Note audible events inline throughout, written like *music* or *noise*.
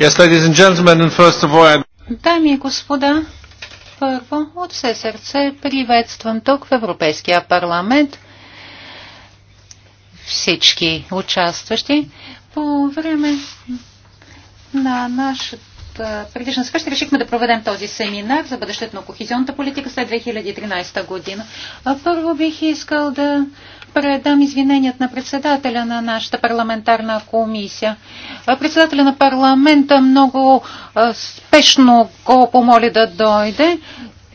Yes, ladies and gentlemen, and first of all... Дами и господа, първо от все сърце приветствам тук в Европейския парламент всички участващи. По време на нашата предишна среща решихме да проведем този семинар за бъдещето на кохизионната политика след 2013 година. А първо бих искал да предам извиненият на председателя на нашата парламентарна комисия. Председателя на парламента много спешно го помоли да дойде.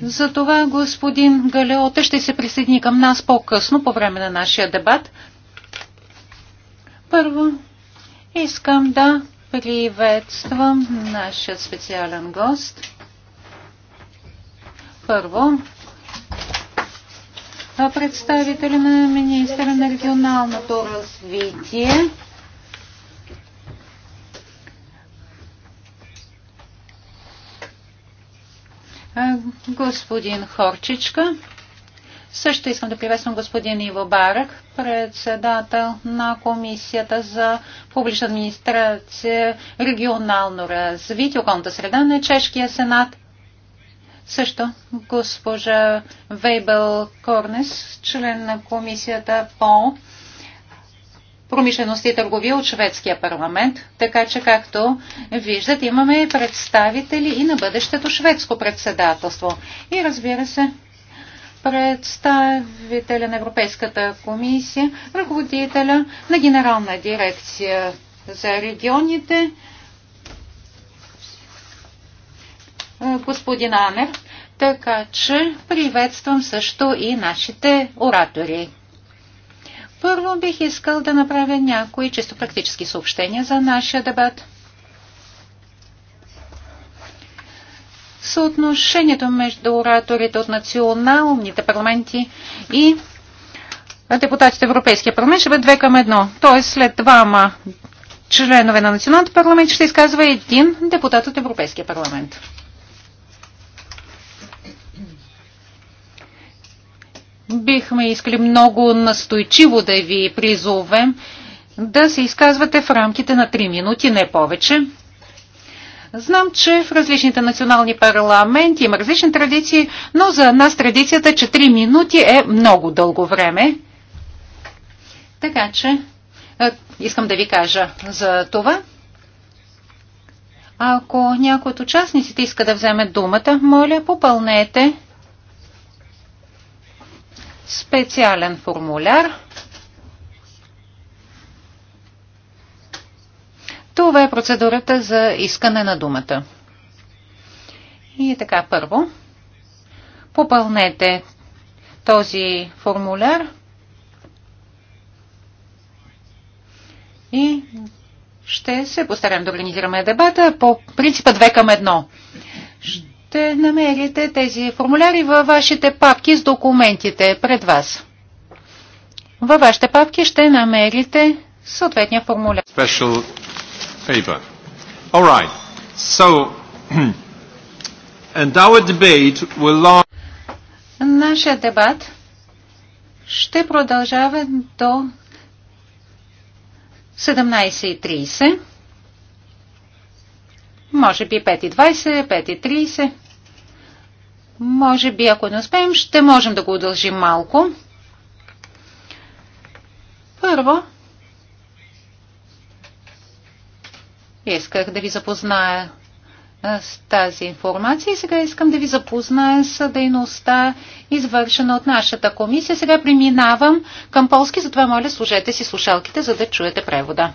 Затова господин Галеоте ще се присъедини към нас по-късно по време на нашия дебат. Първо искам да приветствам нашия специален гост. Първо представители на министра на регионалното развитие. господин Хорчичка. Също искам да приветствам господин Иво Барък, председател на Комисията за публична администрация, регионално развитие, околната среда на Чешкия сенат. Също госпожа Вейбел Корнес, член на комисията по промишленост и търговия от шведския парламент. Така че, както виждат, имаме представители и на бъдещето шведско председателство. И разбира се, представителя на Европейската комисия, ръководителя на генерална дирекция за регионите, господин Анер, така че приветствам също и нашите оратори. Първо бих искал да направя някои чисто практически съобщения за нашия дебат. Съотношението между ораторите от националните парламенти и депутатите в Европейския парламент ще бъде 2 към 1. Т.е. след двама членове на националните парламент ще изказва един депутат от Европейския парламент. бихме искали много настойчиво да ви призовем да се изказвате в рамките на 3 минути, не повече. Знам, че в различните национални парламенти има различни традиции, но за нас традицията, че 3 минути е много дълго време. Така че е, искам да ви кажа за това. Ако някой от участниците иска да вземе думата, моля, попълнете специален формуляр. Това е процедурата за искане на думата. И е така, първо, попълнете този формуляр и ще се постарам да организираме дебата по принципа 2 към 1 ще намерите тези формуляри във вашите папки с документите пред вас. Във вашите папки ще намерите съответния формуляр. Special paper. All right. So, *clears throat* and our debate will long... Нашия дебат ще продължава до 17.30. Може би 5.20, 5.30. Може би, ако не успеем, ще можем да го удължим малко. Първо, исках да ви запозная с тази информация и сега искам да ви запозная с дейността, извършена от нашата комисия. Сега преминавам към полски, затова моля служете си слушалките, за да чуете превода.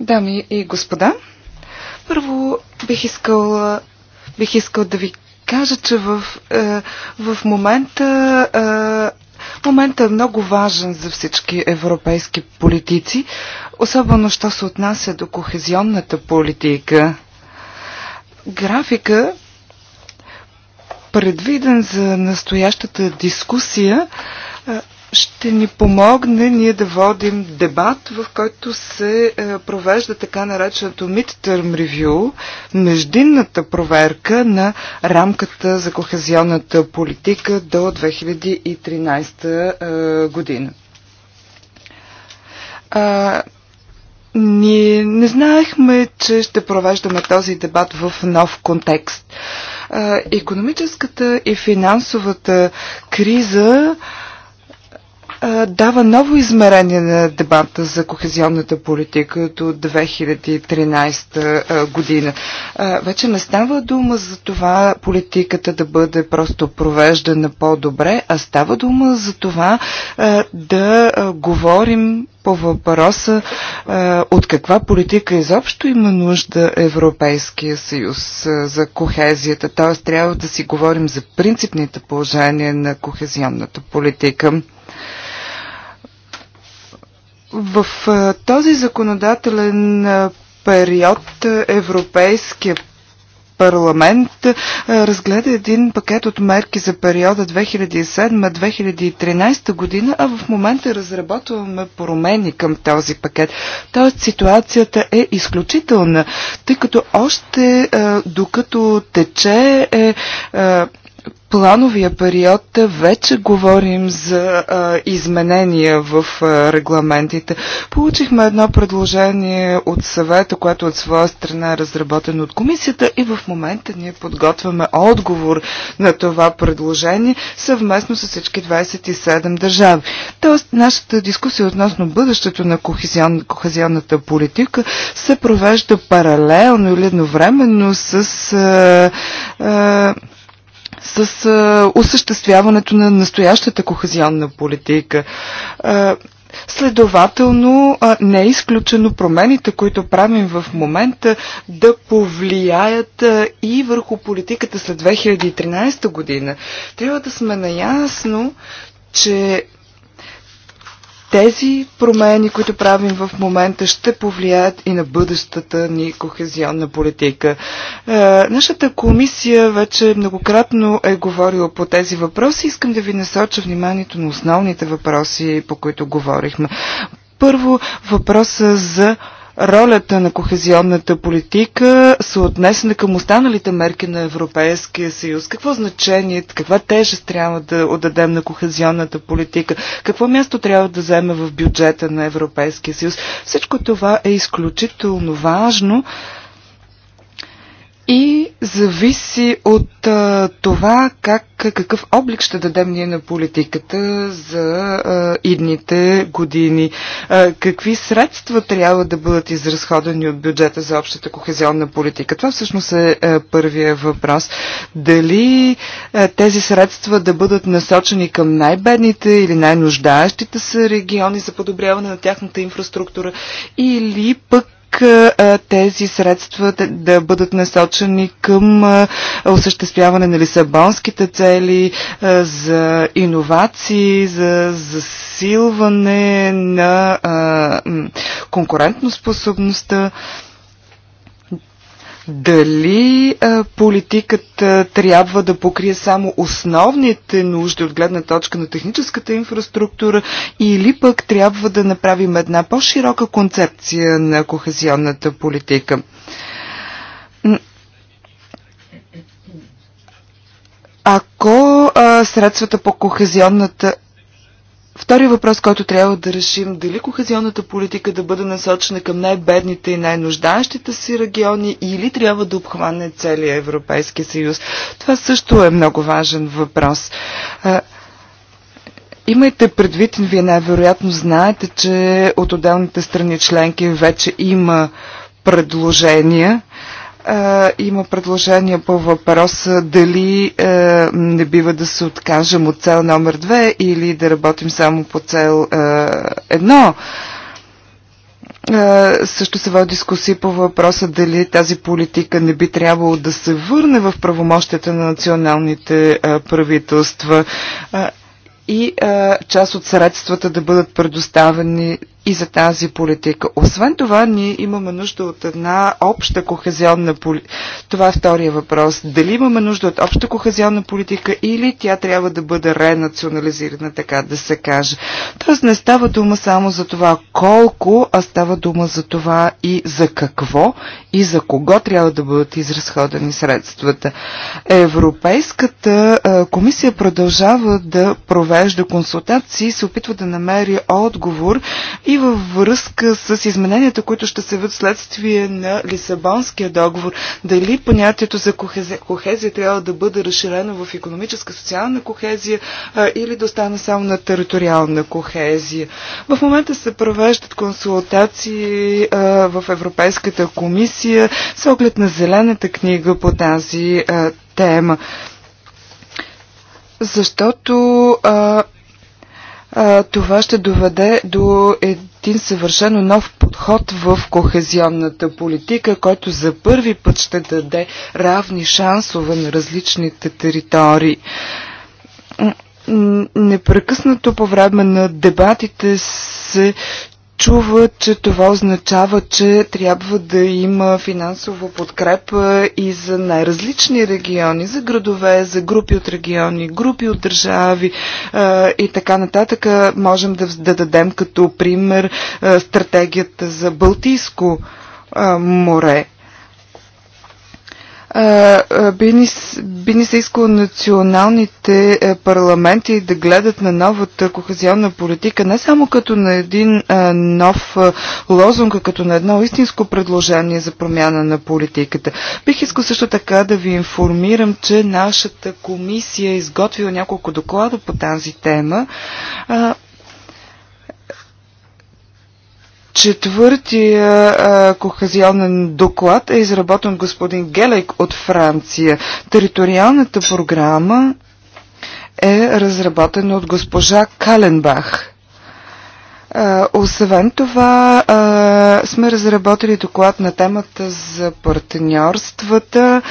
Дами и господа, първо бих искал, бих искал да ви кажа, че в, е, в момента е, момента е много важен за всички европейски политици, особено що се отнася до кохезионната политика. Графика, предвиден за настоящата дискусия, ще ни помогне ние да водим дебат, в който се е, провежда така нареченото midterm review, междинната проверка на рамката за кохезионната политика до 2013 е, година. А, ние не знаехме, че ще провеждаме този дебат в нов контекст. А, економическата и финансовата криза а, дава ново измерение на дебата за кохезионната политика до 2013 година. Вече не става дума за това политиката да бъде просто провеждана по-добре, а става дума за това да говорим по въпроса от каква политика изобщо има нужда Европейския съюз за кохезията. Т.е. трябва да си говорим за принципните положения на кохезионната политика. В този законодателен период Европейския парламент разгледа един пакет от мерки за периода 2007-2013 година, а в момента разработваме промени към този пакет. Тоест ситуацията е изключителна, тъй като още докато тече е плановия период вече говорим за а, изменения в а, регламентите. Получихме едно предложение от съвета, което от своя страна е разработено от комисията и в момента ние подготвяме отговор на това предложение съвместно с всички 27 държави. Тоест, нашата дискусия относно бъдещето на кохезион, кохезионната политика се провежда паралелно или едновременно с а, а, с а, осъществяването на настоящата кохезионна политика. А, Следователно, не е изключено промените, които правим в момента, да повлияят и върху политиката след 2013 година. Трябва да сме наясно, че тези промени, които правим в момента, ще повлияят и на бъдещата ни кохезионна политика. Е, нашата комисия вече многократно е говорила по тези въпроси. Искам да ви насоча вниманието на основните въпроси, по които говорихме. Първо, въпроса за ролята на кохезионната политика са отнесена към останалите мерки на Европейския съюз. Какво значение, каква тежест трябва да отдадем на кохезионната политика? Какво място трябва да вземе в бюджета на Европейския съюз? Всичко това е изключително важно, и зависи от а, това как, какъв облик ще дадем ние на политиката за а, идните години. А, какви средства трябва да бъдат изразходени от бюджета за общата кохезионна политика? Това всъщност е а, е, първия въпрос. Дали а, е, тези средства да бъдат насочени към най-бедните или най-нуждаещите се региони за подобряване на тяхната инфраструктура или пък как тези средства да бъдат насочени към осъществяване на лисабонските цели за иновации, за засилване на конкурентоспособността. способността. Дали а, политиката трябва да покрие само основните нужди от гледна точка на техническата инфраструктура или пък трябва да направим една по-широка концепция на кохезионната политика? Ако а, средствата по кохезионната Втори въпрос, който трябва да решим, дали кохезионната политика да бъде насочена към най-бедните и най-нуждаещите си региони или трябва да обхване целия Европейски съюз. Това също е много важен въпрос. Имайте предвид, вие най-вероятно знаете, че от отделните страни членки вече има предложения а, има предложение по въпроса дали а, е, не бива да се откажем от цел номер 2 или да работим само по цел 1. Е, е, също се води дискусии по въпроса дали тази политика не би трябвало да се върне в правомощите на националните правителства и част от средствата да бъдат предоставени и за тази политика. Освен това, ние имаме нужда от една обща кохезионна политика. Това е втория въпрос. Дали имаме нужда от обща кохезионна политика или тя трябва да бъде ренационализирана, така да се каже. Тоест не става дума само за това колко, а става дума за това и за какво и за кого трябва да бъдат изразходени средствата. Европейската комисия продължава да провежда консултации, се опитва да намери отговор и във връзка с измененията, които ще се вид следствие на Лисабонския договор. Дали понятието за кохезия, кохезия трябва да бъде разширено в економическа, социална кохезия а, или да остане само на териториална кохезия. В момента се провеждат консултации а, в Европейската комисия с оглед на зелената книга по тази а, тема. Защото а, това ще доведе до един съвършено нов подход в кохезионната политика, който за първи път ще даде равни шансове на различните територии. Непрекъснато по време на дебатите се чува, че това означава, че трябва да има финансова подкрепа и за най-различни региони, за градове, за групи от региони, групи от държави и така нататък. Можем да, да дадем като пример стратегията за Балтийско море би ни, би ни се искало националните е, парламенти да гледат на новата кохезионна политика не само като на един е, нов е, лозунг, а като на едно истинско предложение за промяна на политиката. Бих искал също така да ви информирам, че нашата комисия е изготвила няколко доклада по тази тема. Четвъртия кохазионен доклад е изработен господин Гелек от Франция. Териториалната програма е разработена от госпожа Каленбах. Освен това, сме разработили доклад на темата за партньорствата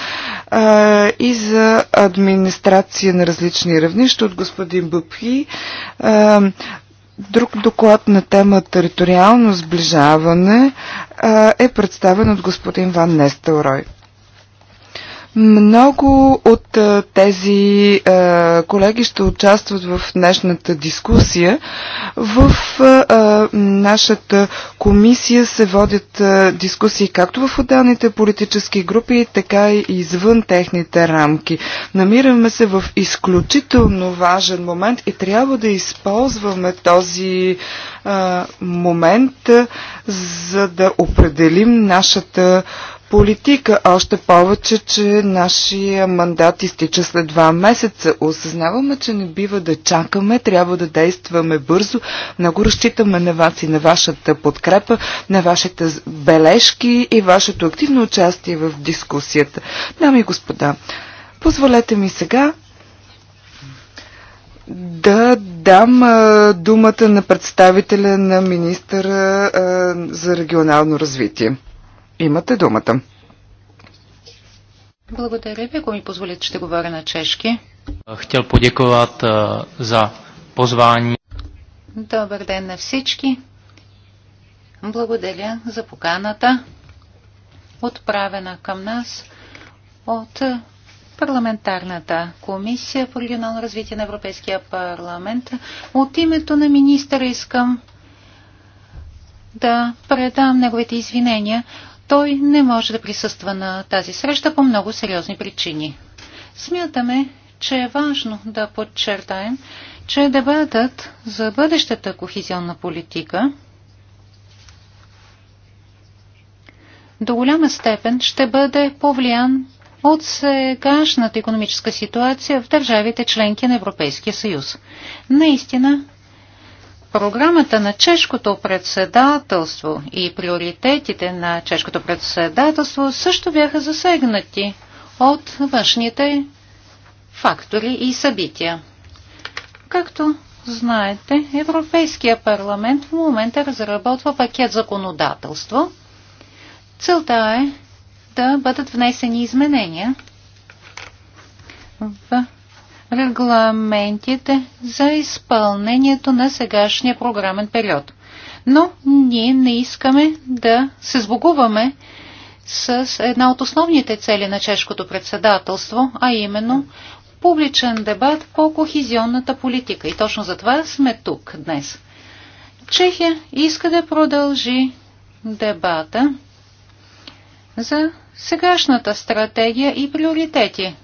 и за администрация на различни равнища от господин Бъпхи. Друг доклад на тема териториално сближаване е представен от господин Ван Нестелрой. Много от тези колеги ще участват в днешната дискусия. В нашата комисия се водят дискусии както в отделните политически групи, така и извън техните рамки. Намираме се в изключително важен момент и трябва да използваме този момент, за да определим нашата политика, още повече, че нашия мандат изтича след два месеца. Осъзнаваме, че не бива да чакаме, трябва да действаме бързо. Много разчитаме на вас и на вашата подкрепа, на вашите бележки и вашето активно участие в дискусията. Дами и господа, позволете ми сега да дам а, думата на представителя на министъра а, за регионално развитие. Имате думата. Благодаря ви, ако ми позволите, ще говоря на чешки. Хотел подяковат за позвание. Добър ден на всички. Благодаря за поканата, отправена към нас от парламентарната комисия по регионално развитие на Европейския парламент. От името на министра искам да предам неговите извинения той не може да присъства на тази среща по много сериозни причини. Смятаме, че е важно да подчертаем, че дебатът за бъдещата кохизионна политика до голяма степен ще бъде повлиян от сегашната економическа ситуация в държавите членки на Европейския съюз. Наистина, Програмата на чешкото председателство и приоритетите на чешкото председателство също бяха засегнати от външните фактори и събития. Както знаете, Европейския парламент в момента разработва пакет законодателство. Целта е да бъдат внесени изменения в регламентите за изпълнението на сегашния програмен период. Но ние не искаме да се сбогуваме с една от основните цели на чешкото председателство, а именно публичен дебат по кохизионната политика. И точно за това сме тук днес. Чехия иска да продължи дебата за сегашната стратегия и приоритети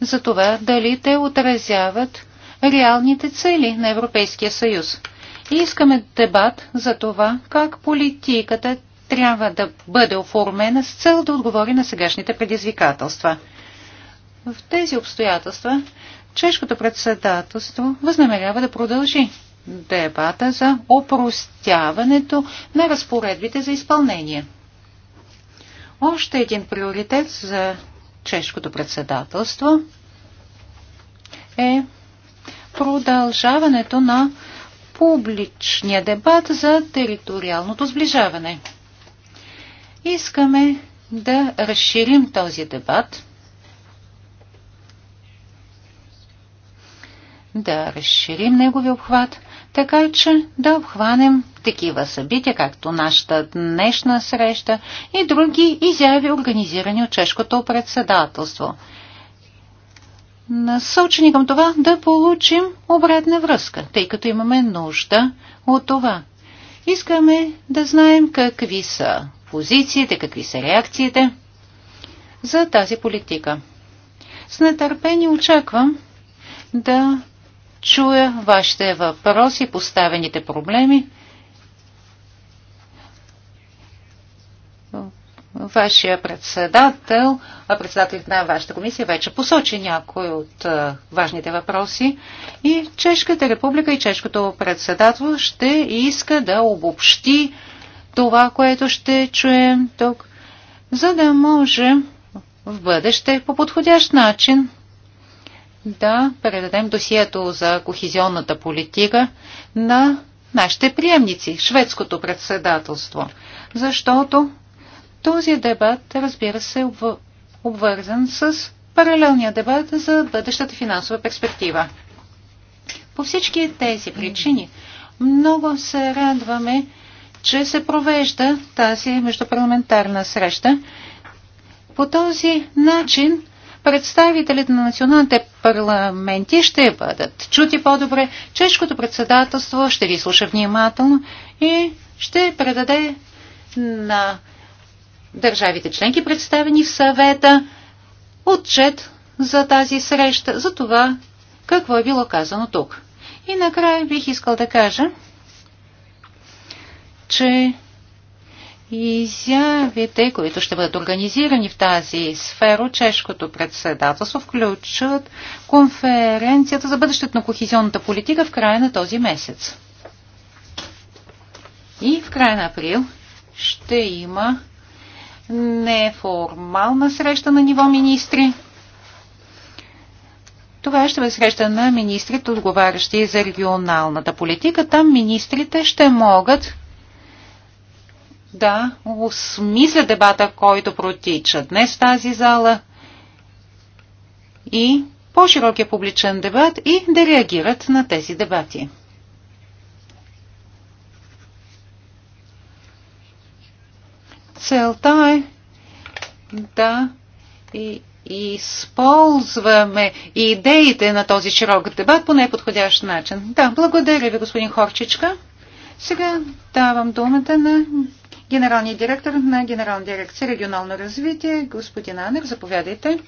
за това дали те отразяват реалните цели на Европейския съюз. И искаме дебат за това как политиката трябва да бъде оформена с цел да отговори на сегашните предизвикателства. В тези обстоятелства чешкото председателство възнамерява да продължи дебата за опростяването на разпоредбите за изпълнение. Още един приоритет за чешкото председателство е продължаването на публичния дебат за териториалното сближаване. Искаме да разширим този дебат, да разширим неговия обхват – така че да обхванем такива събития, както нашата днешна среща и други изяви, организирани от чешкото председателство. Насочени към това да получим обратна връзка, тъй като имаме нужда от това. Искаме да знаем какви са позициите, какви са реакциите за тази политика. С нетърпение очаквам да чуя вашите въпроси, поставените проблеми. Вашия председател, а председател на вашата комисия вече посочи някои от важните въпроси и Чешката република и Чешкото председател ще иска да обобщи това, което ще чуем тук, за да може в бъдеще по подходящ начин да предадем досието за кохизионната политика на нашите приемници, шведското председателство. Защото този дебат, разбира се, обвързан с паралелния дебат за бъдещата финансова перспектива. По всички тези причини много се радваме, че се провежда тази междупарламентарна среща. По този начин представителите на националните парламенти ще бъдат чути по-добре. Чешкото председателство ще ви слуша внимателно и ще предаде на държавите членки, представени в съвета, отчет за тази среща, за това какво е било казано тук. И накрая бих искал да кажа, че изявите, които ще бъдат организирани в тази сфера, чешкото председателство включат конференцията за бъдещето на кохизионната политика в края на този месец. И в края на април ще има неформална среща на ниво министри. Това ще бъде среща на министрите, отговарящи за регионалната политика. Там министрите ще могат да осмисля дебата, който протича днес в тази зала и по-широкия е публичен дебат и да реагират на тези дебати. Целта е да и използваме идеите на този широк дебат по най-подходящ начин. Да, благодаря ви, господин Хорчичка. Сега давам думата на генералния директор на Генерална дирекция регионално развитие. Господин Анер, заповядайте.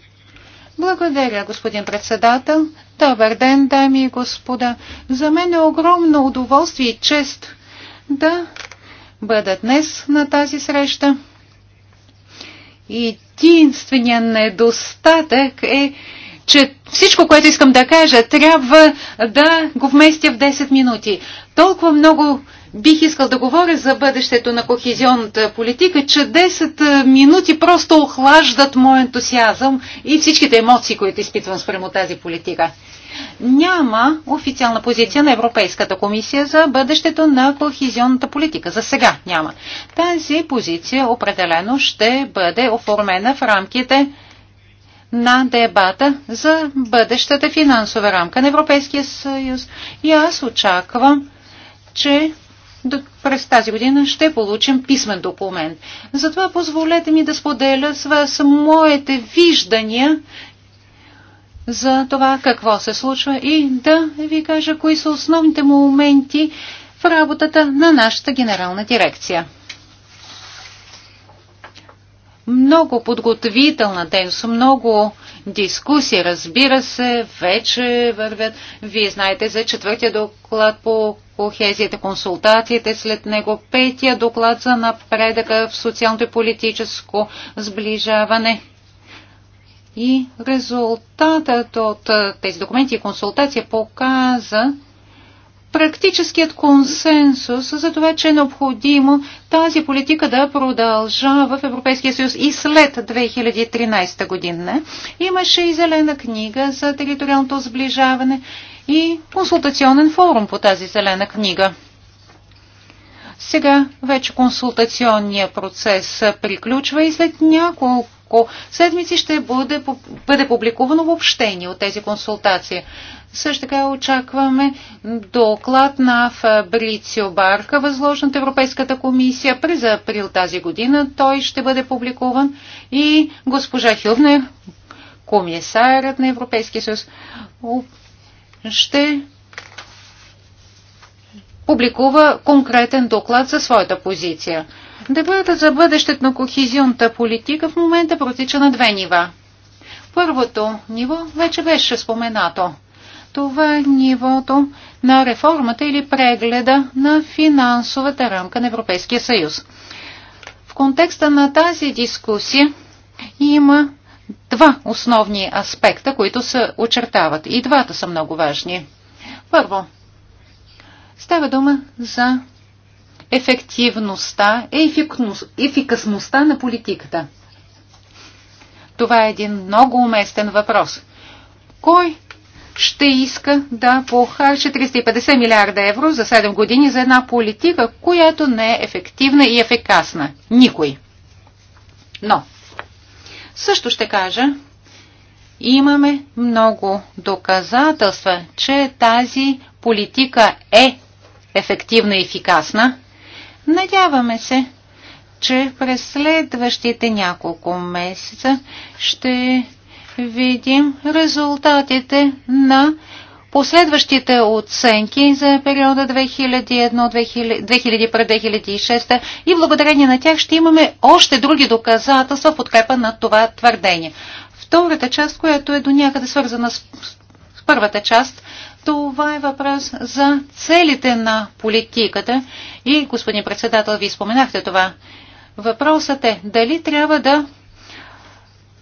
Благодаря, господин председател. Добър ден, дами и господа. За мен е огромно удоволствие и чест да бъда днес на тази среща. Единствения недостатък е, че всичко, което искам да кажа, трябва да го вместя в 10 минути. Толкова много бих искал да говоря за бъдещето на кохезионната политика, че 10 е, минути просто охлаждат мой ентусиазъм и всичките емоции, които изпитвам спрямо тази политика. Няма официална позиция на Европейската комисия за бъдещето на кохезионната политика. За сега няма. Тази позиция определено ще бъде оформена в рамките на дебата за бъдещата финансова рамка на Европейския съюз. И аз очаквам, че през тази година ще получим писмен документ. Затова позволете ми да споделя с вас моите виждания за това какво се случва и да ви кажа кои са основните моменти в работата на нашата генерална дирекция. Много подготовителна дейност, много дискусии, разбира се, вече вървят. Вие знаете за четвъртия доклад по кохезията, консултациите, след него петия доклад за напредъка в социалното и политическо сближаване. И резултатът от тези документи и консултация показа, практическият консенсус за това, че е необходимо тази политика да продължава в Европейския съюз и след 2013 година. Имаше и зелена книга за териториалното сближаване и консултационен форум по тази зелена книга. Сега вече консултационният процес приключва и след няколко седмици ще бъде, бъде публикувано общение от тези консултации. Също така очакваме доклад на Фабрицио Барка, възложен от Европейската комисия през април тази година. Той ще бъде публикуван и госпожа Хюбнер, комисарът на Европейския съюз, ще публикува конкретен доклад за своята позиция. Дебатът за бъдещето на кохизионната политика в момента протича на две нива. Първото ниво вече беше споменато – това е нивото на реформата или прегледа на финансовата рамка на Европейския съюз. В контекста на тази дискусия има два основни аспекта, които се очертават. И двата са много важни. Първо, става дума за ефективността и ефикасността на политиката. Това е един много уместен въпрос. Кой ще иска да похарчи 350 милиарда евро за 7 години за една политика, която не е ефективна и ефикасна. Никой. Но, също ще кажа, имаме много доказателства, че тази политика е ефективна и ефикасна. Надяваме се, че през следващите няколко месеца ще видим резултатите на последващите оценки за периода 2001-2006 и благодарение на тях ще имаме още други доказателства в подкрепа на това твърдение. Втората част, която е до някъде свързана с първата част, това е въпрос за целите на политиката и, господин председател, ви споменахте това. Въпросът е дали трябва да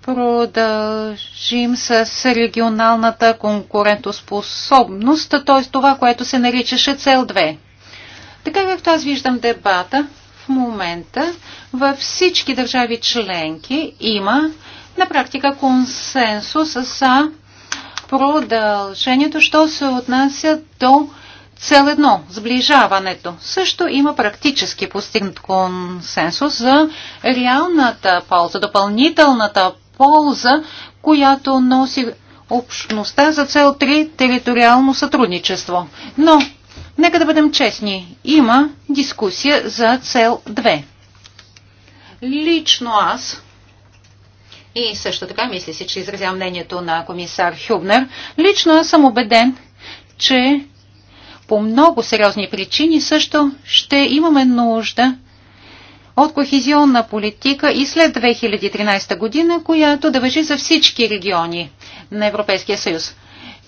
продължим с регионалната конкурентоспособност, т.е. това, което се наричаше цел 2. Така както аз виждам дебата, в момента във всички държави членки има на практика консенсус за продължението, що се отнася до цел едно – сближаването. Също има практически постигнат консенсус за реалната полза, допълнителната полза, която носи общността за цел 3 териториално сътрудничество. Но, нека да бъдем честни, има дискусия за цел 2. Лично аз и също така мисля си, че изразявам мнението на комисар Хюбнер. Лично аз съм убеден, че по много сериозни причини също ще имаме нужда от кохезионна политика и след 2013 година, която да въжи за всички региони на Европейския съюз.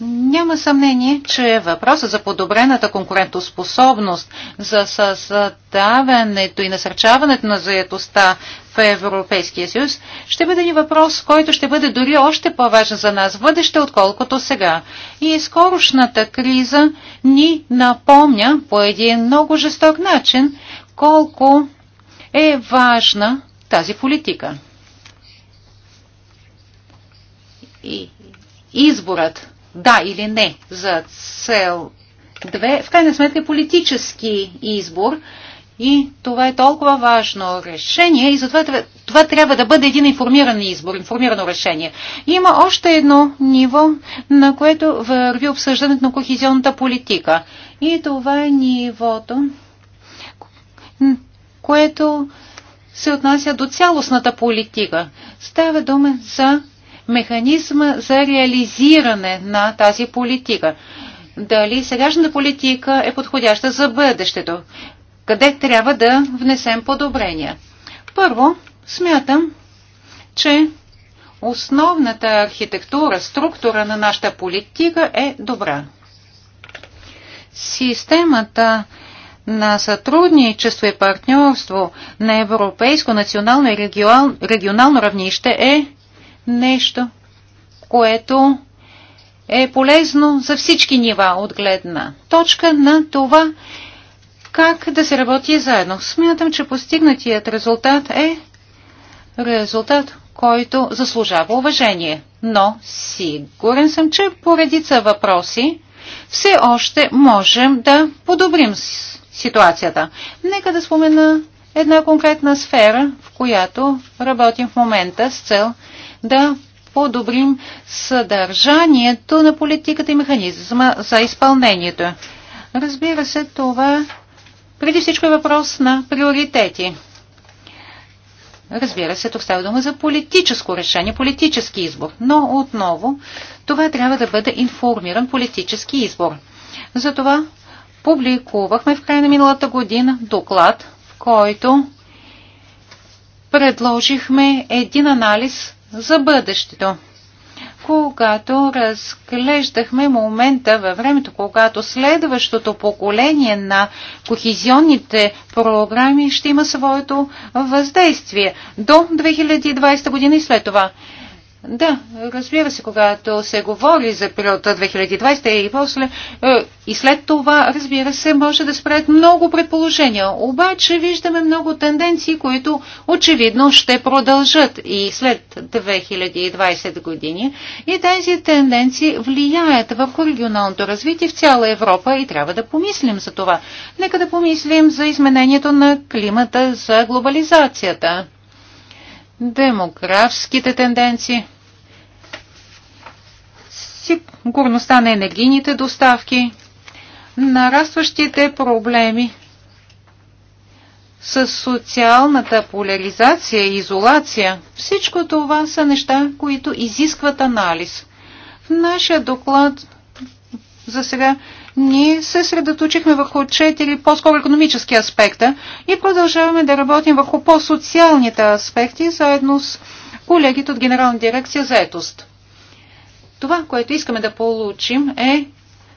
Няма съмнение, че въпросът за подобрената конкурентоспособност, за създаването и насърчаването на заедостта в Европейския съюз, ще бъде ни въпрос, който ще бъде дори още по-важен за нас в бъдеще, отколкото сега. И скорошната криза ни напомня по един много жесток начин колко е важна тази политика. И изборът да или не за цел 2 в крайна сметка е политически избор и това е толкова важно решение и затова това трябва да бъде един информиран избор, информирано решение. Има още едно ниво, на което върви обсъждането на кохезионната политика. И това е нивото което се отнася до цялостната политика. Става дума за механизма за реализиране на тази политика. Дали сегашната политика е подходяща за бъдещето? Къде трябва да внесем подобрения? Първо, смятам, че основната архитектура, структура на нашата политика е добра. Системата на сътрудничество и партньорство на европейско, национално и регионално равнище е нещо, което е полезно за всички нива от гледна точка на това как да се работи заедно. Смятам, че постигнатият резултат е резултат, който заслужава уважение. Но сигурен съм, че поредица въпроси все още можем да подобрим ситуацията. Нека да спомена една конкретна сфера, в която работим в момента с цел да подобрим съдържанието на политиката и механизма за изпълнението. Разбира се, това преди всичко е въпрос на приоритети. Разбира се, тук става дума за политическо решение, политически избор. Но отново, това трябва да бъде информиран политически избор. Затова публикувахме в края на миналата година доклад, в който предложихме един анализ за бъдещето. Когато разглеждахме момента във времето, когато следващото поколение на кохизионните програми ще има своето въздействие до 2020 година и след това. Да, разбира се, когато се говори за периода 2020 и после, е, и след това, разбира се, може да спрят много предположения. Обаче виждаме много тенденции, които очевидно ще продължат и след 2020 години. И тези тенденции влияят върху регионалното развитие в цяла Европа и трябва да помислим за това. Нека да помислим за изменението на климата, за глобализацията демографските тенденции, сигурността на енергийните доставки, нарастващите проблеми с социалната поляризация и изолация. Всичко това са неща, които изискват анализ. В нашия доклад за сега ние се средоточихме върху четири по-скоро економически аспекта и продължаваме да работим върху по-социалните аспекти заедно с колегите от Генерална дирекция заетост. Това, което искаме да получим е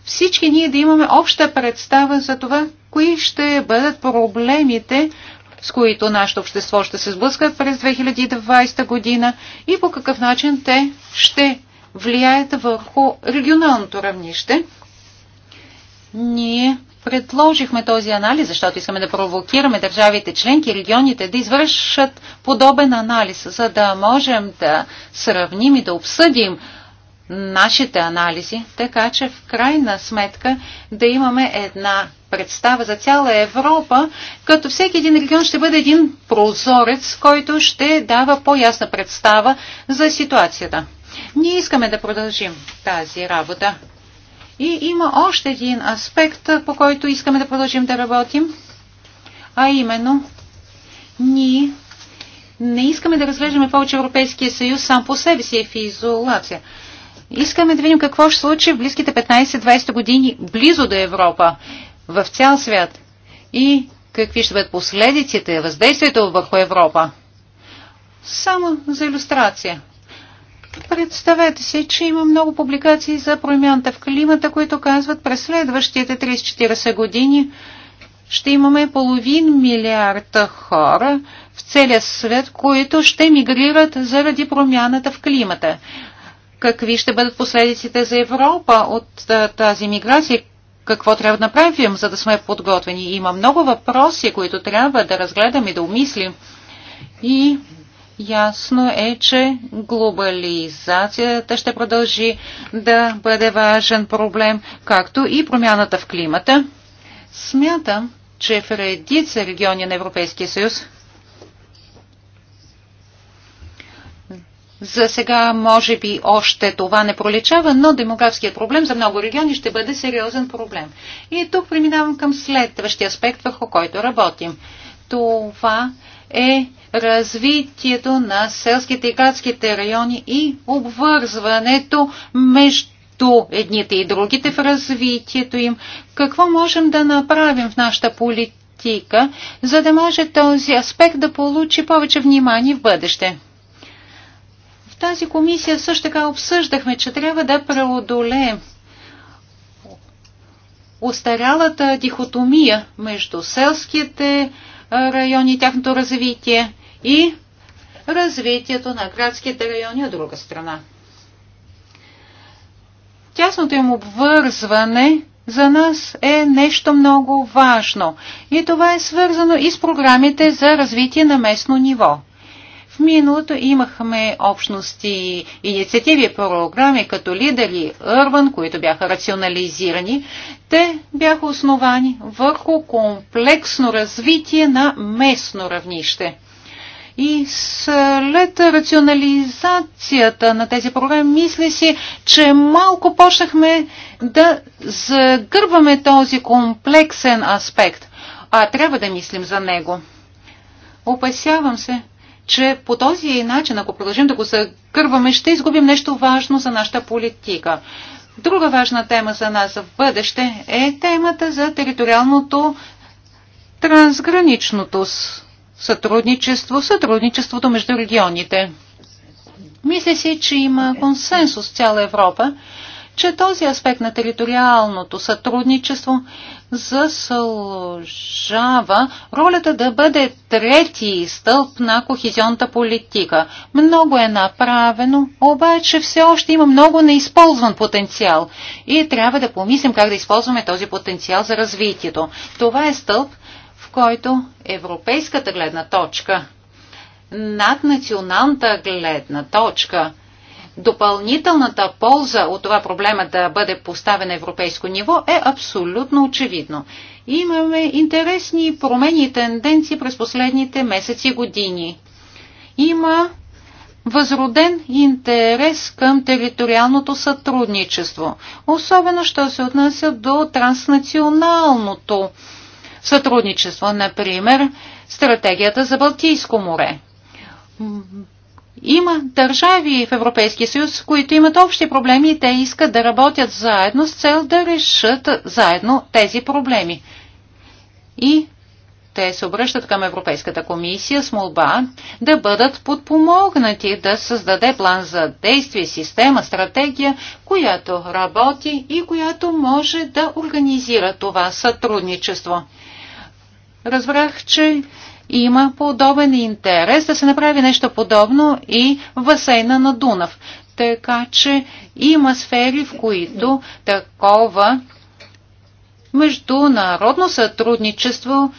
всички ние да имаме обща представа за това, кои ще бъдат проблемите, с които нашето общество ще се сблъскат през 2020 година и по какъв начин те ще влияят върху регионалното равнище ние предложихме този анализ, защото искаме да провокираме държавите членки и регионите да извършат подобен анализ, за да можем да сравним и да обсъдим нашите анализи, така че в крайна сметка да имаме една представа за цяла Европа, като всеки един регион ще бъде един прозорец, който ще дава по-ясна представа за ситуацията. Ние искаме да продължим тази работа. И има още един аспект, по който искаме да продължим да работим, а именно ние не искаме да разглеждаме повече Европейския съюз сам по себе си е в изолация. Искаме да видим какво ще случи в близките 15-20 години близо до Европа, в цял свят и какви ще бъдат последиците, въздействието върху Европа. Само за иллюстрация. Представете си, че има много публикации за промяната в климата, които казват през следващите 30-40 години ще имаме половин милиарда хора в целия свет, които ще мигрират заради промяната в климата. Какви ще бъдат последиците за Европа от тази миграция? Какво трябва да направим, за да сме подготвени? Има много въпроси, които трябва да разгледаме и да умислим. И Ясно е, че глобализацията ще продължи да бъде важен проблем, както и промяната в климата. Смятам, че в редица региони на Европейския съюз За сега може би още това не проличава, но демографският проблем за много региони ще бъде сериозен проблем. И тук преминавам към следващия аспект, върху който работим. Това е развитието на селските и градските райони и обвързването между едните и другите в развитието им. Какво можем да направим в нашата политика, за да може този аспект да получи повече внимание в бъдеще? В тази комисия също така обсъждахме, че трябва да преодолеем устарялата дихотомия между селските райони и тяхното развитие и развитието на градските райони от друга страна. Тясното им обвързване за нас е нещо много важно и това е свързано и с програмите за развитие на местно ниво – в миналото имахме общности, инициативи, програми като лидери и Ирван, които бяха рационализирани. Те бяха основани върху комплексно развитие на местно равнище. И след рационализацията на тези програми, мисля си, че малко почнахме да загърбваме този комплексен аспект, а трябва да мислим за него. Опасявам се, че по този начин, ако продължим да го съкърваме, ще изгубим нещо важно за нашата политика. Друга важна тема за нас в бъдеще е темата за териториалното трансграничното сътрудничество, сътрудничеството между регионите. Мисля си, че има консенсус в цяла Европа, че този аспект на териториалното сътрудничество заслужава ролята да бъде трети стълб на кохезионната политика. Много е направено, обаче все още има много неизползван потенциал и трябва да помислим как да използваме този потенциал за развитието. Това е стълб, в който европейската гледна точка над националната гледна точка – Допълнителната полза от това проблема да бъде поставен на европейско ниво е абсолютно очевидно. Имаме интересни промени и тенденции през последните месеци и години. Има възроден интерес към териториалното сътрудничество, особено що се отнася до транснационалното сътрудничество, например стратегията за Балтийско море. Има държави в Европейския съюз, които имат общи проблеми и те искат да работят заедно с цел да решат заедно тези проблеми. И те се обръщат към Европейската комисия с молба да бъдат подпомогнати да създаде план за действие, система, стратегия, която работи и която може да организира това сътрудничество. Разбрах, че има подобен интерес да се направи нещо подобно и в басейна на Дунав. Така че има сфери, в които такова международно сътрудничество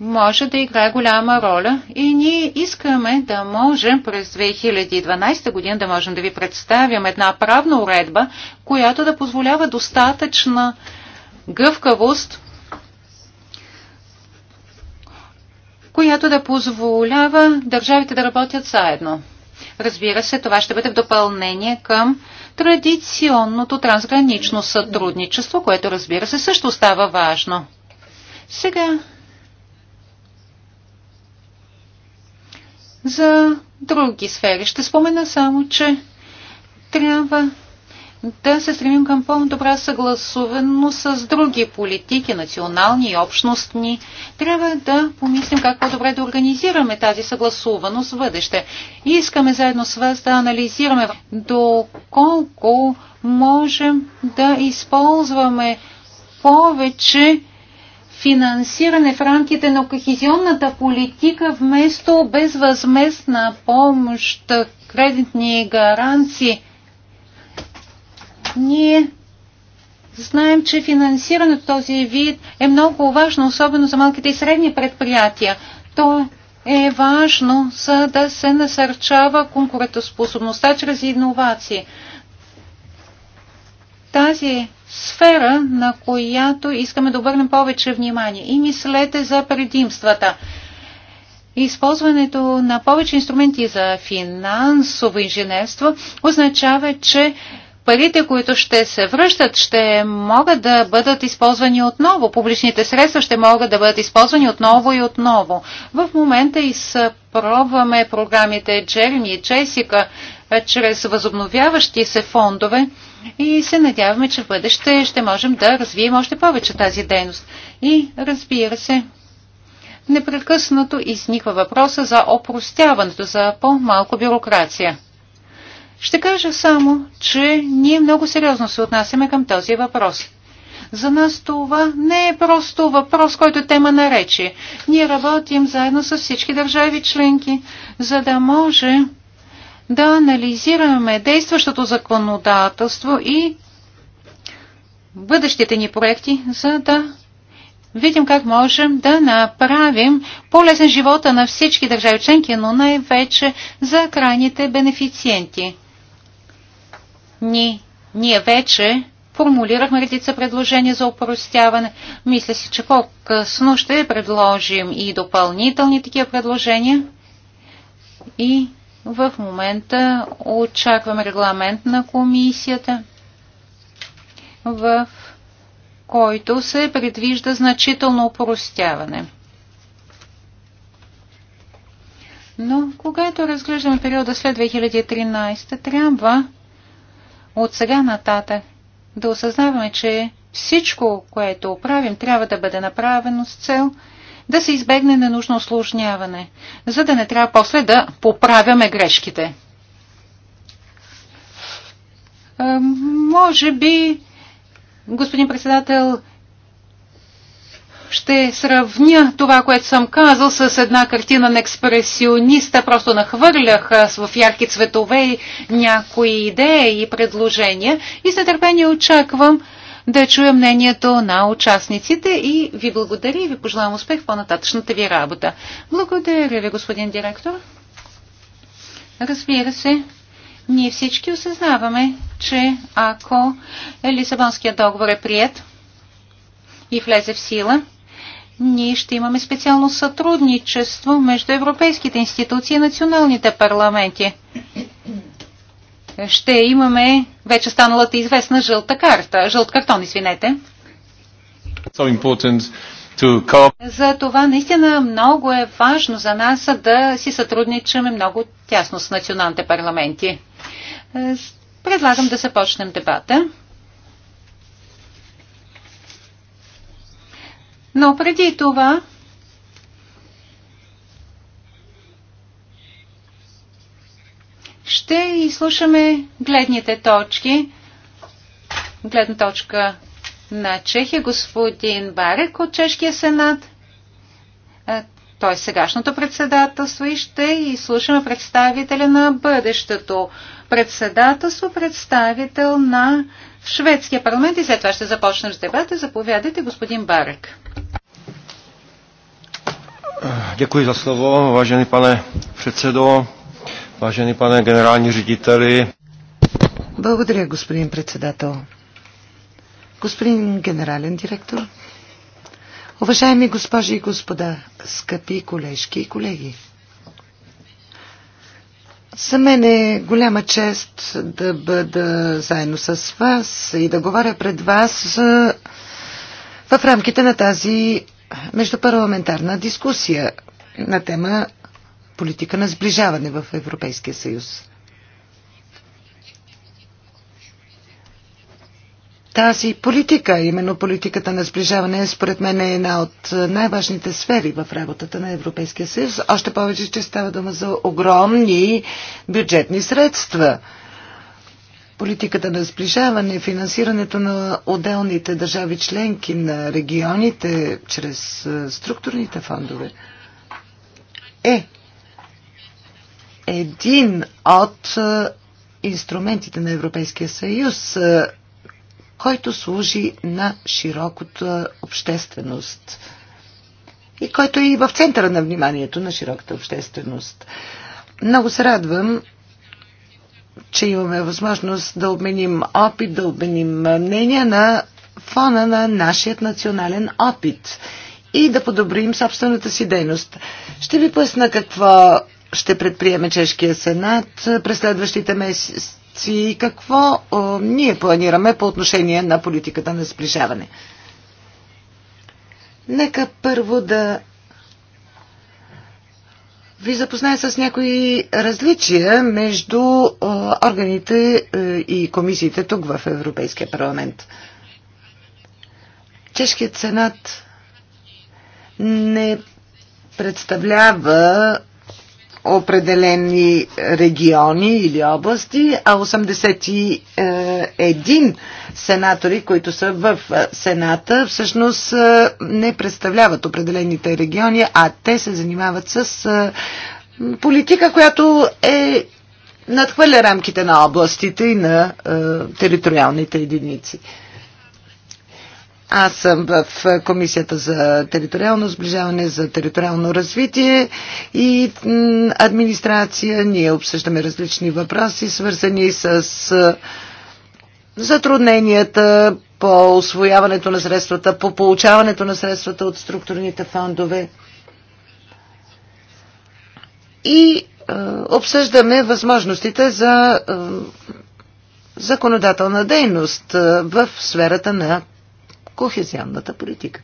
може да играе голяма роля и ние искаме да можем през 2012 година да можем да ви представим една правна уредба, която да позволява достатъчна гъвкавост която да позволява държавите да работят заедно. Разбира се, това ще бъде в допълнение към традиционното трансгранично сътрудничество, което разбира се също става важно. Сега за други сфери ще спомена само, че трябва да се стремим към по-добра съгласуваност с други политики, национални и общностни. Трябва да помислим как по-добре да организираме тази съгласуваност в бъдеще. И искаме заедно с вас да анализираме доколко можем да използваме повече финансиране в рамките на кохезионната политика вместо безвъзместна помощ, кредитни гаранции – ние знаем, че финансирането този вид е много важно, особено за малките и средни предприятия. То е важно, за да се насърчава конкурентоспособността чрез иновации. Тази сфера, на която искаме да обърнем повече внимание. И мислете за предимствата. Използването на повече инструменти за финансово инженерство означава, че парите, които ще се връщат, ще могат да бъдат използвани отново. Публичните средства ще могат да бъдат използвани отново и отново. В момента изпробваме програмите Джереми и Джесика чрез възобновяващи се фондове и се надяваме, че в бъдеще ще можем да развием още повече тази дейност. И разбира се, непрекъснато изниква въпроса за опростяването, за по-малко бюрокрация. Ще кажа само, че ние много сериозно се отнасяме към този въпрос. За нас това не е просто въпрос, който е тема на речи. Ние работим заедно с всички държави членки, за да може да анализираме действащото законодателство и бъдещите ни проекти, за да видим как можем да направим по-лесен живота на всички държави членки, но най-вече за крайните бенефициенти. Ни, ние вече формулирахме редица предложения за упростяване. Мисля си, че по-късно ще предложим и допълнителни такива предложения. И в момента очакваме регламент на комисията, в който се предвижда значително упростяване. Но когато разглеждаме периода след 2013, трябва от сега нататък да осъзнаваме, че всичко, което правим, трябва да бъде направено с цел да се избегне ненужно осложняване, за да не трябва после да поправяме грешките. Може би, господин председател, ще сравня това, което съм казал с една картина на експресиониста. Просто нахвърлях в ярки цветове някои идеи и предложения и с нетърпение очаквам да чуя мнението на участниците и ви благодаря и ви пожелавам успех в по-нататъчната ви работа. Благодаря ви, господин директор. Разбира се, ние всички осъзнаваме, че ако Лисабонският договор е прият и влезе в сила, ние ще имаме специално сътрудничество между европейските институции и националните парламенти. Ще имаме вече станалата известна жълта карта, жълт картон, извинете. So за това наистина много е важно за нас да си сътрудничаме много тясно с националните парламенти. Предлагам да започнем дебата. Но преди това ще изслушаме гледните точки. Гледна точка на Чехия, господин Барек от Чешкия сенат. Е, той е сегашното председателство и ще изслушаме представителя на бъдещето председателство, представител на шведския парламент и след това ще започнем с дебата. Заповядайте, господин Барек. Děkuji за slovo, vážený pane předsedo, vážený pane generální řediteli. Благодаря, господин председател. Господин генерален директор, уважаеми госпожи и господа, скъпи колежки и колеги. За мен е голяма чест да бъда заедно с вас и да говоря пред вас в рамките на тази междупарламентарна дискусия на тема политика на сближаване в Европейския съюз. Тази политика, именно политиката на сближаване, според мен е една от най-важните сфери в работата на Европейския съюз, още повече, че става дума за огромни бюджетни средства. Политиката на сближаване, финансирането на отделните държави членки, на регионите, чрез структурните фондове, е един от инструментите на Европейския съюз който служи на широката общественост и който е и в центъра на вниманието на широката общественост. Много се радвам, че имаме възможност да обменим опит, да обменим мнения на фона на нашия национален опит и да подобрим собствената си дейност. Ще ви поясна какво ще предприеме Чешкия сенат през следващите месеци и какво а, ние планираме по отношение на политиката на сближаване. Нека първо да ви запозная с някои различия между а, органите а, и комисиите тук в Европейския парламент. Чешкият сенат не представлява определени региони или области, а 81 сенатори, които са в Сената, всъщност не представляват определените региони, а те се занимават с политика, която е надхвърля рамките на областите и на териториалните единици. Аз съм в Комисията за териториално сближаване, за териториално развитие и администрация. Ние обсъждаме различни въпроси, свързани с затрудненията по освояването на средствата, по получаването на средствата от структурните фондове. И е, обсъждаме възможностите за е, законодателна дейност в сферата на кохезионната политика.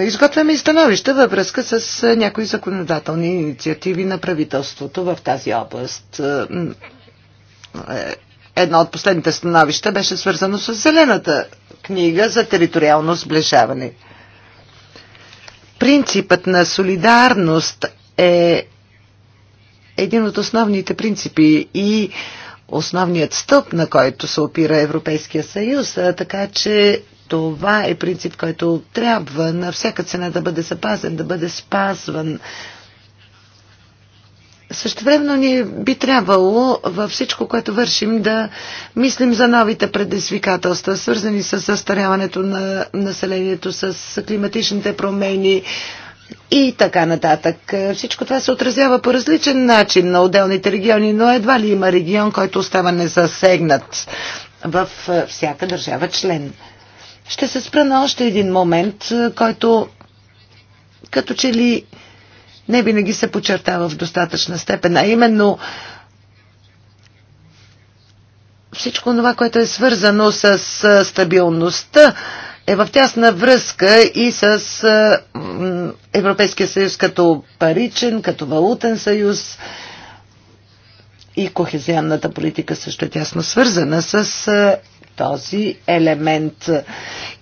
Изготвяме и становища във връзка с някои законодателни инициативи на правителството в тази област. Е, едно от последните становища беше свързано с Зелената книга за териториално сближаване. Принципът на солидарност е един от основните принципи и основният стълб, на който се опира Европейския съюз, така че това е принцип, който трябва на всяка цена да бъде запазен, да бъде спазван. времено ни би трябвало във всичко, което вършим, да мислим за новите предизвикателства, свързани с застаряването на населението, с климатичните промени, и така нататък. Всичко това се отразява по различен начин на отделните региони, но едва ли има регион, който остава незасегнат в е, всяка държава член. Ще се спра на още един момент, е, който като че ли не винаги се подчертава в достатъчна степен, а именно всичко това, което е свързано с е, стабилността е в тясна връзка и с Европейския съюз като паричен, като валутен съюз и кохезианната политика също е тясно свързана с този елемент.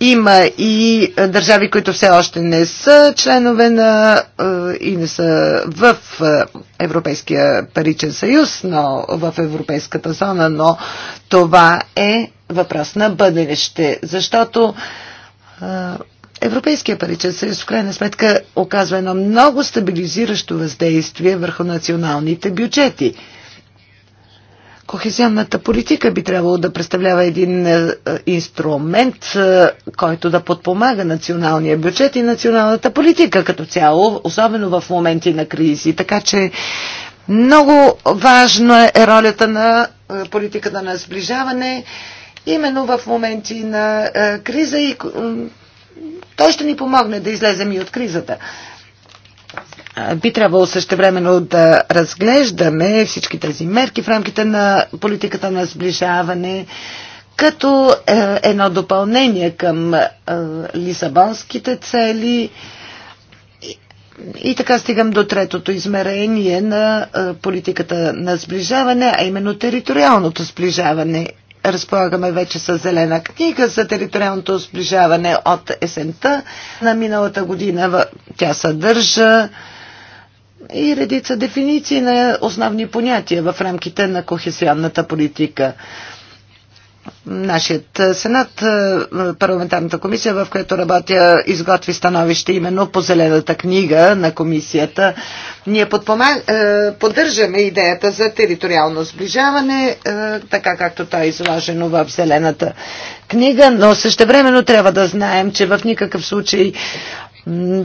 Има и държави, които все още не са членове на и не са в Европейския паричен съюз, но в Европейската зона, но това е въпрос на бъдеще, защото Европейския паричен съюз в крайна сметка оказва едно много стабилизиращо въздействие върху националните бюджети. Кохезионната политика би трябвало да представлява един е, инструмент, е, който да подпомага националния бюджет и националната политика като цяло, особено в моменти на кризи. Така че много важна е ролята на е, политиката на сближаване именно в моменти на е, криза и е, той ще ни помогне да излезем и от кризата. Би трябвало същевременно да разглеждаме всички тези мерки в рамките на политиката на сближаване като е, едно допълнение към лисабонските цели. И така стигам до третото измерение на политиката на сближаване, а именно териториалното сближаване разполагаме вече с зелена книга за териториалното сближаване от есента на миналата година. Тя съдържа и редица дефиниции на основни понятия в рамките на кохесионната политика. Нашият сенат, парламентарната комисия, в която работя, изготви становище именно по зелената книга на комисията. Ние подпомаг... поддържаме идеята за териториално сближаване, така както то е изложено в зелената книга, но същевременно трябва да знаем, че в никакъв случай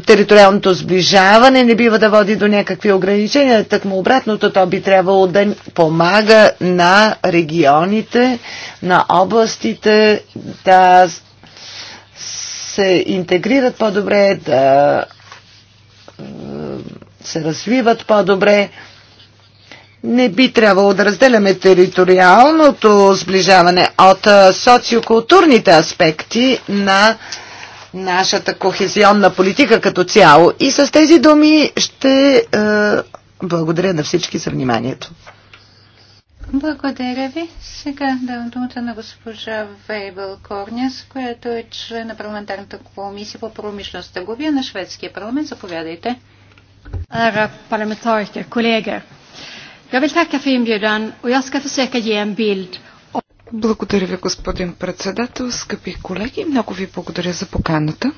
териториалното сближаване не бива да води до някакви ограничения, такмо обратното то би трябвало да помага на регионите, на областите да се интегрират по-добре, да се развиват по-добре. Не би трябвало да разделяме териториалното сближаване от социокултурните аспекти на нашата кохезионна политика като цяло. И с тези думи ще е, благодаря на всички за вниманието. Благодаря ви. Сега давам думата на госпожа Вейбъл Корняс, която е член на парламентарната комисия по промишленост търговия на шведския парламент. Заповядайте. Ара парламентарите, колега. я вил така för inbjudan och jag ska försöka ен билд благодаря ви, господин председател. Скъпи колеги, много ви благодаря за поканата.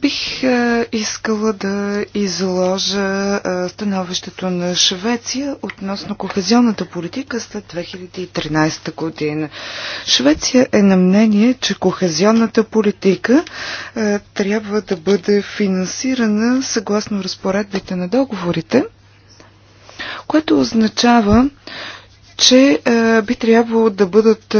Бих е, искала да изложа е, становището на Швеция относно кохезионната политика след 2013 година. Швеция е на мнение, че кохезионната политика е, трябва да бъде финансирана съгласно разпоредбите на договорите което означава, че а, е, би трябвало да бъдат а,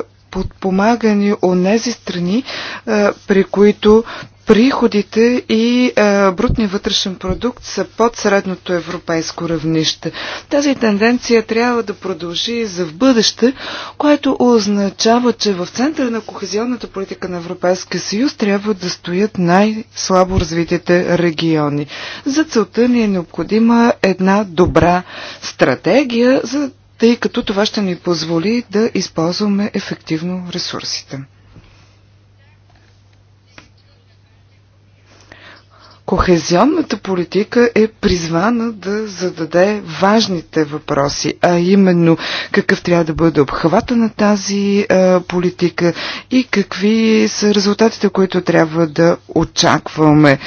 е, подпомагани от тези страни, а, е, при които приходите и а, е, брутния вътрешен продукт са под средното европейско равнище. Тази тенденция трябва да продължи за в бъдеще, което означава, че в центъра на кохезионната политика на Европейския съюз трябва да стоят най-слабо развитите региони. За целта ни е необходима една добра стратегия, за тъй като това ще ни позволи да използваме ефективно ресурсите. Кохезионната политика е призвана да зададе важните въпроси, а именно какъв трябва да бъде обхвата на тази а, политика и какви са резултатите, които трябва да очакваме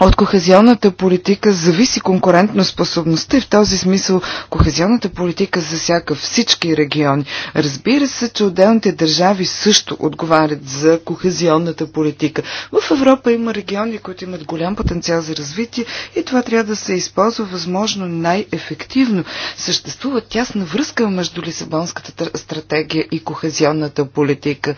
от кохезионната политика зависи конкурентно способността и в този смисъл кохезионната политика засяга всички региони. Разбира се, че отделните държави също отговарят за кохезионната политика. В Европа има региони, които имат голям потенциал за развитие и това трябва да се използва възможно най-ефективно. Съществува тясна връзка между Лисабонската стратегия и кохезионната политика.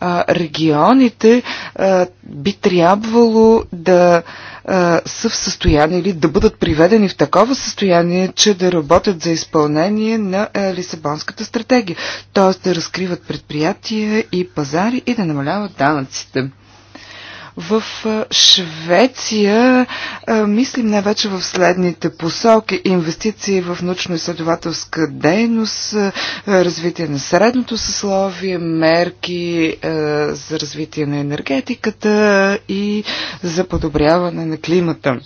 А, регионите а, би трябвало да а, са в състояние или да бъдат приведени в такова състояние, че да работят за изпълнение на а, Лисабонската стратегия. Т.е. да разкриват предприятия и пазари и да намаляват данъците. В Швеция мислим най-вече в следните посоки. Инвестиции в научно-изследователска дейност, развитие на средното съсловие, мерки за развитие на енергетиката и за подобряване на климата.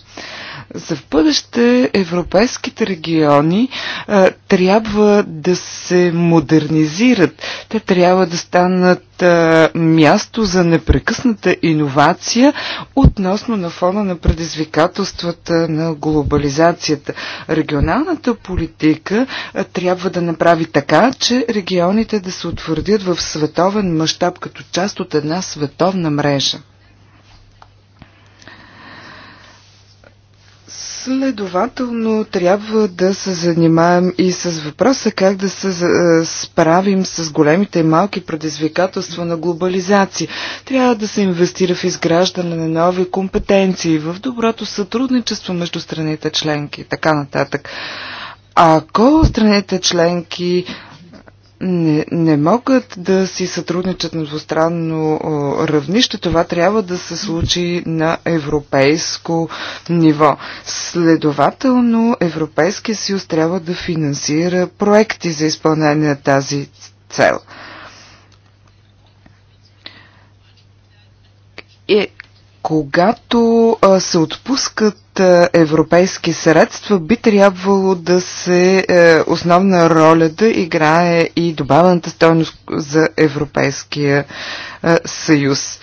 За в бъдеще европейските региони а, трябва да се модернизират. Те трябва да станат а, място за непрекъсната иновация относно на фона на предизвикателствата на глобализацията. Регионалната политика а, трябва да направи така, че регионите да се утвърдят в световен мащаб като част от една световна мрежа. Следователно трябва да се занимаем и с въпроса как да се е, справим с големите и малки предизвикателства на глобализация. Трябва да се инвестира в изграждане на нови компетенции, в доброто сътрудничество между страните членки и така нататък. Ако страните членки не, не могат да си сътрудничат на двустранно равнище. Това трябва да се случи на европейско ниво. Следователно, Европейския съюз трябва да финансира проекти за изпълнение на тази цел. И е, когато се отпускат е, европейски средства би трябвало да се е, основна роля да играе и добавената стойност за Европейския е, съюз. Е,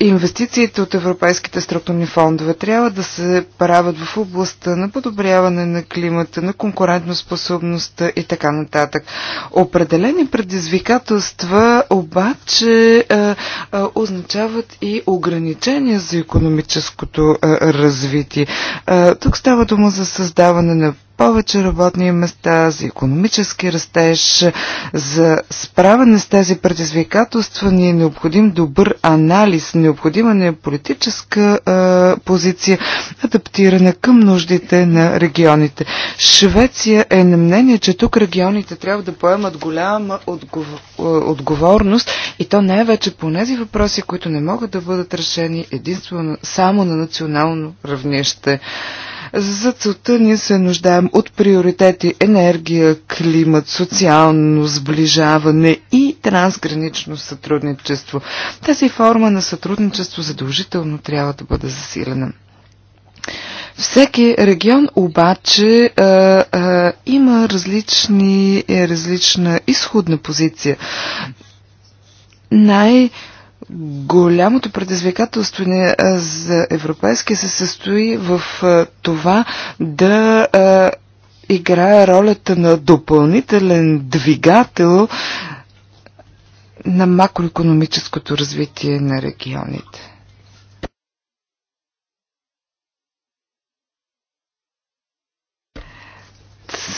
инвестициите от европейските структурни фондове трябва да се правят в областта на подобряване на климата, на конкурентоспособността и така нататък. Определени предизвикателства обаче а, а, означават и ограничения за економическото а, развитие. А, тук става дума за създаване на повече работни места, за економически растеж. За справяне с тези предизвикателства ни е необходим добър анализ, необходима ни е политическа е, позиция, адаптирана към нуждите на регионите. Швеция е на мнение, че тук регионите трябва да поемат голяма отговор, отговорност и то най-вече по тези въпроси, които не могат да бъдат решени единствено само на национално равнище. За целта ние се нуждаем от приоритети енергия, климат, социално сближаване и трансгранично сътрудничество. Тази форма на сътрудничество задължително трябва да бъде засилена. Всеки регион обаче а, е, а, е, има различни, е, различна изходна позиция. Най- Голямото предизвикателство ни за Европейския се състои в това да играе ролята на допълнителен двигател на макроекономическото развитие на регионите.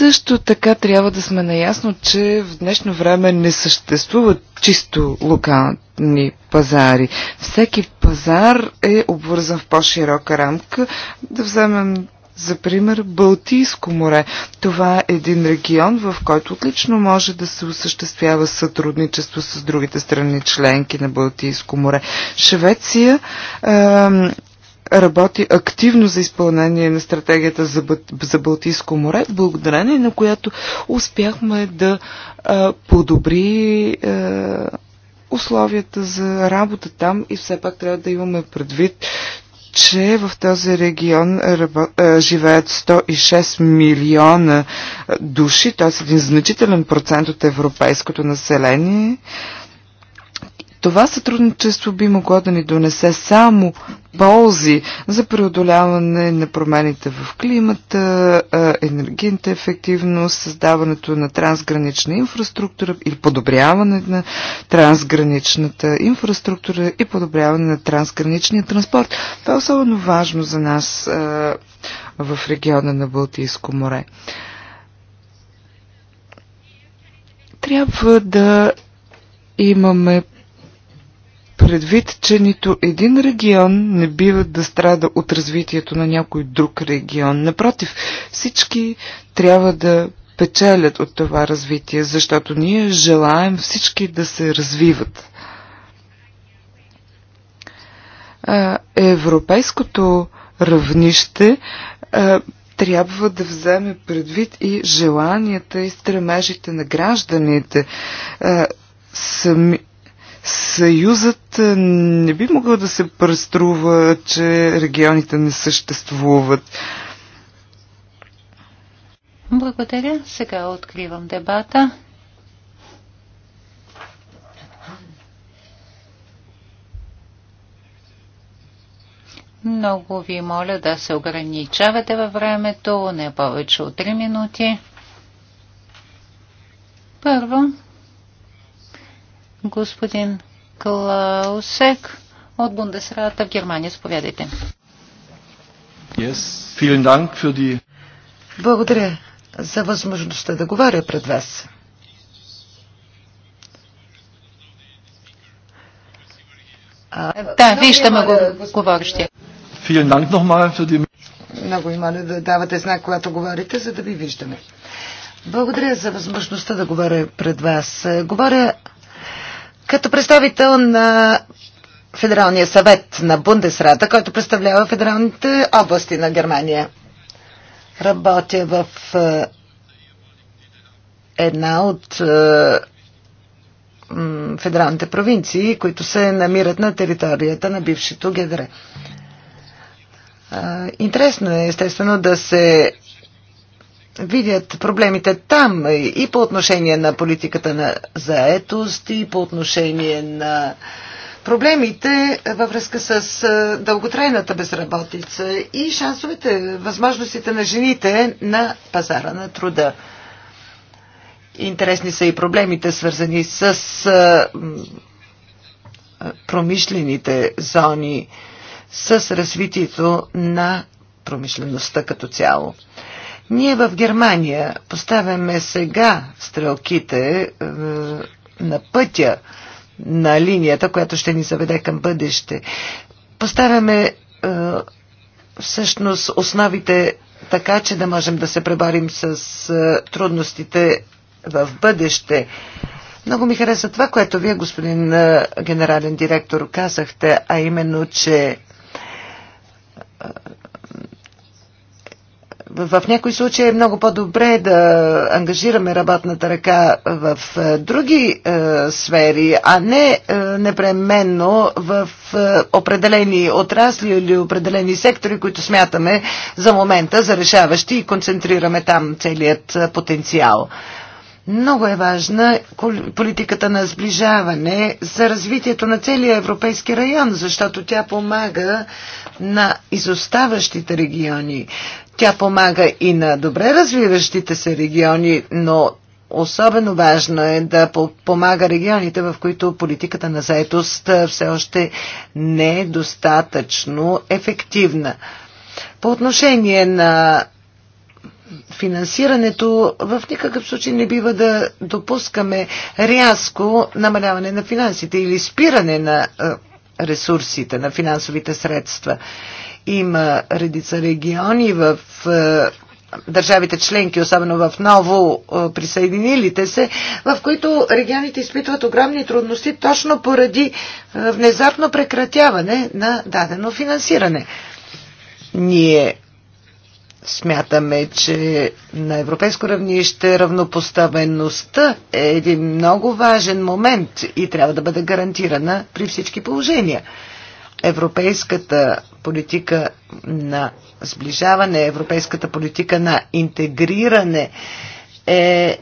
Също така трябва да сме наясно, че в днешно време не съществуват чисто локални пазари. Всеки пазар е обвързан в по-широка рамка. Да вземем за пример Балтийско море. Това е един регион, в който отлично може да се осъществява сътрудничество с другите страни членки на Балтийско море. Швеция е, работи активно за изпълнение на стратегията за, за Балтийско море, благодарение на която успяхме да а, подобри а, условията за работа там и все пак трябва да имаме предвид, че в този регион живеят 106 милиона души, т.е. един значителен процент от европейското население. Това сътрудничество би могло да ни донесе само ползи за преодоляване на промените в климата, енергийната ефективност, създаването на трансгранична инфраструктура или подобряване на трансграничната инфраструктура и подобряване на трансграничния транспорт. Това е особено важно за нас в региона на Балтийско море. Трябва да имаме предвид, че нито един регион не бива да страда от развитието на някой друг регион. Напротив, всички трябва да печелят от това развитие, защото ние желаем всички да се развиват. Европейското равнище трябва да вземе предвид и желанията и стремежите на гражданите. Сами, Съюзът е, не би могъл да се преструва, че регионите не съществуват. Благодаря. Сега откривам дебата. Много ви моля да се ограничавате във времето, не повече от 3 минути. Първо, господин Клаусек от Бундесрата в Германия. Заповядайте. Yes. Dank für die... Благодаря за възможността да говоря пред вас. А, да, виждаме го говорещия. Много ви моля да давате знак, когато говорите, за да ви виждаме. Благодаря за възможността да говоря пред вас. Говоря като представител на Федералния съвет на Бундесрата, който представлява федералните области на Германия. Работя в е, една от е, федералните провинции, които се намират на територията на бившето ГДР. Е, интересно е, естествено, да се видят проблемите там и по отношение на политиката на заетост, и по отношение на проблемите във връзка с дълготрайната безработица и шансовете, възможностите на жените на пазара на труда. Интересни са и проблемите, свързани с промишлените зони, с развитието на промишлеността като цяло. Ние в Германия поставяме сега стрелките е, на пътя на линията, която ще ни заведе към бъдеще. Поставяме е, всъщност основите така, че да можем да се преборим с е, трудностите в бъдеще. Много ми хареса това, което вие, господин е, генерален директор, казахте, а именно, че е, в някои случаи е много по-добре да ангажираме работната ръка в е, други е, сфери, а не е, непременно в е, определени отрасли или определени сектори, които смятаме за момента за решаващи и концентрираме там целият е, потенциал. Много е важна политиката на сближаване за развитието на целия европейски район, защото тя помага на изоставащите региони. Тя помага и на добре развиващите се региони, но особено важно е да помага регионите, в които политиката на заетост все още не е достатъчно ефективна. По отношение на финансирането в никакъв случай не бива да допускаме рязко намаляване на финансите или спиране на ресурсите, на финансовите средства. Има редица региони в е, държавите членки, особено в ново е, присъединилите се, в които регионите изпитват огромни трудности точно поради е, внезапно прекратяване на дадено финансиране. Ние смятаме, че на европейско равнище равнопоставеността е един много важен момент и трябва да бъде гарантирана при всички положения европейската политика на сближаване, европейската политика на интегриране е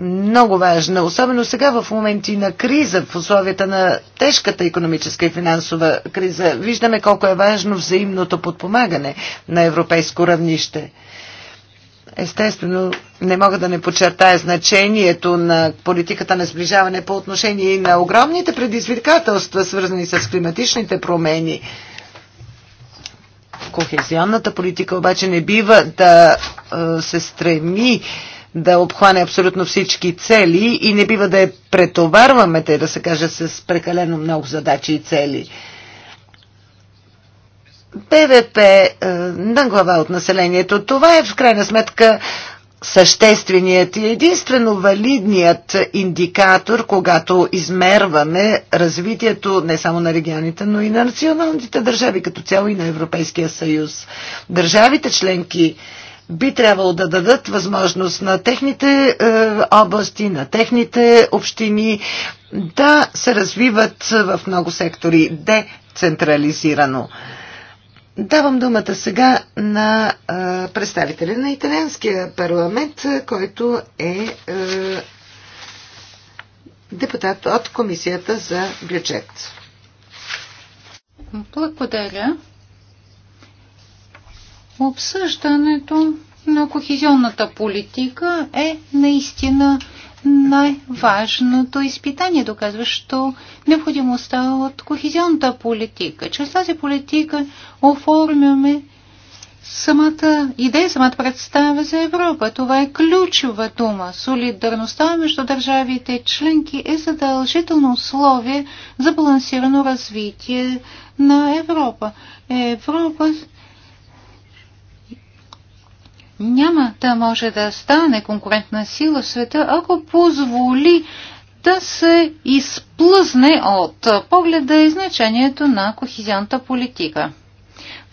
много важна, особено сега в моменти на криза, в условията на тежката економическа и финансова криза. Виждаме колко е важно взаимното подпомагане на европейско равнище – Естествено, не мога да не подчертая значението на политиката на сближаване по отношение и на огромните предизвикателства, свързани с климатичните промени. Кохезионната политика обаче не бива да се стреми да обхване абсолютно всички цели и не бива да я претоварваме, те да се каже, с прекалено много задачи и цели. БВП е, на глава от населението. Това е в крайна сметка същественият и единствено валидният индикатор, когато измерваме развитието не само на регионите, но и на националните държави като цяло и на Европейския съюз. Държавите членки би трябвало да дадат възможност на техните е, области, на техните общини да се развиват в много сектори децентрализирано. Давам думата сега на а, представителя на италианския парламент, който е а, депутат от Комисията за бюджет. Благодаря. Обсъждането на кохезионната политика е наистина най-важното изпитание, доказващо необходимостта от кохезионната политика. Чрез тази политика оформяме самата идея, самата представа за Европа. Това е ключова дума. Солидарността между държавите членки е задължително условие за балансирано развитие на Европа. Европа няма да може да стане конкурентна сила в света, ако позволи да се изплъзне от погледа и значението на кохизионната политика.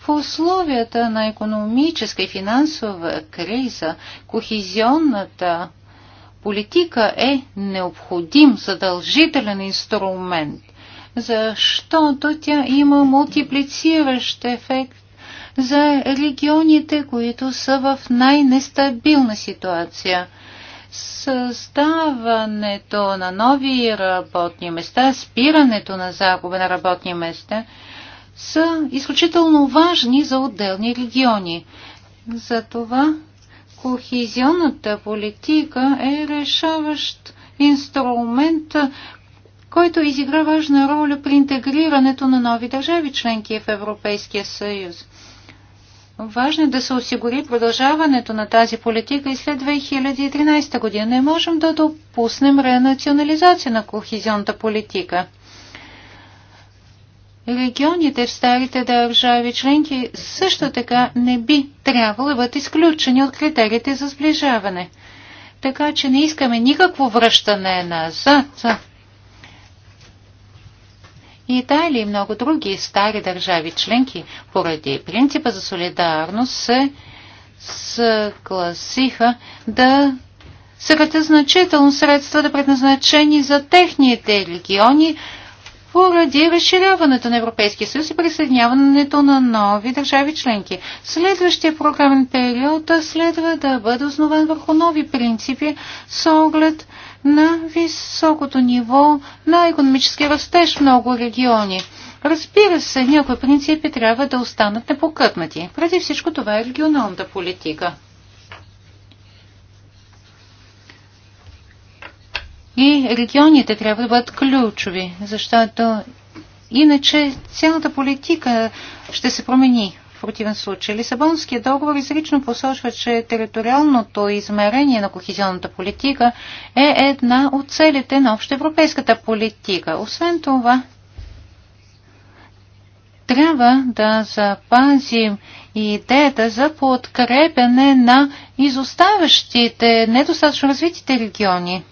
В условията на економическа и финансова криза, кохизионната политика е необходим задължителен инструмент, защото тя има мултиплициращ ефект за регионите, които са в най-нестабилна ситуация. съставането на нови работни места, спирането на загуба на работни места са изключително важни за отделни региони. Затова кохезионната политика е решаващ инструмент, който изигра важна роля при интегрирането на нови държави членки в Европейския съюз. Важно е да се осигури продължаването на тази политика и след 2013 година. Не можем да допуснем ренационализация на кохезионната политика. Регионите в старите държави членки също така не би трябвало да бъдат изключени от критериите за сближаване. Така че не искаме никакво връщане назад Италия и много други стари държави членки поради принципа за солидарност се съгласиха да съкратят значително средства да предназначени за техните региони поради разширяването на Европейския съюз и присъединяването на нови държави членки. Следващия програмен период следва да бъде основан върху нови принципи с оглед на високото ниво на економически растеж в много региони. Разбира се, някои принципи трябва да останат непокътнати. Преди всичко това е регионалната политика. И регионите трябва да бъдат ключови, защото иначе цялата политика ще се промени противен случай. Лисабонския договор изрично посочва, че териториалното измерение на кохезионната политика е една от целите на общоевропейската политика. Освен това, трябва да запазим идеята за подкрепене на изоставащите, недостатъчно развитите региони.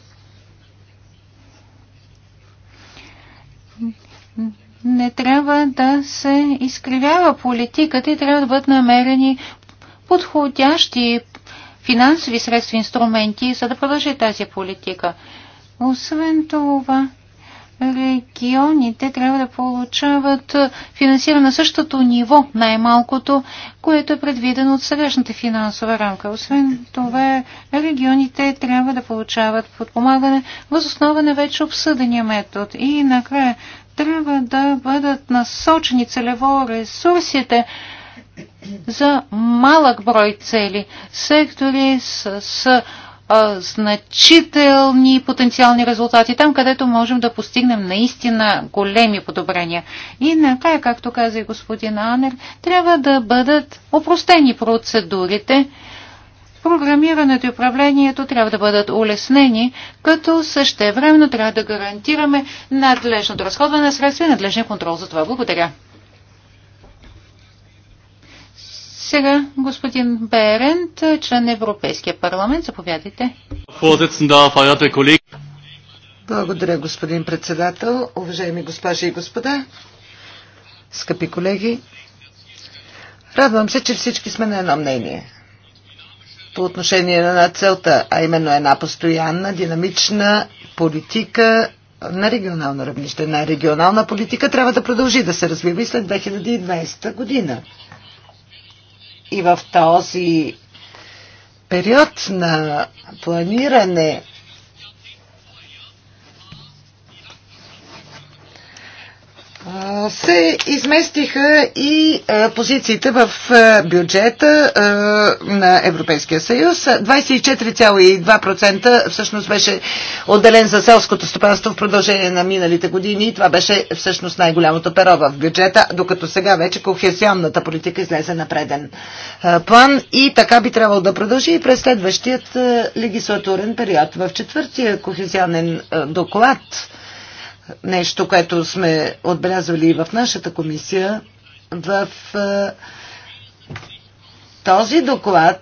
не трябва да се изкривява политиката и трябва да бъдат намерени подходящи финансови средства, инструменти, за да продължи тази политика. Освен това, регионите трябва да получават финансиране на същото ниво, най-малкото, което е предвидено от сегашната финансова рамка. Освен това, регионите трябва да получават подпомагане въз основа на вече обсъдения метод. И накрая, трябва да бъдат насочени целево ресурсите за малък брой цели. Сектори с, с а, значителни потенциални резултати, там където можем да постигнем наистина големи подобрения. И накрая, както каза и господин Анер, трябва да бъдат опростени процедурите, програмирането и управлението трябва да бъдат улеснени, като същевременно трябва да гарантираме надлежното разходване на средства и надлежния контрол за това. Благодаря. Сега господин Берент, член на Европейския парламент, заповядайте. Благодаря, господин председател, уважаеми госпожи и господа, скъпи колеги. Радвам се, че всички сме на едно мнение по отношение на целта, а именно една постоянна, динамична политика на регионално равнище. На регионална политика трябва да продължи да се развива и след 2020 година. И в този период на планиране се изместиха и позициите в бюджета на Европейския съюз. 24,2% всъщност беше отделен за селското стопанство в продължение на миналите години и това беше всъщност най-голямото перо в бюджета, докато сега вече кохезионната политика излезе на преден план и така би трябвало да продължи и през следващият легислатурен период. В четвъртия кохесионен доклад нещо, което сме отбелязвали и в нашата комисия, в този доклад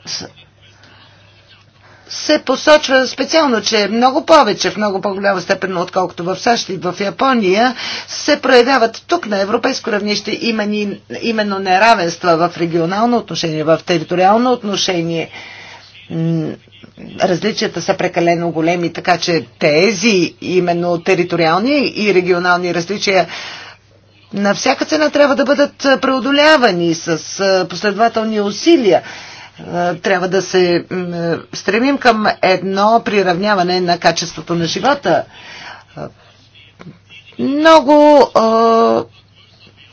се посочва специално, че много повече, в много по-голяма степен, отколкото в САЩ и в Япония, се проявяват тук на европейско равнище именно неравенства в регионално отношение, в териториално отношение различията са прекалено големи, така че тези именно териториални и регионални различия на всяка цена трябва да бъдат преодолявани с последователни усилия. Трябва да се стремим към едно приравняване на качеството на живота. Много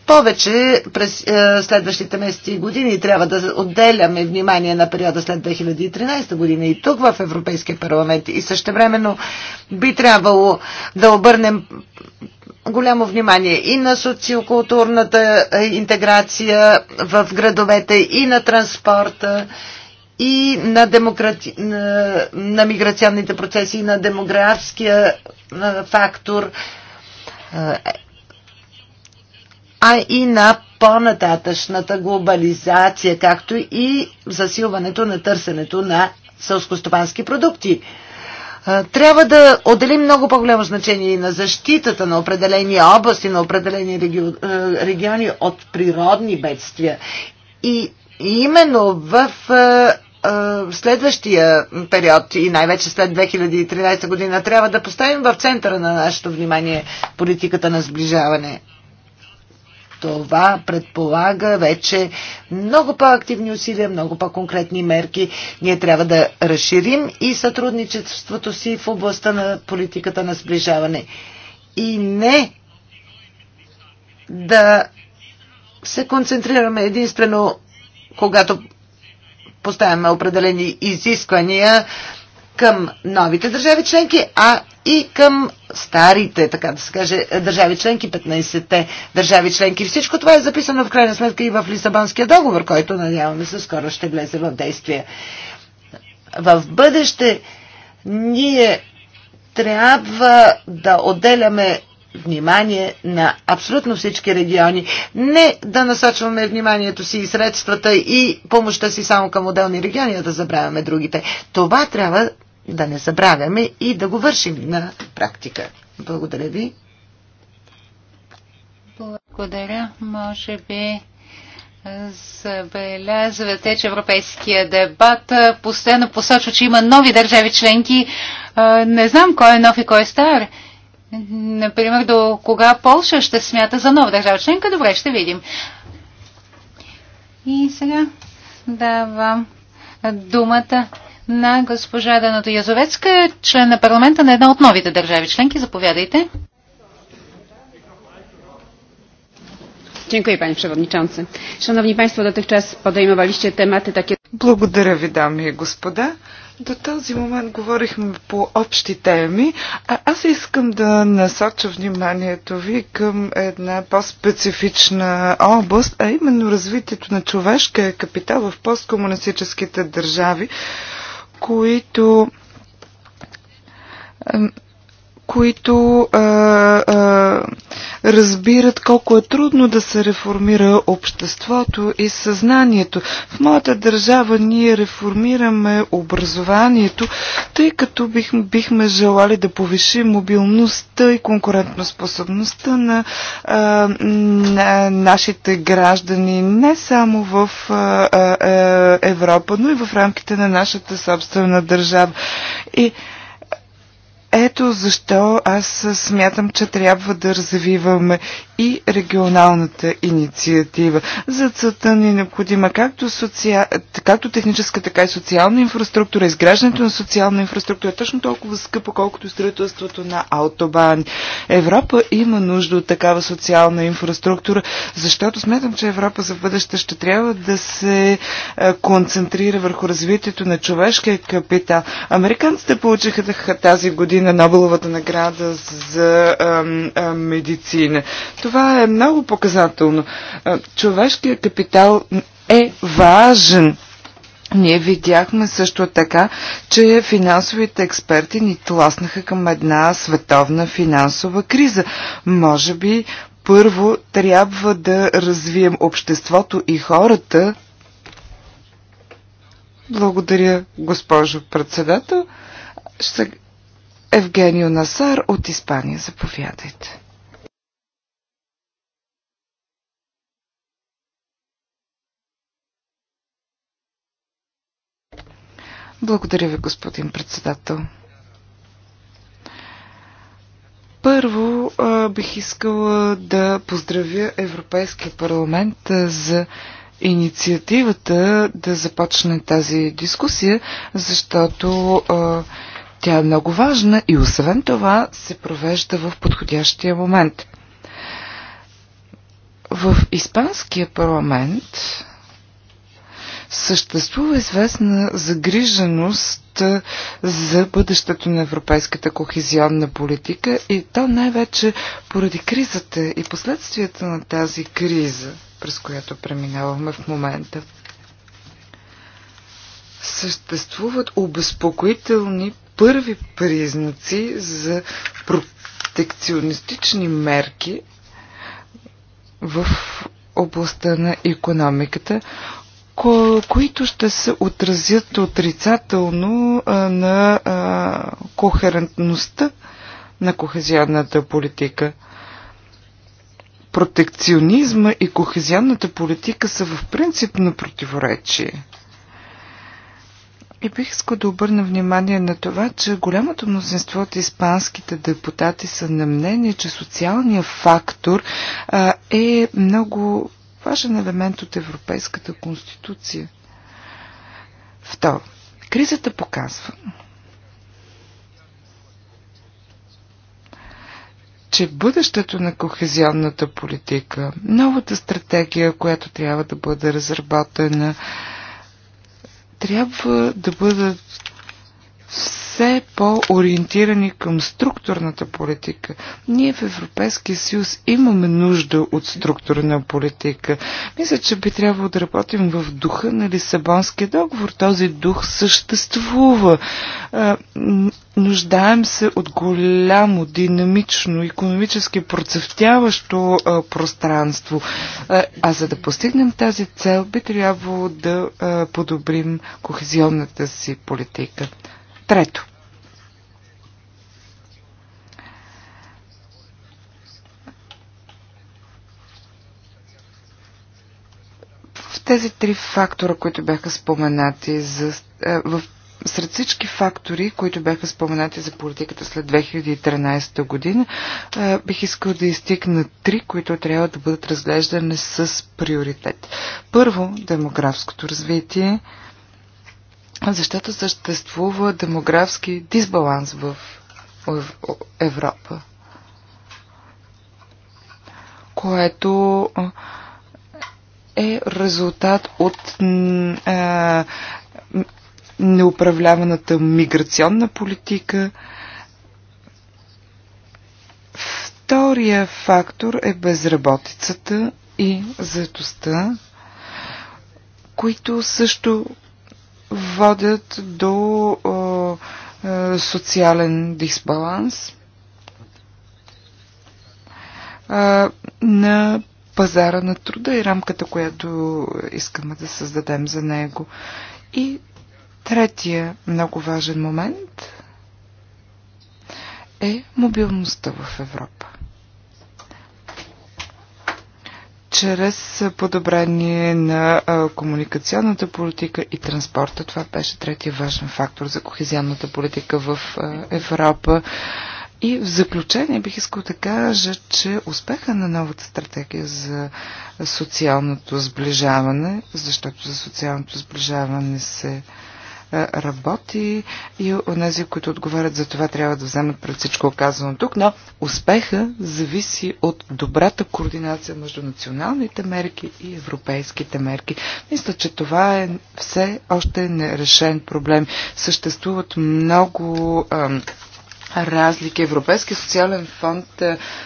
повече през е, следващите месеци и години трябва да отделяме внимание на периода след 2013 година и тук в Европейския парламент и същевременно би трябвало да обърнем голямо внимание и на социокултурната е, интеграция в градовете, и на транспорта, и на, демократи... на, на миграционните процеси, и на демографския е, фактор е, а и на по-нататъчната глобализация, както и засилването на търсенето на сълскостопански продукти. Трябва да отделим много по-голямо значение и на защитата на определени области, на определени региони от природни бедствия. И именно в следващия период и най-вече след 2013 година трябва да поставим в центъра на нашето внимание политиката на сближаване това предполага вече много по-активни усилия, много по-конкретни мерки. Ние трябва да разширим и сътрудничеството си в областта на политиката на сближаване. И не да се концентрираме единствено, когато поставяме определени изисквания към новите държави членки, а и към старите, така да се каже, държави членки, 15-те държави членки. Всичко това е записано в крайна сметка и в Лисабонския договор, който надяваме се скоро ще влезе в действие. В бъдеще ние трябва да отделяме внимание на абсолютно всички региони. Не да насочваме вниманието си и средствата и помощта си само към отделни региони, а да забравяме другите. Това трябва да не забравяме и да го вършим на практика. Благодаря ви. Благодаря. Може би забелязвате, че европейския дебат постоянно посочва, че има нови държави членки. Не знам кой е нов и кой е стар. Например, до кога Полша ще смята за нова държава членка? Добре, ще видим. И сега давам думата на госпожа Даната Язовецка, член на парламента на една от новите държави членки. Заповядайте. Dziękuję Panie Przewodniczący. Szanowni Państwo, dotychczas podejmowaliście темати takie... Благодаря ви, дами и господа. До този момент говорихме по общи теми, а аз искам да насоча вниманието ви към една по-специфична област, а именно развитието на човешкия капитал в посткомунистическите държави, които които а, а, разбират колко е трудно да се реформира обществото и съзнанието. В моята държава ние реформираме образованието, тъй като бих, бихме желали да повишим мобилността и конкурентоспособността на, а, на нашите граждани не само в а, а, Европа, но и в рамките на нашата собствена държава. И ето защо аз смятам, че трябва да развиваме и регионалната инициатива. За целта ни е необходима както, социал... както техническа, така и социална инфраструктура. Изграждането на социална инфраструктура е точно толкова скъпо, колкото строителството на автобани. Европа има нужда от такава социална инфраструктура, защото смятам, че Европа за бъдеще ще трябва да се е, концентрира върху развитието на човешкия капитал. Американците получиха тази година година Нобеловата награда за а, а, медицина. Това е много показателно. А, човешкият капитал е важен ние видяхме също така, че финансовите експерти ни тласнаха към една световна финансова криза. Може би първо трябва да развием обществото и хората. Благодаря, госпожо председател. Ще Евгенио Насар от Испания. Заповядайте. Благодаря ви, господин председател. Първо а, бих искала да поздравя Европейския парламент за инициативата да започне тази дискусия, защото а, тя е много важна и освен това се провежда в подходящия момент. В Испанския парламент съществува известна загриженост за бъдещето на европейската кохезионна политика и то най-вече поради кризата и последствията на тази криза, през която преминаваме в момента. Съществуват обезпокоителни първи признаци за протекционистични мерки в областта на економиката, ко- които ще се отразят отрицателно а, на а, кохерентността на кохезионната политика. Протекционизма и кохезионната политика са в принцип на противоречие. И бих искал да обърна внимание на това, че голямото мнозинство от испанските депутати са на мнение, че социалният фактор а, е много важен елемент от Европейската конституция. Второ, кризата показва, че бъдещето на кохезионната политика, новата стратегия, която трябва да бъде разработена, трябва да бъдат все по-ориентирани към структурната политика. Ние в Европейския съюз имаме нужда от структурна политика. Мисля, че би трябвало да работим в духа на Лисабонския договор. Този дух съществува. Нуждаем се от голямо, динамично, економически процъфтяващо а, пространство. А, а за да постигнем тази цел, би трябвало да а, подобрим кохезионната си политика. Трето. В тези три фактора, които бяха споменати за, е, в сред всички фактори, които бяха споменати за политиката след 2013 година, е, бих искал да изтикна три, които трябва да бъдат разглеждани с приоритет. Първо, демографското развитие защото съществува демографски дисбаланс в Европа, което е резултат от неуправляваната миграционна политика. Втория фактор е безработицата и заетостта, които също водят до социален дисбаланс на пазара на труда и рамката, която искаме да създадем за него. И третия много важен момент е мобилността в Европа. чрез подобрение на комуникационната политика и транспорта. Това беше третия важен фактор за кохезионната политика в Европа. И в заключение бих искал да кажа, че успеха на новата стратегия за социалното сближаване, защото за социалното сближаване се е, работи и онези, които отговарят за това, трябва да вземат пред всичко оказано тук, но успеха зависи от добрата координация между националните мерки и европейските мерки. Мисля, че това е все още нерешен проблем. Съществуват много ам, разлики. Европейския социален фонд а,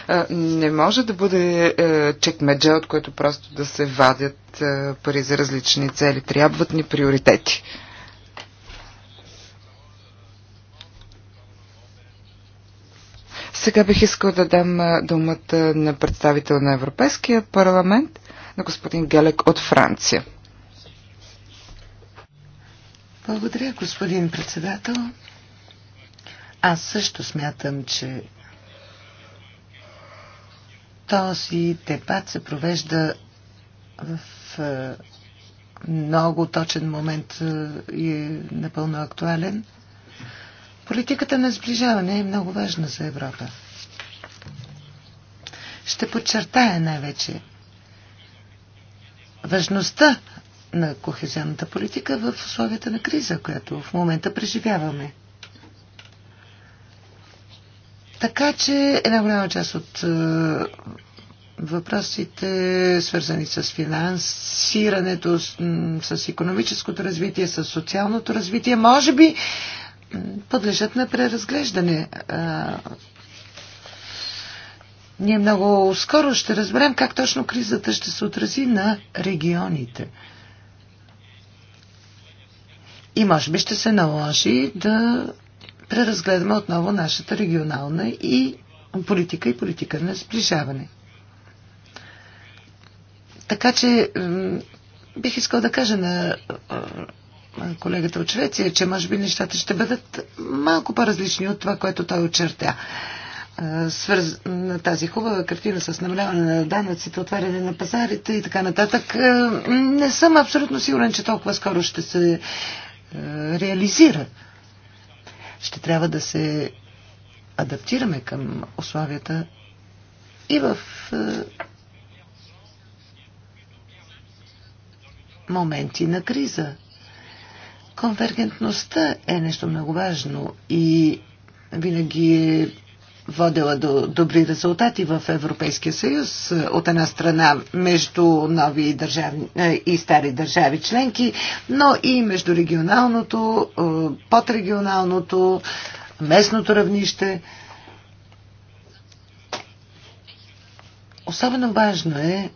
е, е, не може да бъде а, чекмедже, от което просто да се вадят а, пари за различни цели. Трябват ни приоритети. Сега бих искал да дам думата на представител на Европейския парламент, на господин Гелек от Франция. Благодаря, господин председател. Аз също смятам, че този дебат се провежда в много точен момент и е напълно актуален. Политиката на сближаване е много важна за Европа. Ще подчертая най-вече важността на кохезионната политика в условията на криза, която в момента преживяваме. Така че една голяма част от е, въпросите, свързани с финансирането, с економическото развитие, с социалното развитие, може би подлежат на преразглеждане. Ние много скоро ще разберем как точно кризата ще се отрази на регионите. И може би ще се наложи да преразгледаме отново нашата регионална и политика и политика на сближаване. Така че бих искал да кажа на колегата от Швеция, че може би нещата ще бъдат малко по-различни от това, което той очертя. Свърз... на тази хубава картина с намаляване на данъците, отваряне на пазарите и така нататък. Не съм абсолютно сигурен, че толкова скоро ще се реализира. Ще трябва да се адаптираме към условията и в моменти на криза. Конвергентността е нещо много важно и винаги е водела до добри резултати в Европейския съюз. От една страна между нови държави, е, и стари държави членки, но и между регионалното, е, подрегионалното, местното равнище. Особено важно е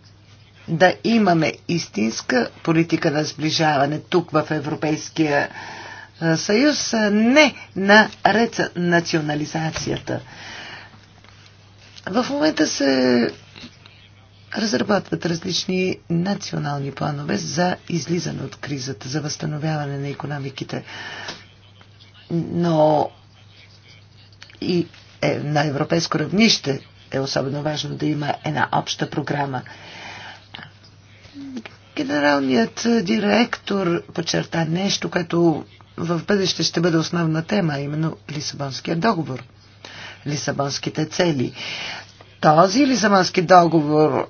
да имаме истинска политика на сближаване тук в Европейския съюз, не на национализацията. В момента се разработват различни национални планове за излизане от кризата, за възстановяване на економиките. Но и е, на европейско равнище е особено важно да има една обща програма. Генералният директор подчерта нещо, което в бъдеще ще бъде основна тема, именно Лисабонския договор, Лисабонските цели. Този Лисабонски договор,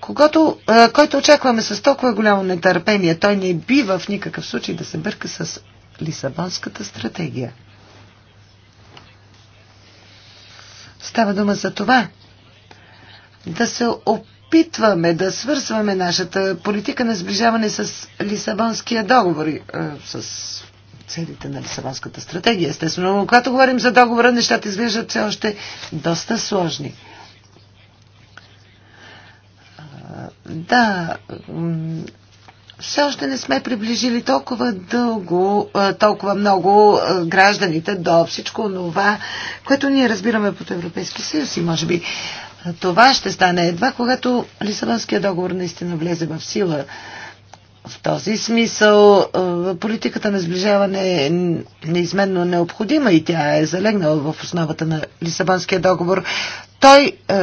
когато, който очакваме с толкова голямо нетърпение, той не бива в никакъв случай да се бърка с Лисабонската стратегия. Става дума за това да се опитаме опитваме да свързваме нашата политика на сближаване с Лисабонския договор, е, с целите на Лисабонската стратегия, естествено. Но когато говорим за договора, нещата изглеждат все още доста сложни. Е, да, все още не сме приближили толкова дълго, е, толкова много гражданите до всичко това, което ние разбираме под Европейски съюз и може би това ще стане едва, когато Лисабонския договор наистина влезе в сила. В този смисъл е, политиката на сближаване е неизменно необходима и тя е залегнала в основата на Лисабонския договор. Той е,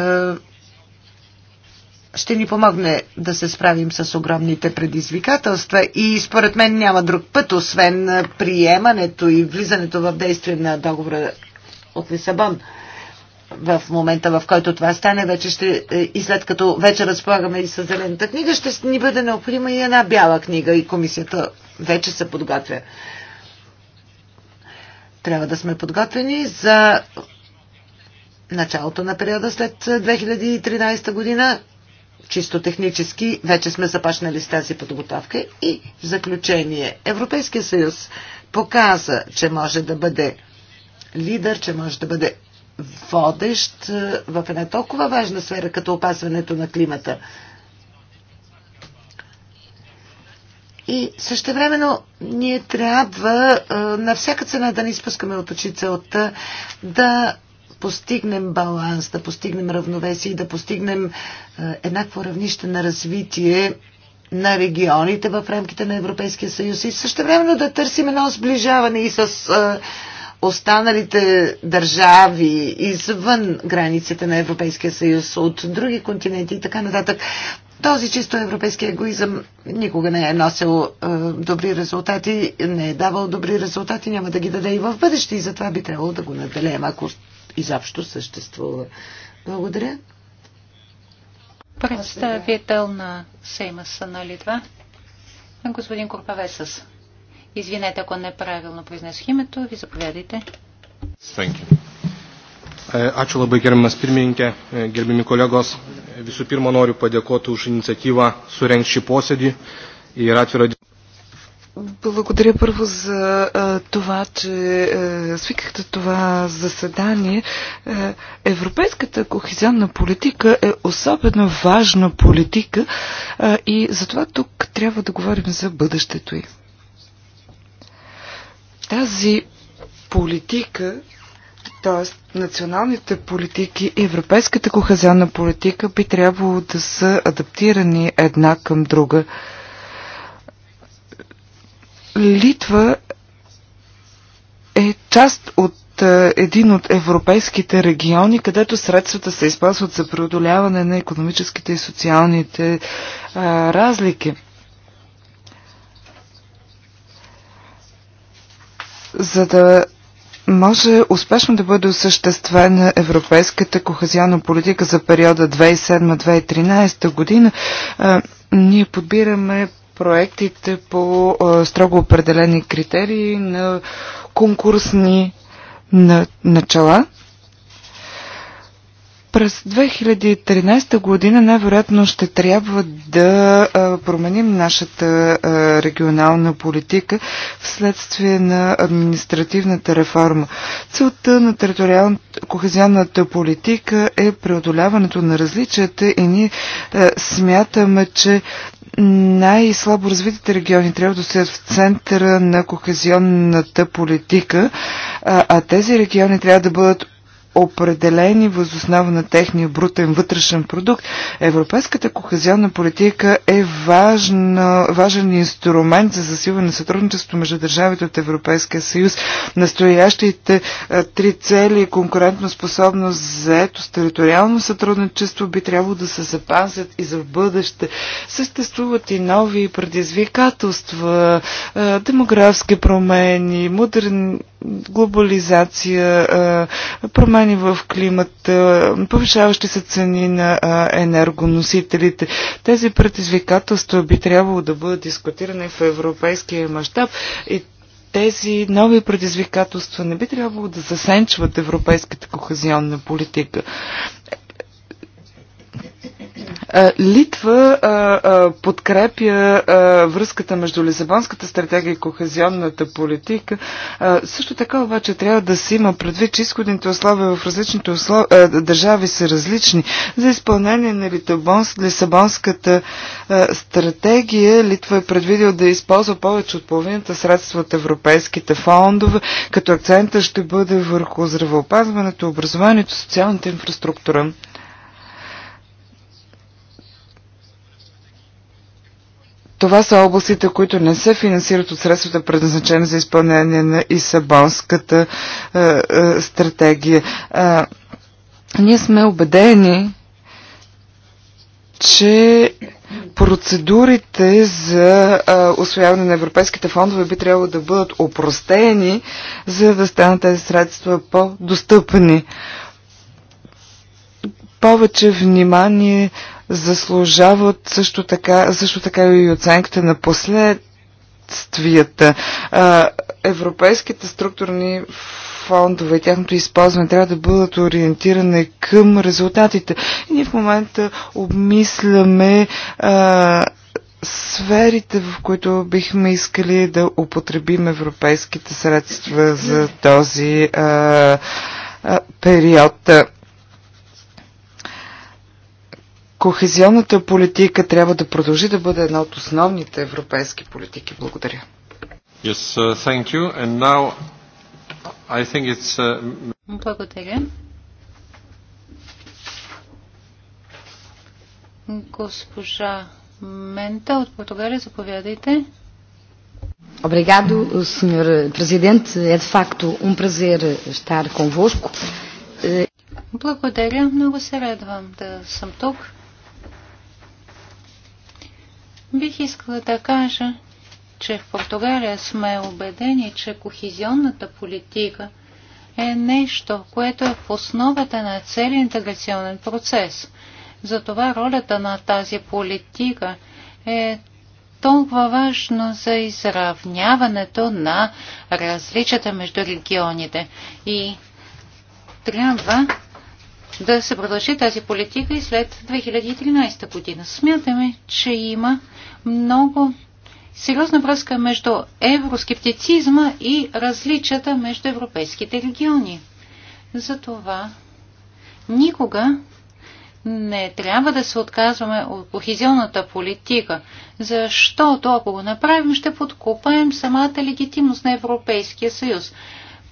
ще ни помогне да се справим с огромните предизвикателства и според мен няма друг път, освен приемането и влизането в действие на договора от Лисабон в момента, в който това стане, вече ще, е, и след като вече разполагаме и с зелената книга, ще ни бъде необходима и една бяла книга и комисията вече се подготвя. Трябва да сме подготвени за началото на периода след 2013 е, година. Чисто технически вече сме започнали с тази подготовка и в заключение Европейския съюз показа, че може да бъде лидер, че може да бъде водещ е, в една толкова важна сфера, като опазването на климата. И същевременно ние трябва е, на всяка цена да не изпускаме от очи целта да постигнем баланс, да постигнем равновесие и да постигнем е, еднакво равнище на развитие на регионите в рамките на Европейския съюз и същевременно да търсим едно сближаване и с останалите държави извън границите на Европейския съюз, от други континенти и така нататък. Този чисто европейски егоизъм никога не е носил е, добри резултати, не е давал добри резултати, няма да ги даде и в бъдеще и затова би трябвало да го наделеем, ако изобщо съществува. Благодаря. Представител на Сеймаса на Литва, господин Курпавесас. Извинете, ако неправилно произнесох името. Ви заповядайте. Ačiū labai gerbimas pirmininkė, gerbimi kolegos. Visų pirma, noriu padėkoti už iniciatyvą surengti šį posėdį ir atvirą. Благодаря първо за а, е, това, че а, е, свикахте това заседание. А, е, европейската кохезионна политика е особено важна политика а, и затова тук трябва да говорим за бъдещето й. Тази политика, т.е. националните политики и европейската кохазионна политика би трябвало да са адаптирани една към друга. Литва е част от е, един от европейските региони, където средствата се използват за преодоляване на економическите и социалните а, разлики. за да може успешно да бъде осъществена европейската кохезионна политика за периода 2007-2013 година, ние подбираме проектите по строго определени критерии на конкурсни начала. През 2013 година най-вероятно ще трябва да променим нашата регионална политика вследствие на административната реформа. Целта на кохезионната политика е преодоляването на различията и ние смятаме, че най-слабо развитите региони трябва да стоят в центъра на кохезионната политика, а тези региони трябва да бъдат определени възоснова на техния брутен вътрешен продукт. Европейската кохезионна политика е важна, важен инструмент за засилване на сътрудничество между държавите от Европейския съюз. Настоящите три цели – конкурентно способност, заетост, териториално сътрудничество би трябвало да се запазят и за в бъдеще. Съществуват и нови предизвикателства, демографски промени, модерни глобализация, промени в климата, повишаващи се цени на енергоносителите. Тези предизвикателства би трябвало да бъдат дискутирани в европейския мащаб и тези нови предизвикателства не би трябвало да засенчват европейската кохезионна политика. Е, Литва а, е, а, е, подкрепя а, връзката между Лизабонската стратегия и кохезионната политика. Също така обаче трябва да се има предвид, че изходните условия в различните услов... държави са различни. За изпълнение на Литабонс, Лисабонската стратегия Литва е предвидил да използва повече от половината средства от европейските фондове, като акцента ще бъде върху здравеопазването, образованието, социалната инфраструктура. Това са областите, които не се финансират от средствата, предназначени за изпълнение на Исабонската е, е, стратегия. Е, ние сме убедени, че процедурите за а, е, освояване на европейските фондове би трябвало да бъдат опростени, за да станат тези средства по-достъпни. Повече внимание заслужават също така, също така и оценката на последствията. Европейските структурни фондове и тяхното използване трябва да бъдат ориентирани към резултатите. И ние в момента обмисляме а, сферите, в които бихме искали да употребим европейските средства за този а, а, период. Кохезионната политика трябва да продължи да бъде една от основните европейски политики. Благодаря. Yes, uh, thank you. And now I think it's, uh... Благодаря. Госпожа Мента от Португалия, заповядайте. Obrigado, Sr. Presidente. É de facto um prazer estar convosco. Е, Благодаря. Много се радвам да съм тук. Бих искала да кажа, че в Португалия сме убедени, че кохизионната политика е нещо, което е в основата на целият интеграционен процес. Затова ролята на тази политика е толкова важно за изравняването на различията между регионите. И трябва да се продължи тази политика и след 2013 година. Смятаме, че има много сериозна връзка между евроскептицизма и различията между европейските региони. Затова никога не трябва да се отказваме от кохизионната политика, защото ако го направим, ще подкопаем самата легитимност на Европейския съюз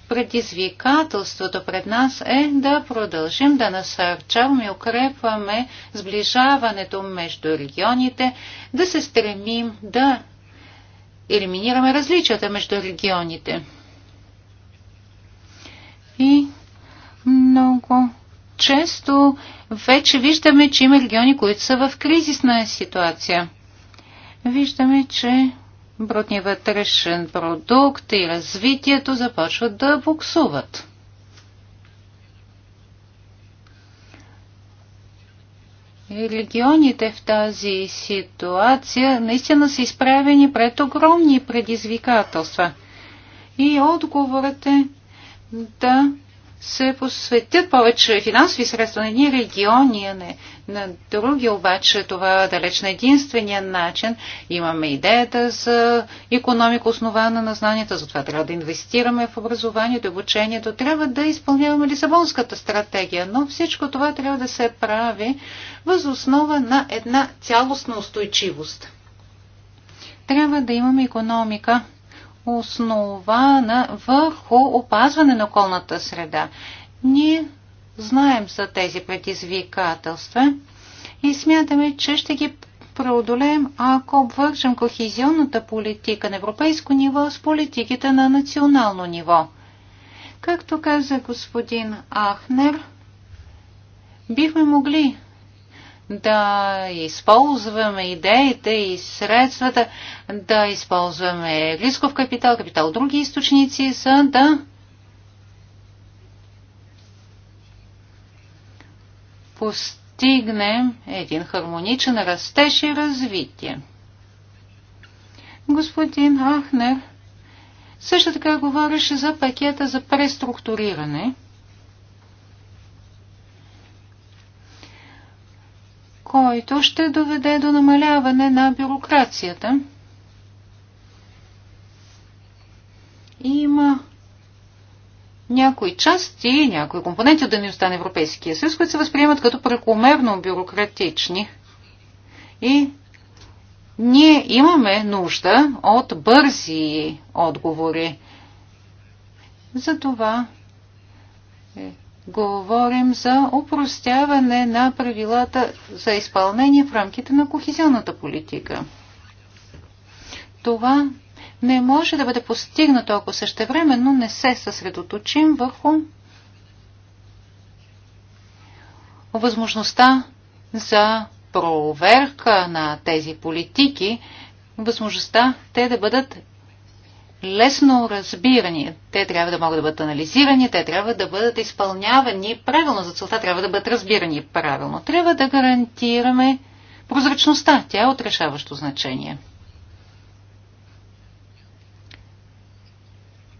предизвикателството пред нас е да продължим да насърчаваме и укрепваме сближаването между регионите, да се стремим да елиминираме различията между регионите. И много често вече виждаме, че има региони, които са в кризисна ситуация. Виждаме, че брутния вътрешен продукт и развитието започват да буксуват. Регионите в тази ситуация наистина са изправени пред огромни предизвикателства. И отговорът е да се посветят повече финансови средства на едни региони, а не на други, обаче това е далеч на единствения начин. Имаме идеята за економика, основана на знанията, затова трябва да инвестираме в образованието обучението, трябва да изпълняваме Лисабонската стратегия, но всичко това трябва да се прави въз основа на една цялостна устойчивост. Трябва да имаме економика, основана върху опазване на околната среда. Ние знаем за тези предизвикателства и смятаме, че ще ги преодолеем, ако обвържем кохезионната политика на европейско ниво с политиките на национално ниво. Както каза господин Ахнер, бихме могли да използваме идеите и средствата, да използваме рисков капитал, капитал други източници, за да постигнем един хармоничен растеж и развитие. Господин Ахнер също така говореше за пакета за преструктуриране – който ще доведе до намаляване на бюрокрацията. Има някои части, някои компоненти от дейността на Европейския съюз, които се възприемат като прекомерно бюрократични. И ние имаме нужда от бързи отговори. Затова е говорим за упростяване на правилата за изпълнение в рамките на кохезионната политика. Това не може да бъде постигнато, ако същевременно не се съсредоточим върху възможността за проверка на тези политики, възможността те да бъдат лесно разбирани. Те трябва да могат да бъдат анализирани, те трябва да бъдат изпълнявани правилно. За целта трябва да бъдат разбирани правилно. Трябва да гарантираме прозрачността. Тя е от решаващо значение.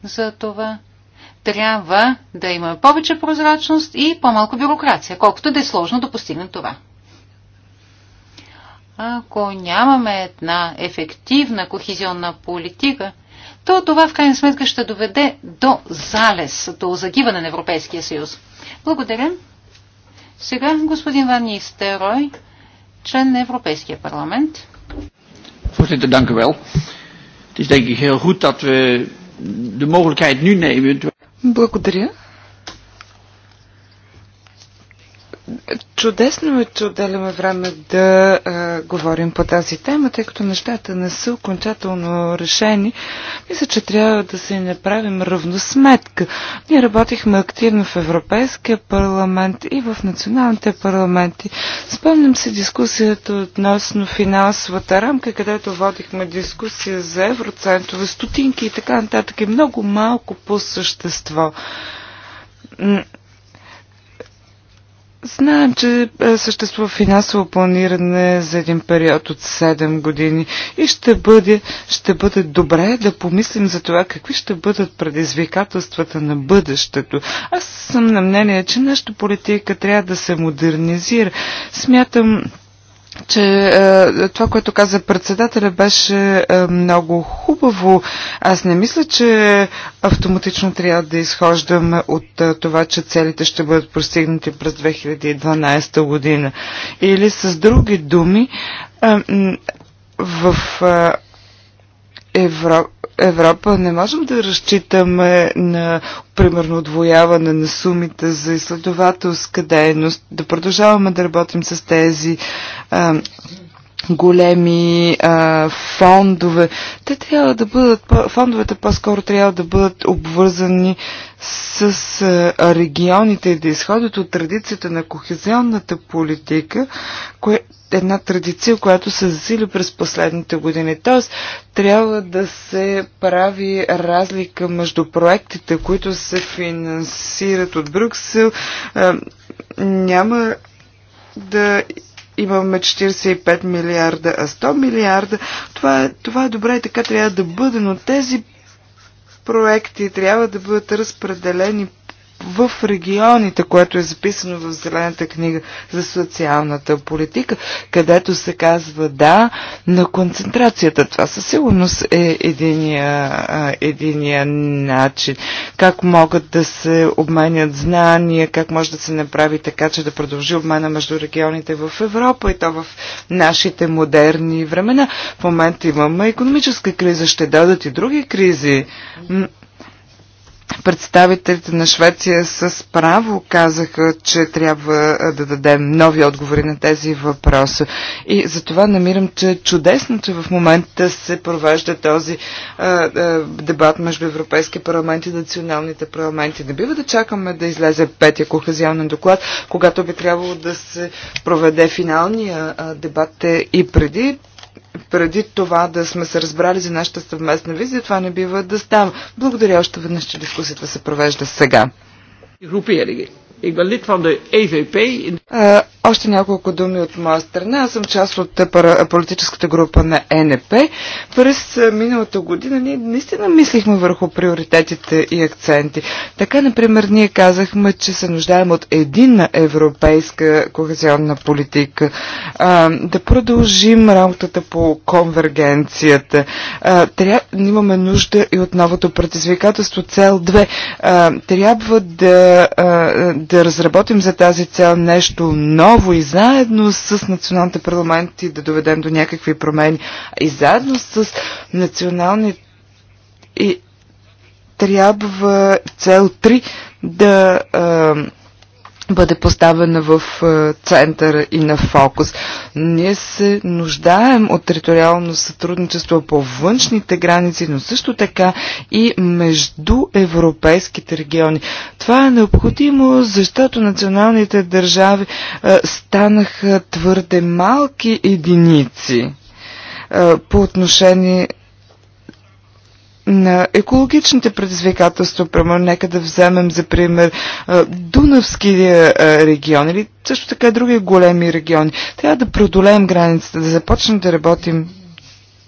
За това трябва да имаме повече прозрачност и по-малко бюрокрация, колкото да е сложно да постигнем това. Ако нямаме една ефективна кохизионна политика, то това в крайна сметка ще доведе до залез, до загиване на Европейския съюз. Благодаря. Сега господин Ван Нистерой, член на Европейския парламент. Voorzitter, dank u wel. Het is denk ik heel goed dat we de mogelijkheid nu nemen. Благодаря. Чудесно е, че отделяме време да а, говорим по тази тема, тъй като нещата не са окончателно решени. Мисля, че трябва да се направим равносметка. Ние работихме активно в Европейския парламент и в националните парламенти. Спомням се дискусията относно финансовата рамка, където водихме дискусия за евроцентове, стотинки и така нататък и много малко по същество Знаем, че е, съществува финансово планиране за един период от 7 години и ще бъде, ще бъде добре да помислим за това какви ще бъдат предизвикателствата на бъдещето. Аз съм на мнение, че нашата политика трябва да се модернизира. Смятам, че е, това, което каза председателя, беше е, много хубаво. Аз не мисля, че автоматично трябва да изхождаме от е, това, че целите ще бъдат постигнати през 2012 година. Или с други думи, е, в е, Европа Европа не можем да разчитаме на, примерно, отвояване на сумите за изследователска дейност, да продължаваме да работим с тези а, големи а, фондове. Те трябва да бъдат, фондовете по-скоро трябва да бъдат обвързани с а, регионите и да изходят от традицията на кохезионната политика, кое, една традиция, която се засили през последните години. Тоест, трябва да се прави разлика между проектите, които се финансират от Брюксел. А, няма да имаме 45 милиарда, а 100 милиарда. Това е, това е добре и така трябва да бъде, но тези проекти трябва да бъдат разпределени в регионите, което е записано в Зелената книга за социалната политика, където се казва да на концентрацията. Това със сигурност е единия, единия начин. Как могат да се обменят знания, как може да се направи така, че да продължи обмена между регионите в Европа и то в нашите модерни времена. В момента имаме економическа криза, ще дадат и други кризи. Представителите на Швеция с право казаха, че трябва да дадем нови отговори на тези въпроси. И затова намирам, че е чудесно, че в момента се провежда този а, а, дебат между Европейския парламент и националните парламенти. Не бива да чакаме да излезе петия кохезионен доклад, когато би трябвало да се проведе финалния а, дебат е, и преди преди това да сме се разбрали за нашата съвместна визия, това не бива да става. Благодаря още веднъж, че дискусията се провежда сега. Групи, е Ik ben lid van de EVP. Е, още няколко думи от моя страна. Аз съм част от политическата група на НП. През е, миналата година ние наистина мислихме върху приоритетите и акценти. Така, например, ние казахме, че се нуждаем от единна европейска кохезионна политика. А, да продължим работата по конвергенцията. А, трябва, имаме нужда и от новото предизвикателство. Цел 2. А, трябва да, а, да ще разработим за тази цел нещо ново и заедно с националните парламенти да доведем до някакви промени и заедно с национални и трябва цел 3 да а, бъде поставена в е, центъра и на фокус. Ние се нуждаем от териториално сътрудничество по външните граници, но също така и между европейските региони. Това е необходимо, защото националните държави е, станаха твърде малки единици е, по отношение на екологичните предизвикателства, прямо нека да вземем за пример Дунавския регион или също така други големи региони. Трябва да преодолеем границата, да започнем да работим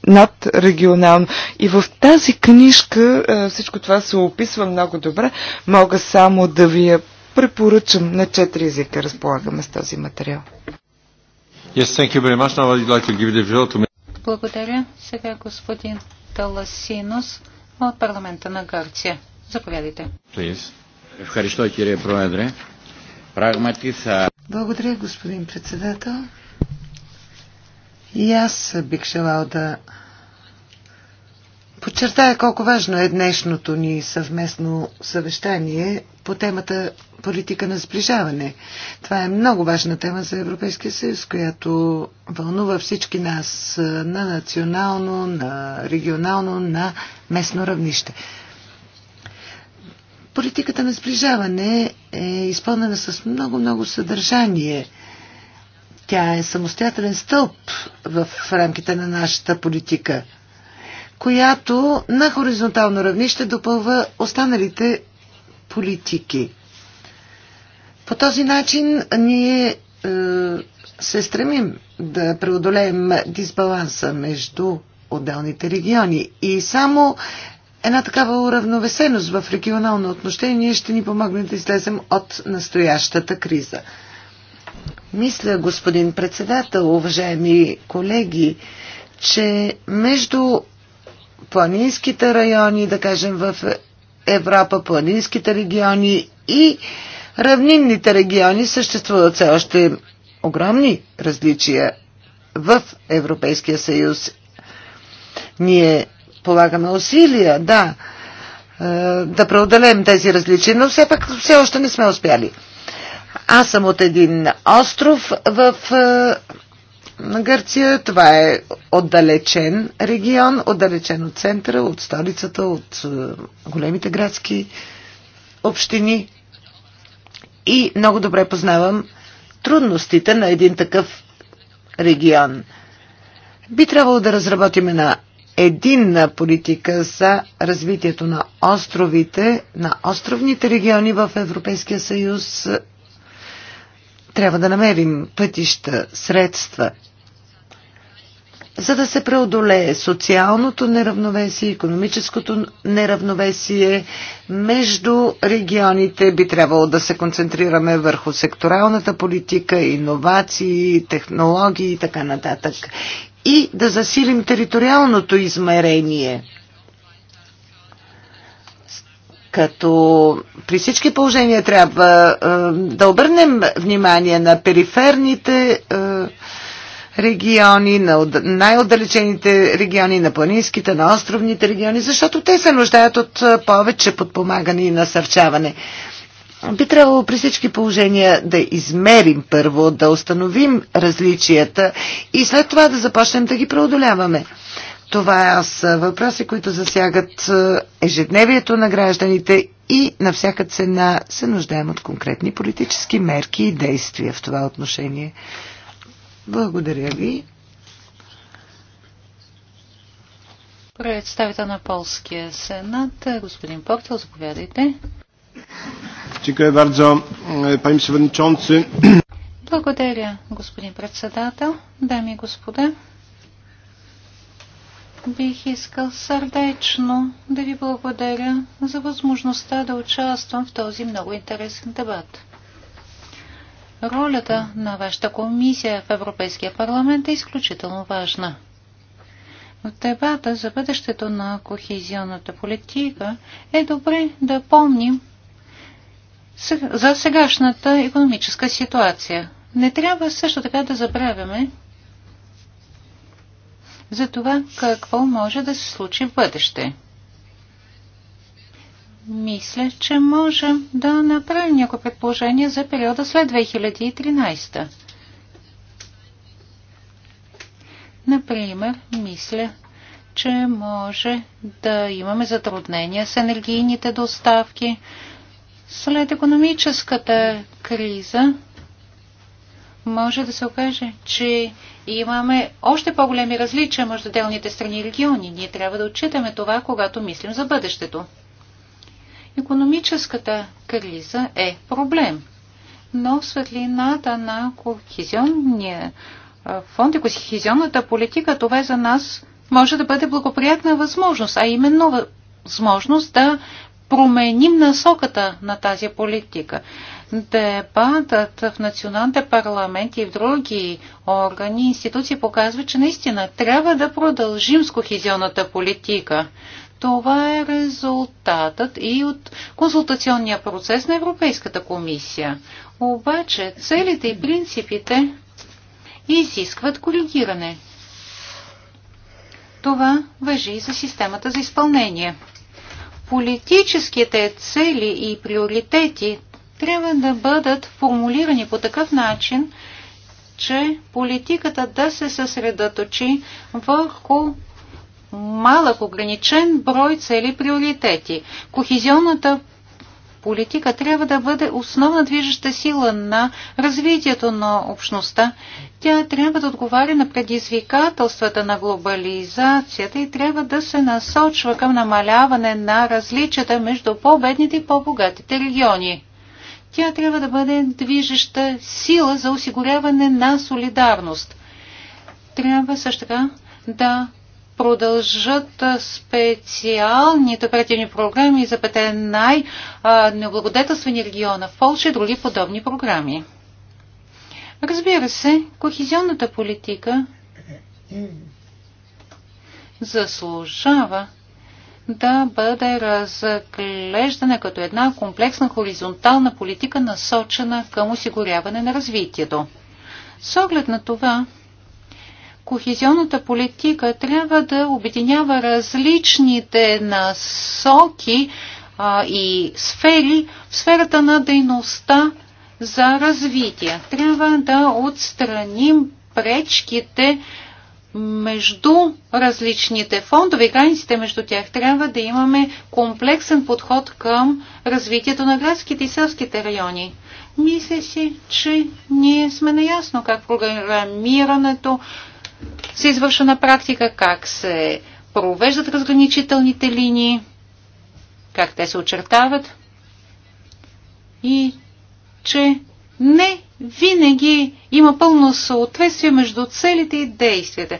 над регионално. И в тази книжка всичко това се описва много добре. Мога само да ви я препоръчам на четири езика разполагаме с този материал. Yes, thank you very much. Now I'd like to give the to me. Благодаря. Сега господин колегата Ласинос от парламента на Гърция. Заповядайте. Благодаря, господин председател. И аз бих желал да подчертая колко важно е днешното ни съвместно съвещание по темата политика на сближаване. Това е много важна тема за Европейския съюз, която вълнува всички нас на национално, на регионално, на местно равнище. Политиката на сближаване е изпълнена с много-много съдържание. Тя е самостоятелен стълб в рамките на нашата политика – която на хоризонтално равнище допълва останалите политики. По този начин ние е, се стремим да преодолеем дисбаланса между отделните региони. И само една такава уравновесеност в регионално отношение ще ни помогне да излезем от настоящата криза. Мисля, господин председател, уважаеми колеги, че между планинските райони, да кажем в Европа, планинските региони и равнинните региони съществуват все още огромни различия в Европейския съюз. Ние полагаме усилия, да, е, да преодолеем тези различия, но все пак все още не сме успяли. Аз съм от един остров в е, на Гърция. Това е отдалечен регион, отдалечен от центъра, от столицата, от е, големите градски общини. И много добре познавам трудностите на един такъв регион. Би трябвало да разработим една единна политика за развитието на островите, на островните региони в Европейския съюз. Трябва да намерим пътища, средства, за да се преодолее социалното неравновесие, економическото неравновесие между регионите. Би трябвало да се концентрираме върху секторалната политика, иновации, технологии и така нататък. И да засилим териториалното измерение като при всички положения трябва е, да обърнем внимание на периферните е, региони, на най-отдалечените региони, на планинските, на островните региони, защото те се нуждаят от повече подпомагане и насърчаване. Би трябвало при всички положения да измерим първо, да установим различията и след това да започнем да ги преодоляваме. Това са въпроси, които засягат ежедневието на гражданите и на всяка цена се нуждаем от конкретни политически мерки и действия в това отношение. Благодаря ви. Представител на Полския сенат, господин Поктел, заповядайте. Благодаря, господин председател, дами и господа. Бих искал сърдечно да ви благодаря за възможността да участвам в този много интересен дебат. Ролята на вашата комисия в Европейския парламент е изключително важна. В дебата за бъдещето на кохезионната политика е добре да помним за сегашната економическа ситуация. Не трябва също така да забравяме за това какво може да се случи в бъдеще. Мисля, че можем да направим някои предположения за периода след 2013. Например, мисля, че може да имаме затруднения с енергийните доставки. След економическата криза може да се окаже, че имаме още по-големи различия между отделните страни и региони. Ние трябва да отчитаме това, когато мислим за бъдещето. Економическата криза е проблем, но в светлината на кохизионния фонд и кохизионната политика това е за нас може да бъде благоприятна възможност, а именно възможност да променим насоката на тази политика. Дебатът в националните парламенти и в други органи и институции показва, че наистина трябва да продължим с кохизионната политика. Това е резултатът и от консултационния процес на Европейската комисия. Обаче целите и принципите изискват коригиране. Това въжи и за системата за изпълнение. Политическите цели и приоритети трябва да бъдат формулирани по такъв начин, че политиката да се съсредоточи върху малък ограничен брой цели приоритети. Кохизионната политика трябва да бъде основна движеща сила на развитието на общността. Тя трябва да отговаря на предизвикателствата на глобализацията и трябва да се насочва към намаляване на различията между по-бедните и по-богатите региони. Тя трябва да бъде движеща сила за осигуряване на солидарност. Трябва също така да продължат специалните оперативни програми за пете най-неблагодетелствени региона в Польша и други подобни програми. Разбира се, кохезионната политика заслужава да бъде разглеждана като една комплексна хоризонтална политика, насочена към осигуряване на развитието. С оглед на това, кохезионната политика трябва да обединява различните насоки а, и сфери в сферата на дейността за развитие. Трябва да отстраним пречките между различните фондове и границите между тях. Трябва да имаме комплексен подход към развитието на градските и селските райони. Мисля си, че ние сме наясно как програмирането се извършва на практика, как се провеждат разграничителните линии, как те се очертават и че не винаги има пълно съответствие между целите и действията.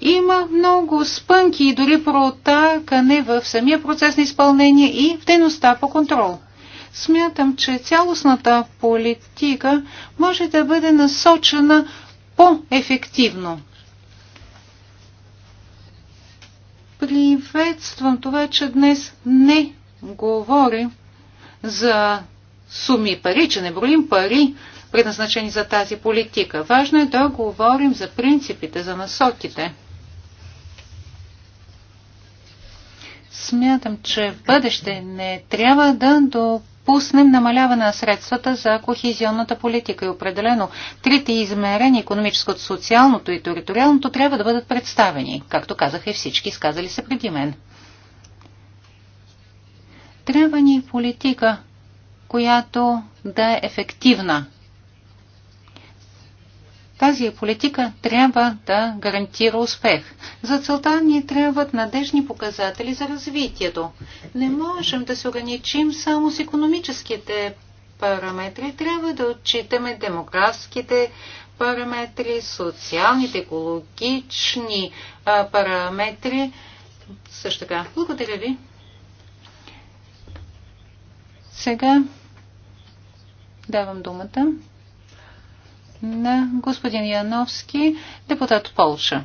Има много спънки и дори протакане в самия процес на изпълнение и в дейността по контрол. Смятам, че цялостната политика може да бъде насочена по-ефективно Приветствам това, че днес не говорим за суми пари, че не броим пари, предназначени за тази политика. Важно е да говорим за принципите, за насоките. Смятам, че в бъдеще не трябва да допускаме Пуснем намаляване на средствата за кохизионната политика и определено трите измерения, економическото, социалното и териториалното, трябва да бъдат представени, както казаха и всички изказали се преди мен. Трябва ни политика, която да е ефективна – тази политика трябва да гарантира успех. За целта ни трябват надежни показатели за развитието. Не можем да се ограничим само с економическите параметри. Трябва да отчитаме демографските параметри, социалните, екологични параметри. Също така, благодаря ви. Сега давам думата на господин Яновски, депутат Полша.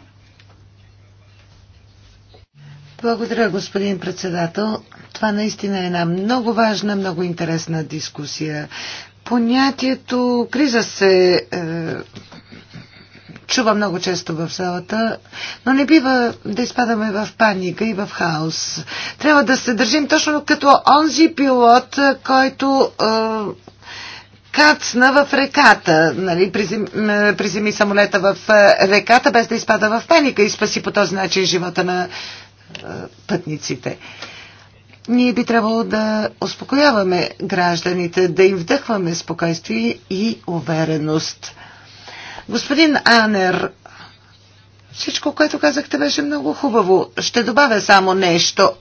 Благодаря, господин председател. Това наистина е една много важна, много интересна дискусия. Понятието криза се е, чува много често в залата, но не бива да изпадаме в паника и в хаос. Трябва да се държим точно като онзи пилот, който е, кацна в реката, нали, приземи, приземи самолета в реката, без да изпада в паника и спаси по този начин живота на пътниците. Ние би трябвало да успокояваме гражданите, да им вдъхваме спокойствие и увереност. Господин Анер, всичко, което казахте, беше много хубаво. Ще добавя само нещо.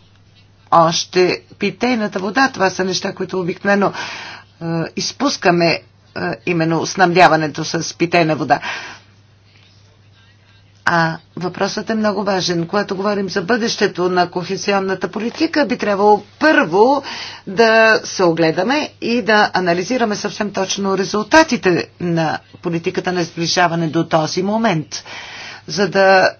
Още питейната вода, това са неща, които обикновено е, изпускаме е, именно снабдяването с питейна вода. А въпросът е много важен. Когато говорим за бъдещето на кохесионната политика, би трябвало първо да се огледаме и да анализираме съвсем точно резултатите на политиката на сближаване до този момент, за да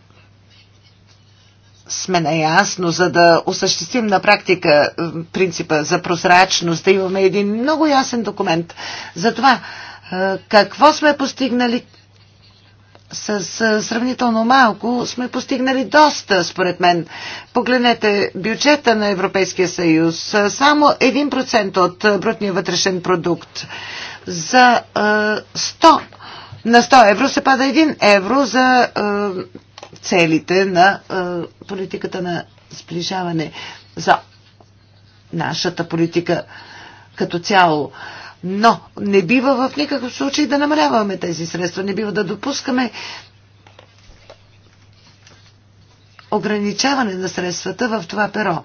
сме наясно, за да осъществим на практика принципа за прозрачност, да имаме един много ясен документ за това какво сме постигнали с сравнително малко сме постигнали доста, според мен. Погледнете бюджета на Европейския съюз. Само 1% от брутния вътрешен продукт за 100 на 100 евро се пада 1 евро за целите на е, политиката на сближаване, за нашата политика като цяло. Но не бива в никакъв случай да намаляваме тези средства, не бива да допускаме ограничаване на средствата в това перо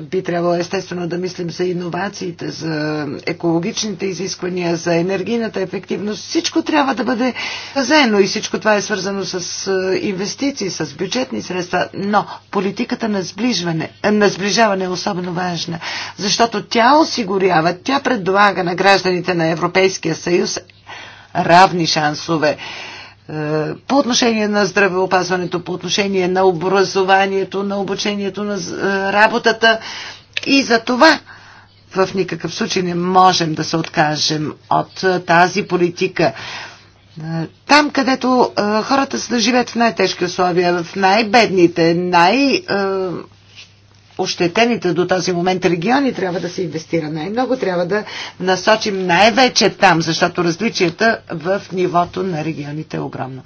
би трябвало естествено да мислим за иновациите, за екологичните изисквания, за енергийната ефективност. Всичко трябва да бъде заедно и всичко това е свързано с инвестиции, с бюджетни средства. Но политиката на, сближване, на сближаване е особено важна, защото тя осигурява, тя предлага на гражданите на Европейския съюз равни шансове. Е, по отношение на здравеопазването, по отношение на образованието, на обучението, на е, работата. И за това в никакъв случай не можем да се откажем от е, тази политика. Там, където хората се да живеят в най-тежки условия, в най-бедните, най-, -бедните, най ощетените до този момент региони трябва да се инвестира най-много, трябва да насочим най-вече там, защото различията в нивото на регионите е огромно.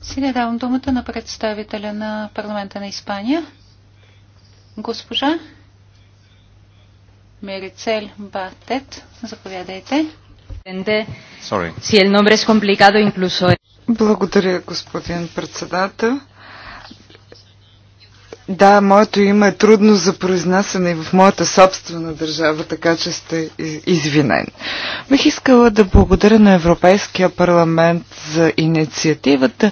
Сега давам думата на представителя на парламента на Испания, госпожа Мерицел Батет. Заповядайте. Sorry. Благодаря, господин председател. Да, моето име е трудно за произнасяне и в моята собствена държава, така че сте извинен. Бих искала да благодаря на Европейския парламент за инициативата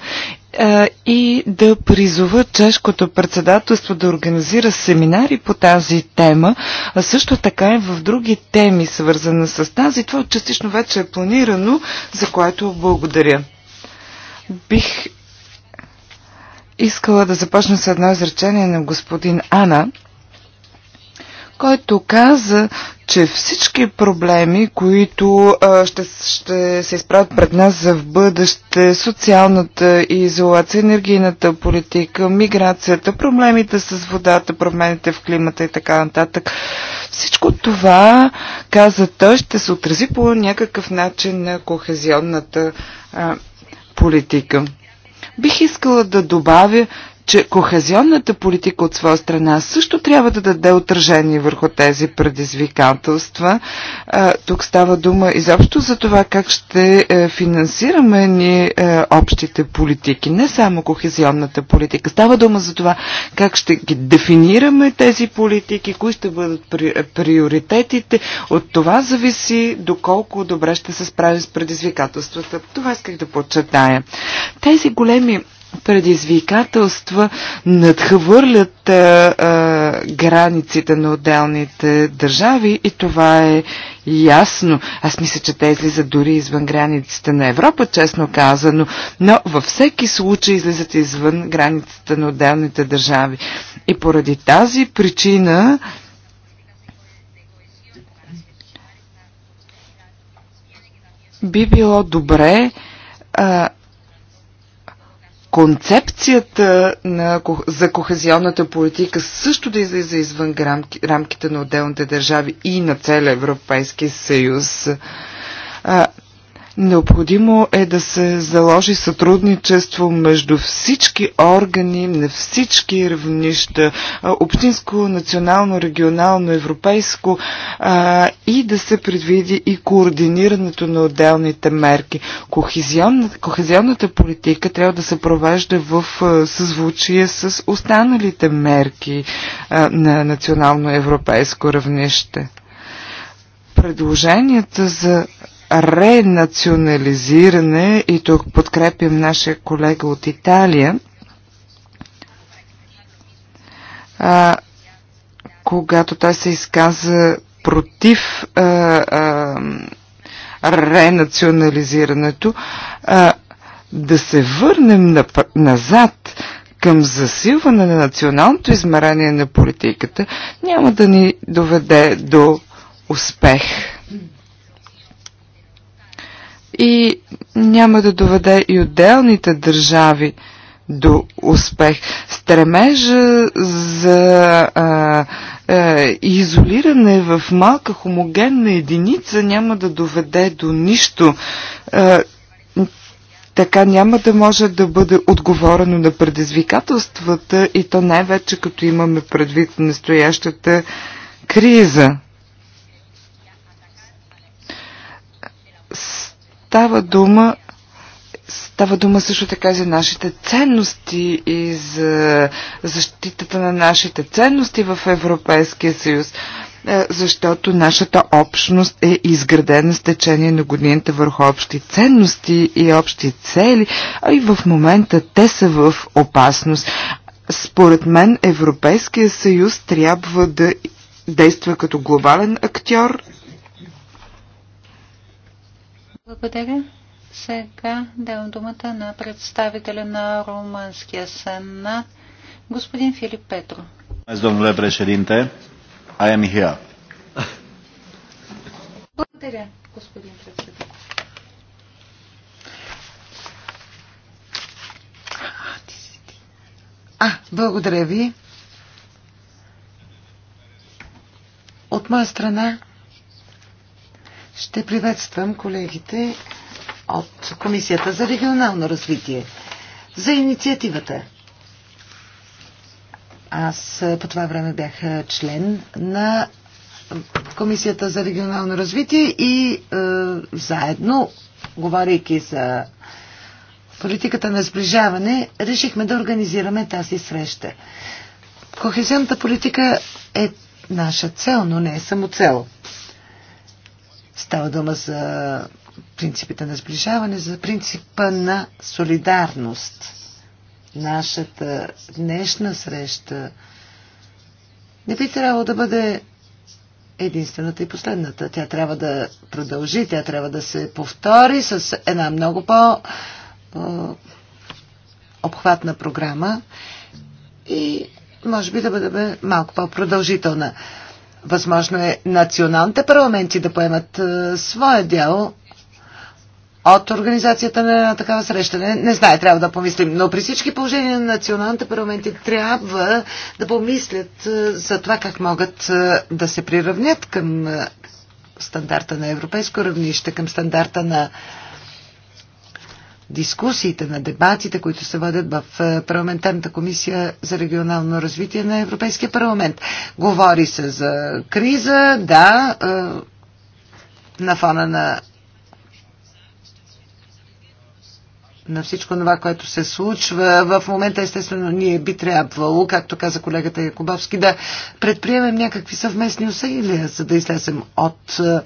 и да призова чешкото председателство да организира семинари по тази тема, а също така и в други теми, свързана с тази. Това частично вече е планирано, за което благодаря. Бих искала да започна с едно изречение на господин Ана, който каза, че всички проблеми, които а, ще, ще се изправят пред нас за в бъдеще, социалната изолация, енергийната политика, миграцията, проблемите с водата, промените в климата и така нататък, всичко това, каза той, ще се отрази по някакъв начин на кохезионната а, политика. Бих искала да добавя, че кохезионната политика от своя страна също трябва да даде отражение върху тези предизвикателства. Тук става дума изобщо за това как ще е, финансираме ни е, общите политики, не само кохезионната политика. Става дума за това как ще ги дефинираме тези политики, кои ще бъдат приоритетите. От това зависи доколко добре ще се справим с предизвикателствата. Това исках да подчертая. Тези големи предизвикателства надхвърлят а, а, границите на отделните държави и това е ясно. Аз мисля, че те излизат дори извън границите на Европа, честно казано, но във всеки случай излизат извън границите на отделните държави. И поради тази причина би било добре а, концепцията на, за кохезионната политика също да излиза извън рамки, рамките на отделните държави и на целия Европейски съюз. А, Необходимо е да се заложи сътрудничество между всички органи на всички равнища общинско, национално, регионално, европейско и да се предвиди и координирането на отделните мерки. Кохезионната, кохезионната политика трябва да се провежда в съзвучие с останалите мерки на национално европейско равнище. Предложенията за ренационализиране, и тук подкрепям нашия колега от Италия, а, когато той се изказа против а, а, ренационализирането, а, да се върнем нап назад към засилване на националното измерение на политиката, няма да ни доведе до успех и няма да доведе и отделните държави до успех. Стремежа за а, а, изолиране в малка хомогенна единица няма да доведе до нищо. А, така няма да може да бъде отговорено на предизвикателствата и то най-вече като имаме предвид настоящата криза. Става дума Става дума също така за нашите ценности и за защитата на нашите ценности в Европейския съюз, е, защото нашата общност е изградена с течение на годините върху общи ценности и общи цели, а и в момента те са в опасност. Според мен Европейския съюз трябва да действа като глобален актьор благодаря. Сега давам думата на представителя на Румънския сенат, господин Филип Петро. Domnule președinte, I am here. Благодаря, господин председател. А, благодаря ви. От моя страна ще приветствам колегите от Комисията за регионално развитие за инициативата. Аз по това време бях член на Комисията за регионално развитие и е, заедно, говорейки за политиката на сближаване, решихме да организираме тази среща. Кохезионната политика е наша цел, но не е само цел. Става дума за принципите на сближаване, за принципа на солидарност. Нашата днешна среща не би трябвало да бъде единствената и последната. Тя трябва да продължи, тя трябва да се повтори с една много по- обхватна програма и може би да бъде малко по-продължителна. Възможно е националните парламенти да поемат е, своя дял от организацията на такава среща. Не, не знае, трябва да помислим. Но при всички положения на националните парламенти трябва да помислят е, за това как могат е, да се приравнят към стандарта на европейско равнище, към стандарта на дискусиите, на дебатите, които се водят в е, парламентарната комисия за регионално развитие на Европейския парламент. Говори се за криза, да, е, на фона на на всичко това, което се случва. В момента, естествено, ние би трябвало, както каза колегата Якубовски, да предприемем някакви съвместни усилия, за да излезем от е,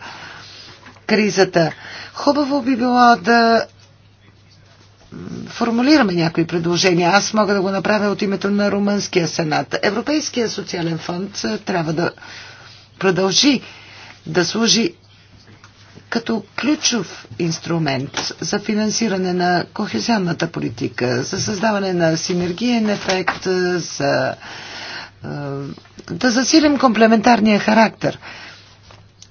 кризата. Хубаво би било да формулираме някои предложения. Аз мога да го направя от името на Румънския сенат. Европейския социален фонд трябва да продължи да служи като ключов инструмент за финансиране на кохезионната политика, за създаване на синергиен ефект, за да засилим комплементарния характер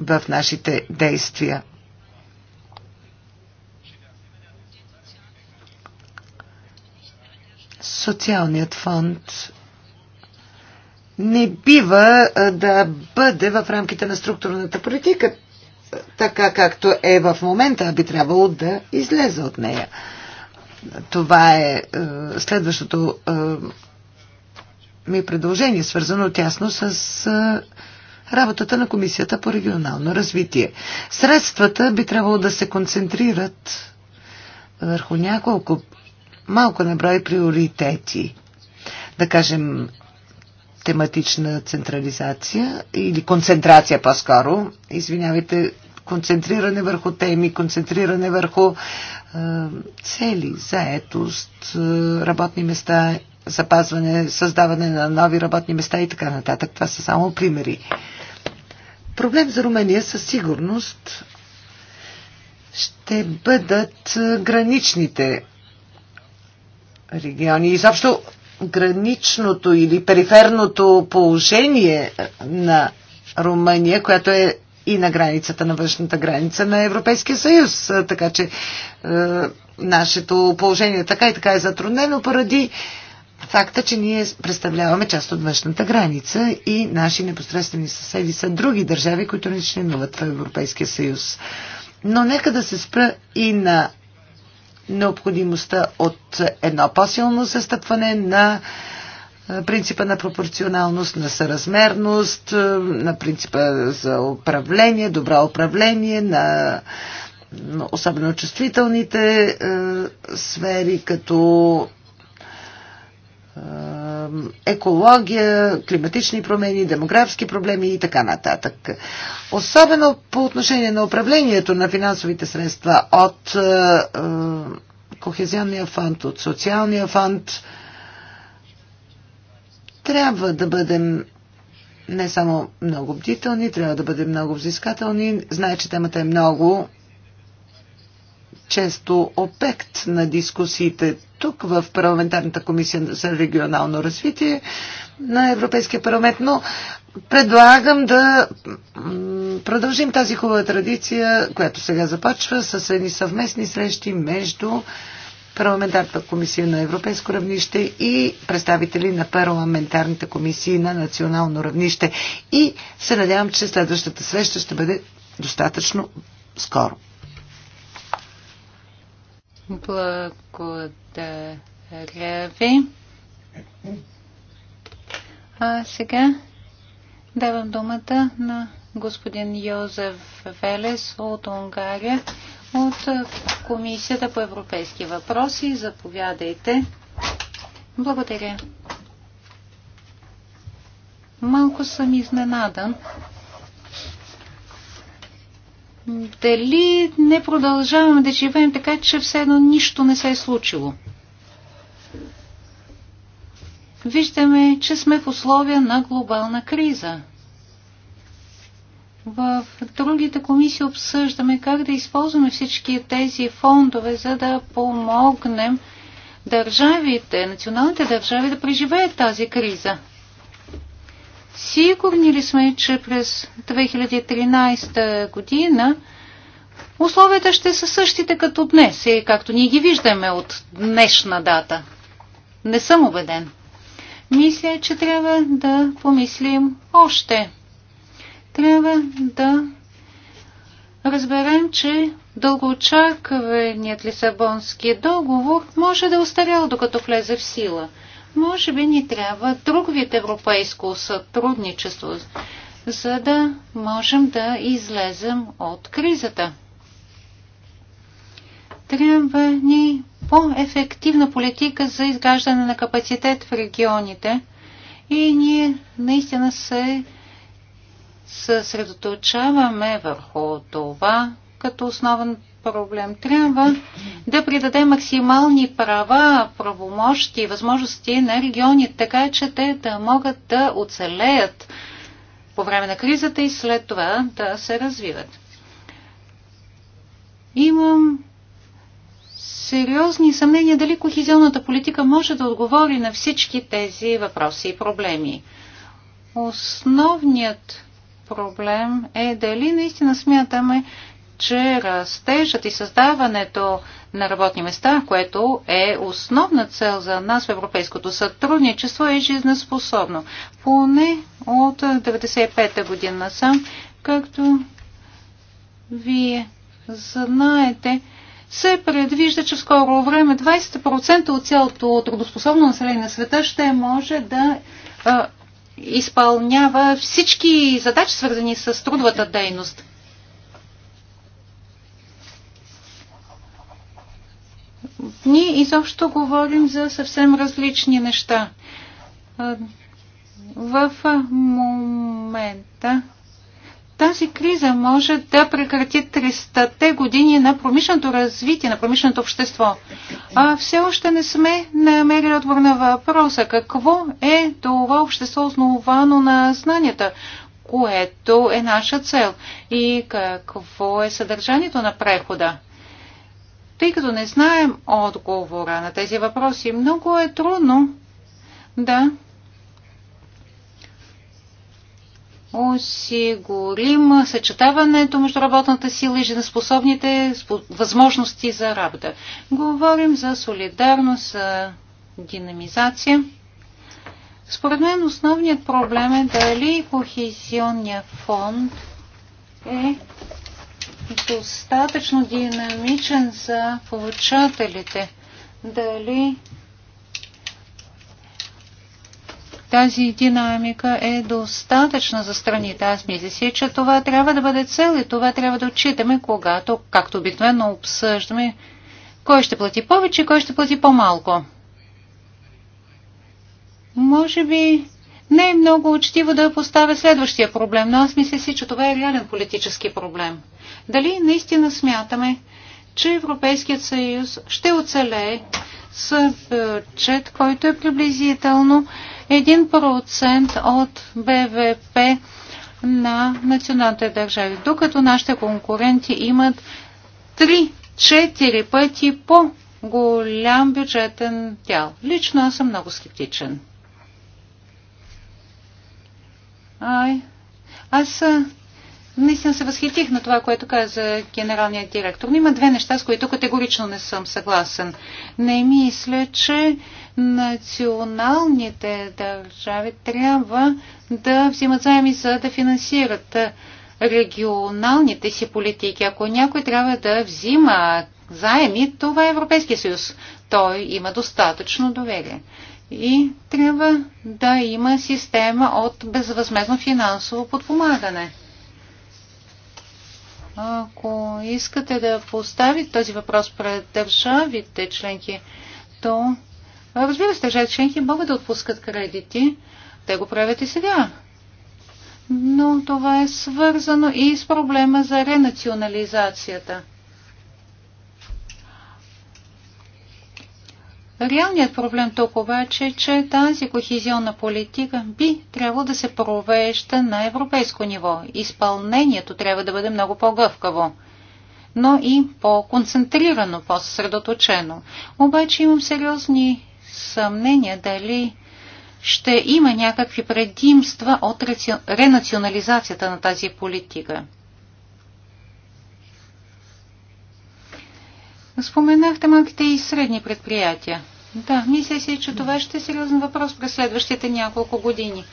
в нашите действия. Социалният фонд не бива да бъде в рамките на структурната политика, така както е в момента, а би трябвало да излезе от нея. Това е, е следващото е, ми предложение, свързано тясно с е, работата на Комисията по регионално развитие. Средствата би трябвало да се концентрират върху няколко малко на брой приоритети. Да кажем, тематична централизация или концентрация по-скоро, извинявайте, концентриране върху теми, концентриране върху е, цели, заетост, е, работни места, запазване, създаване на нови работни места и така нататък. Това са само примери. Проблем за Румения със сигурност ще бъдат е, граничните региони. И граничното или периферното положение на Румъния, която е и на границата, на външната граница на Европейския съюз. Така че е, нашето положение така и така е затруднено поради факта, че ние представляваме част от външната граница и наши непосредствени съседи са други държави, които не членуват в Европейския съюз. Но нека да се спра и на необходимостта от едно по-силно застъпване на принципа на пропорционалност, на съразмерност, на принципа за управление, добро управление, на особено чувствителните сфери, като екология, климатични промени, демографски проблеми и така нататък. Особено по отношение на управлението на финансовите средства от Кохезионния фонд, от Социалния фонд, трябва да бъдем не само много бдителни, трябва да бъдем много взискателни. Знае, че темата е много често обект на дискусиите тук в парламентарната комисия за регионално развитие на Европейския парламент, но предлагам да продължим тази хубава традиция, която сега започва с едни съвместни срещи между парламентарната комисия на европейско равнище и представители на парламентарните комисии на национално равнище. И се надявам, че следващата среща ще бъде достатъчно скоро. Благодаря ви. А сега давам думата на господин Йозеф Велес от Унгария, от Комисията по европейски въпроси. Заповядайте. Благодаря. Малко съм изненадан дали не продължаваме да живеем така, че все едно нищо не се е случило. Виждаме, че сме в условия на глобална криза. В другите комисии обсъждаме как да използваме всички тези фондове, за да помогнем държавите, националните държави да преживеят тази криза. Сигурни ли сме, че през 2013 година условията ще са същите като днес и както ние ги виждаме от днешна дата? Не съм убеден. Мисля, че трябва да помислим още. Трябва да разберем, че дългоочакваният Лисабонски договор може да остарял докато влезе в сила – може би ни трябва друг вид европейско сътрудничество, за да можем да излезем от кризата. Трябва ни по-ефективна политика за изграждане на капацитет в регионите и ние наистина се съсредоточаваме върху това като основен проблем. Трябва да придаде максимални права, правомощи и възможности на региони, така че те да могат да оцелеят по време на кризата и след това да се развиват. Имам сериозни съмнения дали кохизионната политика може да отговори на всички тези въпроси и проблеми. Основният проблем е дали наистина смятаме, че растежът и създаването на работни места, което е основна цел за нас в европейското сътрудничество, е жизнеспособно. Поне от 1995-та година сам, както вие знаете, се предвижда, че в скоро време 20% от цялото трудоспособно население на света ще може да а, изпълнява всички задачи, свързани с трудовата дейност. изобщо говорим за съвсем различни неща. В момента тази криза може да прекрати 300-те години на промишленото развитие, на промишленото общество. А все още не сме намерили отговор на въпроса какво е това общество основано на знанията, което е наша цел и какво е съдържанието на прехода. Тъй като не знаем отговора на тези въпроси, много е трудно да осигурим съчетаването между работната сила и женеспособните възможности за работа. Говорим за солидарност, за динамизация. Според мен основният проблем е дали кохезионния фонд е достатъчно динамичен за получателите. Дали тази динамика е достатъчна за страните. Аз мисля си, че това трябва да бъде цел и това трябва да отчитаме, когато, както обикновено обсъждаме, кой ще плати повече и кой ще плати по-малко. Може би не е много учтиво да поставя следващия проблем, но аз мисля си, че това е реален политически проблем. Дали наистина смятаме, че Европейският съюз ще оцелее с е, бюджет, който е приблизително 1% от БВП на националните държави, докато нашите конкуренти имат 3-4 пъти по голям бюджетен дял. Лично аз съм много скептичен. Ай, аз наистина се възхитих на това, което каза генералният директор. Но има две неща, с които категорично не съм съгласен. Не мисля, че националните държави трябва да взимат заеми за да финансират регионалните си политики. Ако някой трябва да взима заеми, това е Европейския съюз. Той има достатъчно доверие и трябва да има система от безвъзмезно финансово подпомагане. Ако искате да поставите този въпрос пред държавите членки, то разбира се, държавите членки могат да отпускат кредити. Те го правят и сега. Но това е свързано и с проблема за ренационализацията – Реалният проблем тук обаче е, че тази кохизионна политика би трябвало да се провежда на европейско ниво. Изпълнението трябва да бъде много по-гъвкаво, но и по-концентрирано, по-съсредоточено. Обаче имам сериозни съмнения дали ще има някакви предимства от ренационализацията на тази политика. Споменахте малките и средни предприятия. Да, мисля си, че това ще е сериозен въпрос през следващите няколко години.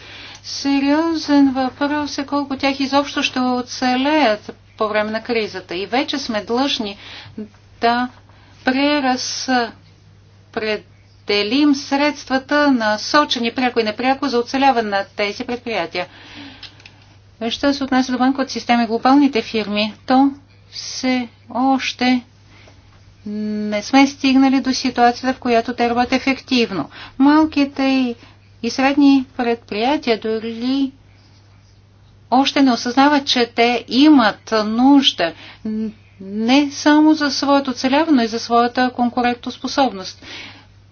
Сериозен въпрос е колко тях изобщо ще оцелеят по време на кризата. И вече сме длъжни да преразпределим средствата насочени пряко и непряко за оцеляване на тези предприятия. Що се отнася до банковата система и глобалните фирми, то все още не сме стигнали до ситуацията, в която те работят ефективно. Малките и средни предприятия дори още не осъзнават, че те имат нужда не само за своето оцеляване, но и за своята конкурентоспособност.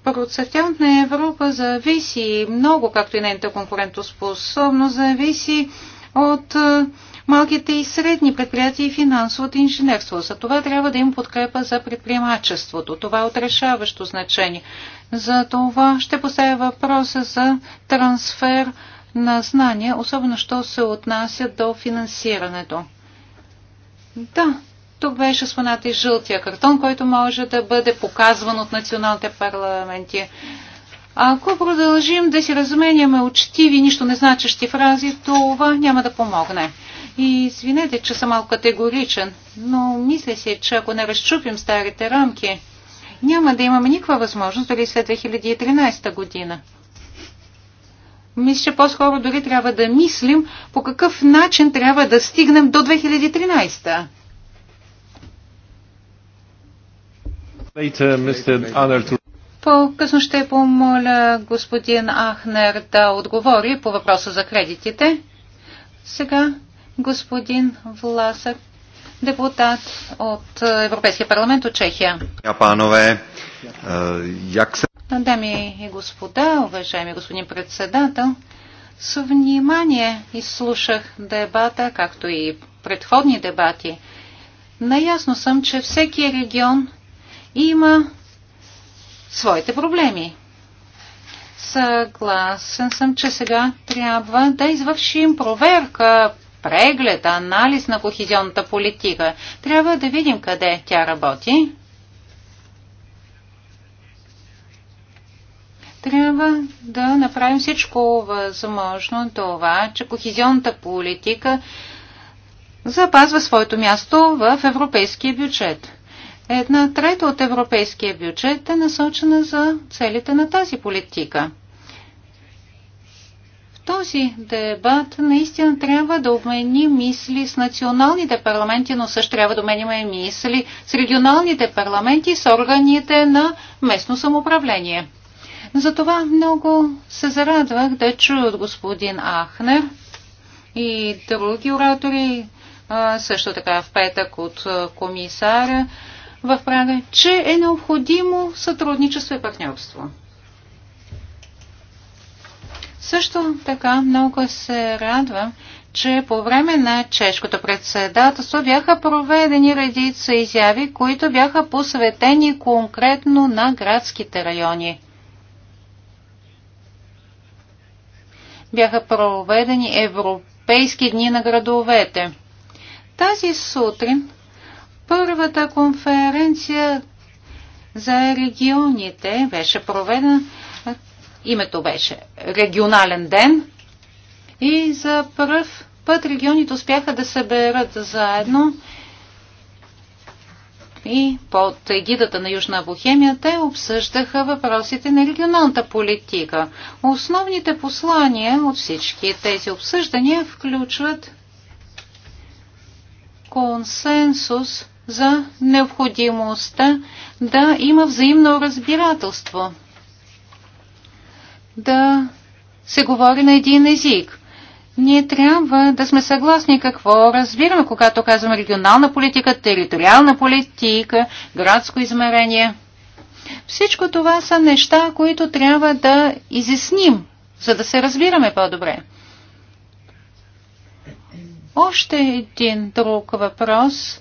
Процветяването на Европа зависи много, както и нейната конкурентоспособност, зависи от малките и средни предприятия и финансовото инженерство. За това трябва да им подкрепа за предприемачеството. Това е отрешаващо значение. За това ще поставя въпроса за трансфер на знания, особено що се отнася до финансирането. Да, тук беше спомената и жълтия картон, който може да бъде показван от националните парламенти. Ако продължим да си разменяме учтиви, нищо не значащи фрази, това няма да помогне. И извинете, че съм малко категоричен, но мисля си, че ако не разчупим старите рамки, няма да имаме никаква възможност дори след 2013 година. Мисля, че по-скоро дори трябва да мислим по какъв начин трябва да стигнем до 2013. По-късно ще помоля господин Ахнер да отговори по въпроса за кредитите. Сега господин Власък, депутат от Европейския парламент от Чехия. Панове, е, як се... Дами и господа, уважаеми господин председател, с внимание изслушах дебата, както и предходни дебати. Наясно съм, че всеки регион има своите проблеми. Съгласен съм, че сега трябва да извършим проверка преглед, анализ на кохезионната политика. Трябва да видим къде тя работи. Трябва да направим всичко възможно това, че кохезионната политика запазва своето място в европейския бюджет. Една трета от европейския бюджет е насочена за целите на тази политика този дебат наистина трябва да обменим мисли с националните парламенти, но също трябва да обменим мисли с регионалните парламенти с органите на местно самоуправление. Затова много се зарадвах да чуя от господин Ахнер и други оратори, също така в петък от комисаря в Прага, че е необходимо сътрудничество и партньорство. Също така много се радвам, че по време на чешкото председателство бяха проведени редица изяви, които бяха посветени конкретно на градските райони. Бяха проведени европейски дни на градовете. Тази сутрин първата конференция за регионите беше проведена Името беше Регионален ден. И за първ път регионите успяха да се берат заедно и под егидата на Южна Бохемия те обсъждаха въпросите на регионалната политика. Основните послания от всички тези обсъждания включват консенсус за необходимостта да има взаимно разбирателство да се говори на един език. Ние трябва да сме съгласни какво разбираме, когато казваме регионална политика, териториална политика, градско измерение. Всичко това са неща, които трябва да изясним, за да се разбираме по-добре. Още един друг въпрос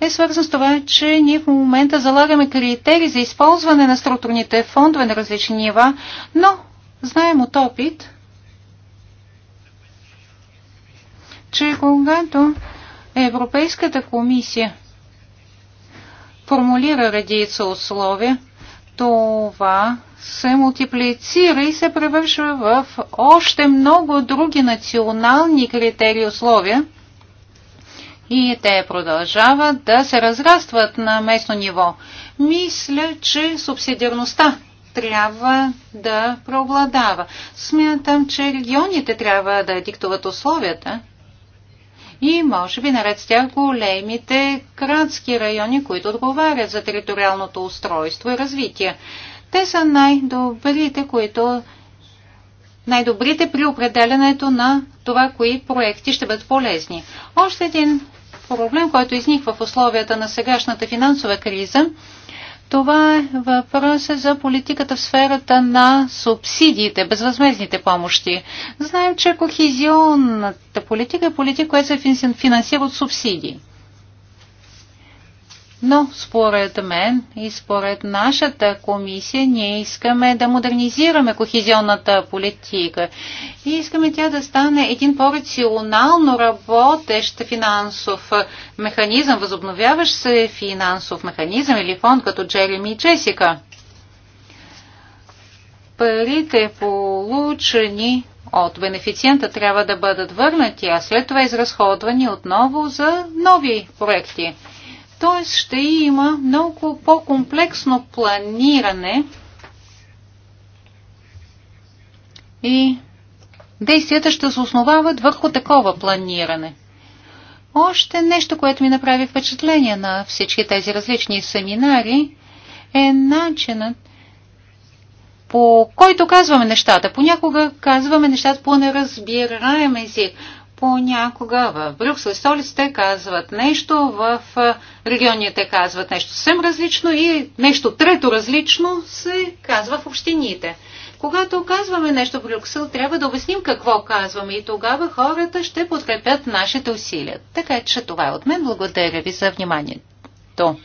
е свързан с това, че ние в момента залагаме критерии за използване на структурните фондове на различни нива, но Знаем от опит, че когато Европейската комисия формулира редица условия, това се мултиплицира и се превършва в още много други национални критерии условия и те продължават да се разрастват на местно ниво. Мисля, че субсидиарността трябва да преобладава. Смятам, че регионите трябва да диктуват условията и може би наред с тях големите градски райони, които отговарят за териториалното устройство и развитие. Те са най-добрите, които най-добрите при определенето на това, кои проекти ще бъдат полезни. Още един проблем, който изниква в условията на сегашната финансова криза – това е въпросът за политиката в сферата на субсидиите, безвъзмезните помощи. Знаем, че кохезионната политика е политика, която се финансира от субсидии. Но според мен и според нашата комисия ние искаме да модернизираме кохезионната политика и искаме тя да стане един по-рационално работещ финансов механизъм, възобновяващ се финансов механизъм или фонд като Джереми и Джесика. Парите получени от бенефициента трябва да бъдат върнати, а след това изразходвани отново за нови проекти. Т.е. ще има много по-комплексно планиране и действията ще се основават върху такова планиране. Още нещо, което ми направи впечатление на всички тези различни семинари, е начинът по който казваме нещата. Понякога казваме нещата по неразбираем език понякога в Брюксел и столиците казват нещо, в регионите казват нещо съвсем различно и нещо трето различно се казва в общините. Когато казваме нещо в Брюксел, трябва да обясним какво казваме и тогава хората ще подкрепят нашите усилия. Така че това е от мен. Благодаря ви за вниманието.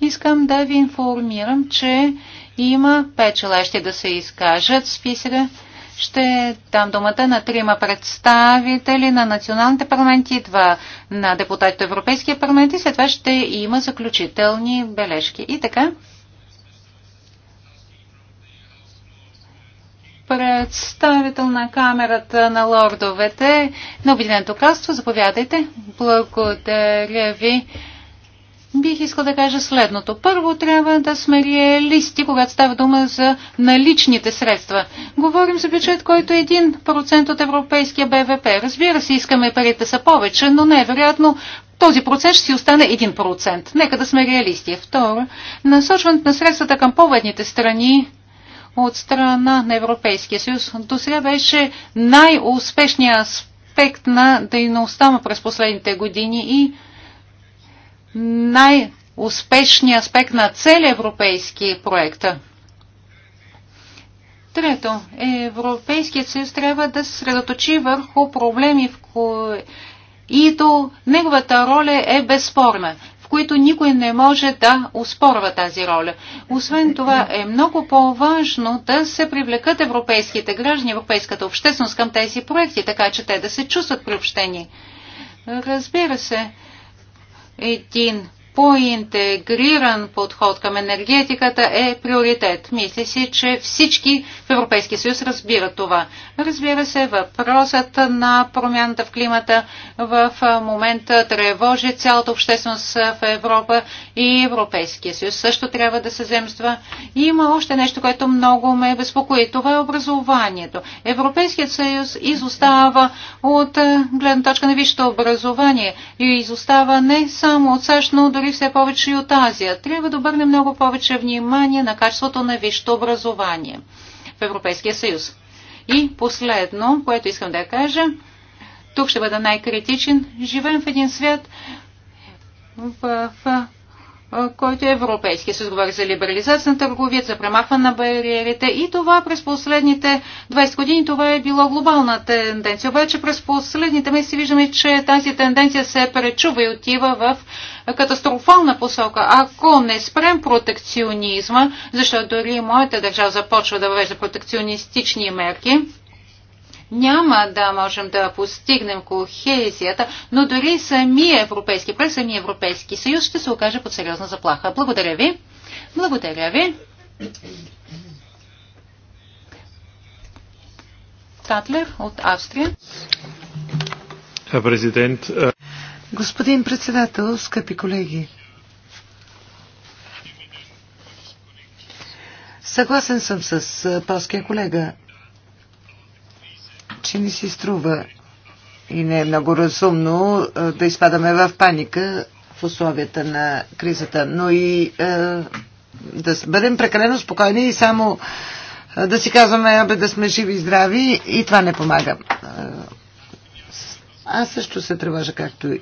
Искам да ви информирам, че има пет желащи да се изкажат списъка. Ще дам думата на трима представители на националните парламенти, два на депутатите от Европейския парламент и след това ще има заключителни бележки. И така. Представител на камерата на лордовете на Обединеното кралство, заповядайте. Благодаря ви бих искал да кажа следното. Първо трябва да сме реалисти, когато става дума за наличните средства. Говорим за бюджет, който е 1% от европейския БВП. Разбира се, искаме парите са повече, но не вероятно. този процент ще си остане 1%. Нека да сме реалисти. Второ, насочването на средствата към поведните страни от страна на Европейския съюз до сега беше най-успешният аспект на дейността му през последните години и най-успешния аспект на целия европейски проект. Трето, Европейският съюз трябва да се средоточи върху проблеми, в които неговата роля е безспорна, в които никой не може да успорва тази роля. Освен това е много по-важно да се привлекат европейските граждани, европейската общественост към тези проекти, така че те да се чувстват приобщени. Разбира се, един по-интегриран подход към енергетиката е приоритет. Мисля си, че всички в Европейския съюз разбират това. Разбира се, въпросът на промяната в климата в момента тревожи цялата общественост в Европа и Европейския съюз също трябва да се земства. И има още нещо, което много ме безпокои. Това е образованието. Европейският съюз изостава от гледна точка на висшето образование и изостава не само от САЩ, но дори и все повече и от Азия. Трябва да обърнем много повече внимание на качеството на висшето образование в Европейския съюз. И последно, което искам да кажа, тук ще бъда най-критичен. Живеем в един свят, в, в който е Европейския съюз. Говори за либерализация на търговията, за премахване на бариерите и това през последните 20 години това е било глобална тенденция. Обаче през последните месеци виждаме, че тази тенденция се пречува и отива в катастрофална посока. Ако не спрем протекционизма, защото дори моята държава започва да въвежда протекционистични мерки, няма да можем да постигнем кохезията, но дори самия европейски проект, самия Европейски съюз ще се окаже под сериозна заплаха. Благодаря ви. Благодаря ви. Татлер от Австрия. Е, президент. Е. Господин председател, скъпи колеги. Съгласен съм с е, полския колега че ни си струва и не е много разумно да изпадаме в паника в условията на кризата. Но и е, да бъдем прекалено спокойни и само е, да си казваме, абе да сме живи и здрави и това не помага. Е, аз също се тревожа, както и,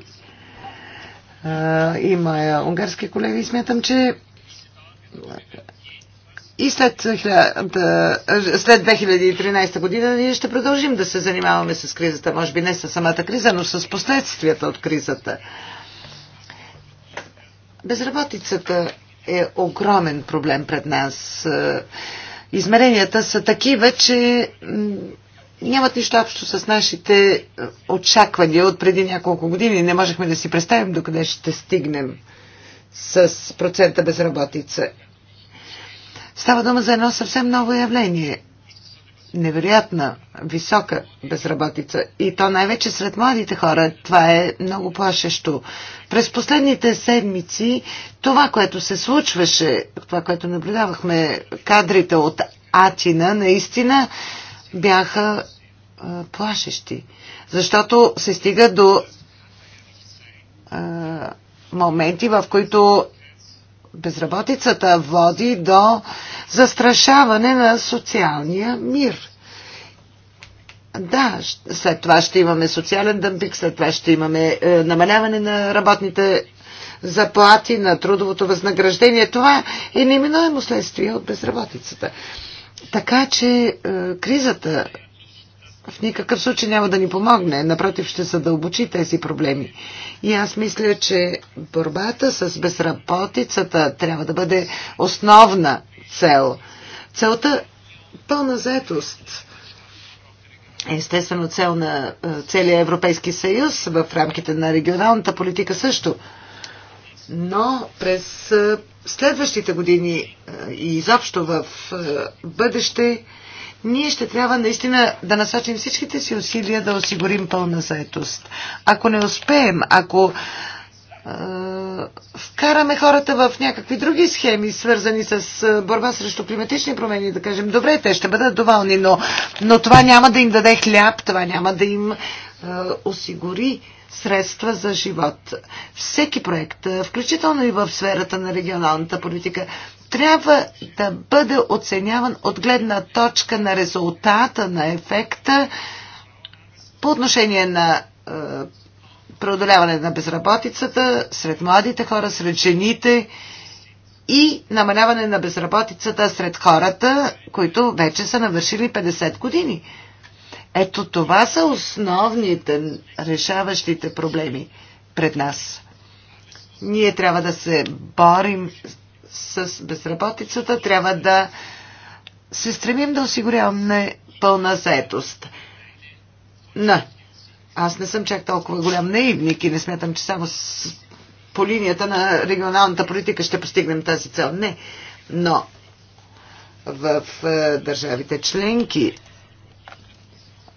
е, и моя унгарски колеги. Смятам, че и след, след 2013 година ние ще продължим да се занимаваме с кризата. Може би не с самата криза, но с последствията от кризата. Безработицата е огромен проблем пред нас. Измеренията са такива, че нямат нищо общо с нашите очаквания от преди няколко години. Не можехме да си представим докъде ще стигнем с процента безработица. Става дума за едно съвсем ново явление. Невероятна, висока безработица. И то най-вече сред младите хора. Това е много плашещо. През последните седмици това, което се случваше, това, което наблюдавахме, кадрите от Атина, наистина бяха а, плашещи. Защото се стига до а, моменти, в които безработицата води до застрашаване на социалния мир. Да, след това ще имаме социален дъмпик, след това ще имаме е, намаляване на работните заплати, на трудовото възнаграждение. Това е неминуемо следствие от безработицата. Така че е, кризата в никакъв случай няма да ни помогне. Напротив, ще задълбочи тези проблеми. И аз мисля, че борбата с безработицата трябва да бъде основна цел. Целта е пълна заетост. Естествено, цел на е, целия Европейски съюз в рамките на регионалната политика също. Но през е, следващите години и изобщо в бъдеще ние ще трябва наистина да насочим всичките си усилия да осигурим пълна заетост. Ако не успеем, ако е, вкараме хората в някакви други схеми, свързани с борба срещу климатични промени, да кажем, добре, те ще бъдат доволни, но, но това няма да им даде хляб, това няма да им е, осигури средства за живот. Всеки проект, включително и в сферата на регионалната политика, трябва да бъде оценяван от гледна точка на резултата, на ефекта по отношение на е, преодоляване на безработицата сред младите хора, сред жените и намаляване на безработицата сред хората, които вече са навършили 50 години. Ето това са основните решаващите проблеми пред нас. Ние трябва да се борим с безработицата, трябва да се стремим да осигуряваме пълна заетост. Но аз не съм чак толкова голям наивник и не смятам, че само с, по линията на регионалната политика ще постигнем тази цел. Не. Но в е, държавите членки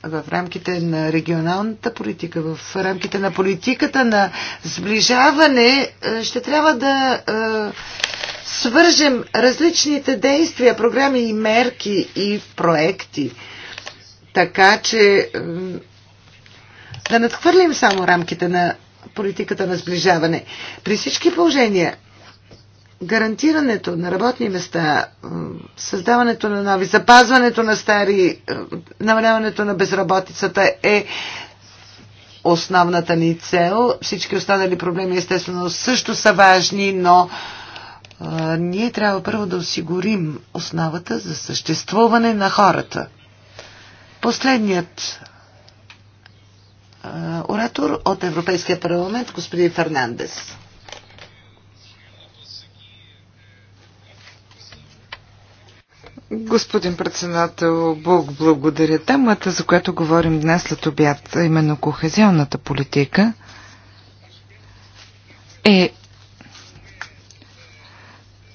в рамките на регионалната политика, в рамките на политиката на сближаване, е, ще трябва да е, свържем различните действия, програми и мерки и проекти, така че е, да надхвърлим само рамките на политиката на сближаване. При всички положения гарантирането на работни места, създаването на нови, запазването на стари, намаляването на безработицата е основната ни цел. Всички останали проблеми естествено също са важни, но а, ние трябва първо да осигурим основата за съществуване на хората. Последният а, оратор от Европейския парламент, господин Фернандес. Господин председател, Бог благодаря. Темата, за която говорим днес след обяд, именно кохезионната политика, е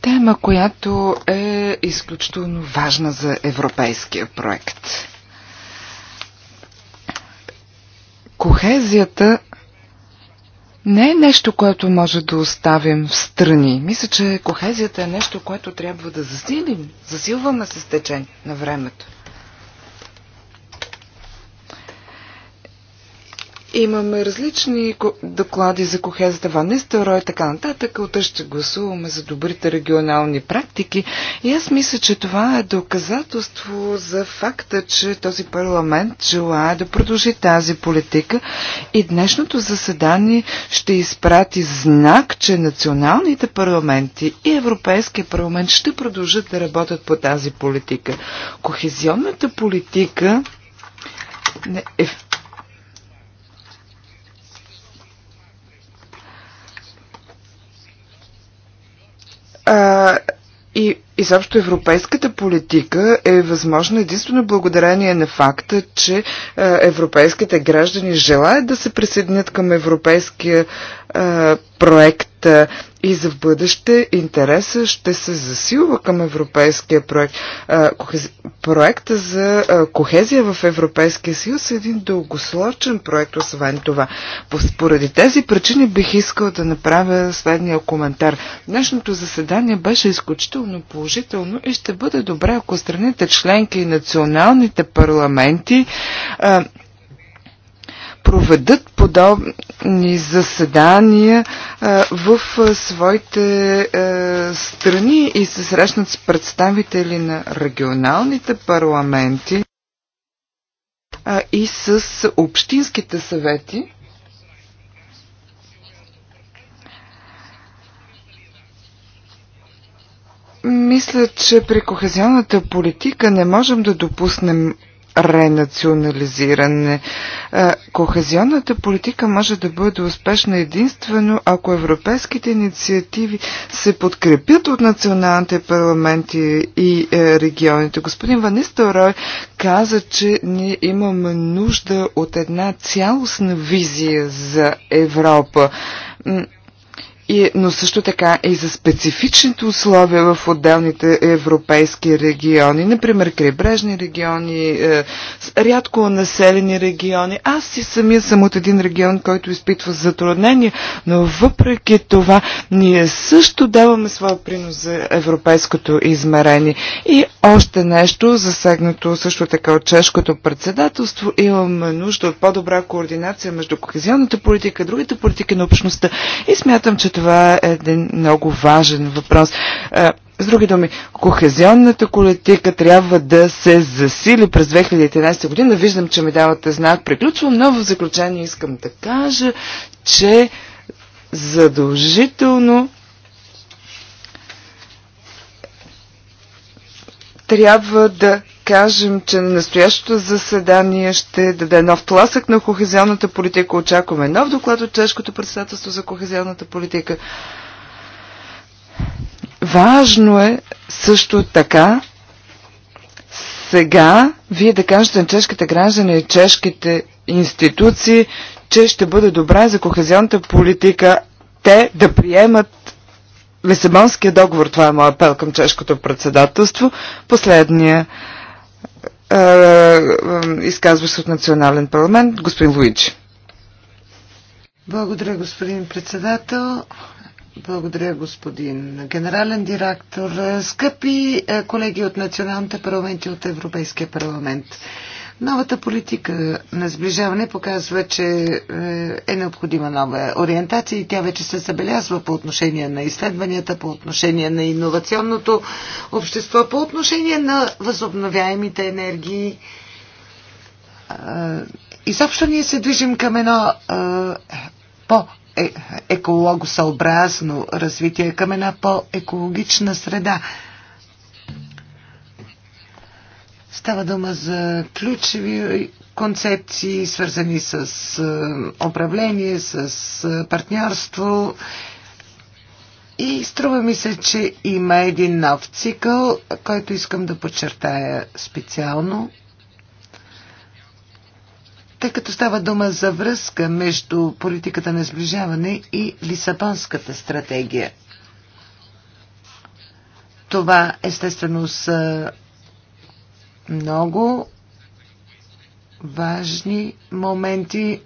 тема, която е изключително важна за европейския проект. Кохезията не е нещо, което може да оставим в страни. Мисля, че кохезията е нещо, което трябва да засилим. Засилваме се с течение на времето. Имаме различни доклади за кохезата Анестеро и така нататък. Утре ще гласуваме за добрите регионални практики. И аз мисля, че това е доказателство за факта, че този парламент желая да продължи тази политика. И днешното заседание ще изпрати знак, че националните парламенти и Европейския парламент ще продължат да работят по тази политика. Кохезионната политика не, е, А, и изобщо европейската политика е възможна единствено благодарение на факта, че а, европейските граждани желаят да се присъединят към европейския а, проект е, и за в бъдеще интереса ще се засилва към европейския проект. Е, Проекта за е, кохезия в Европейския съюз е един дългосрочен проект, освен това. Поради тези причини бих искал да направя следния коментар. Днешното заседание беше изключително положително и ще бъде добре, ако страните членки и националните парламенти проведат подобни заседания в своите страни и се срещнат с представители на регионалните парламенти и с общинските съвети. Мисля, че при кохезионната политика не можем да допуснем ренационализиране. Е, кохезионната политика може да бъде успешна единствено, ако европейските инициативи се подкрепят от националните парламенти и е, регионите. Господин Рой каза, че ние имаме нужда от една цялостна визия за Европа и, но също така и за специфичните условия в отделните европейски региони, например крайбрежни региони, е, рядко населени региони. Аз си самия съм от един регион, който изпитва затруднения, но въпреки това ние също даваме своя принос за европейското измерение. И още нещо, засегнато също така от чешкото председателство, имаме нужда от по-добра координация между кохезионната политика, другите политики на общността и смятам, че това е един много важен въпрос. Е, с други думи, кохезионната политика трябва да се засили през 2013 година. Виждам, че ми давате знак. Приключвам, но в заключение искам да кажа, че задължително трябва да кажем, че настоящото заседание ще даде нов тласък на кохезионната политика. Очакваме нов доклад от чешкото председателство за кохезионната политика. Важно е също така сега вие да кажете на чешките граждани и чешките институции, че ще бъде добра за кохезионната политика те да приемат Лисабонския договор. Това е моя апел към чешкото председателство. Последния изказва се от Национален парламент, господин Луич. Благодаря, господин председател. Благодаря, господин генерален директор. Скъпи колеги от националните парламенти от Европейския парламент. Новата политика на сближаване показва, че е, е необходима нова ориентация и тя вече се забелязва по отношение на изследванията, по отношение на иновационното общество, по отношение на възобновяемите енергии. Е, изобщо ние се движим към едно е, по екологосъобразно развитие, към една по-екологична среда. Става дума за ключови концепции, свързани с е, управление, с е, партньорство. И струва ми се, че има един нов цикъл, който искам да подчертая специално. Тъй като става дума за връзка между политиката на сближаване и Лисабонската стратегия. Това естествено са много важни моменти.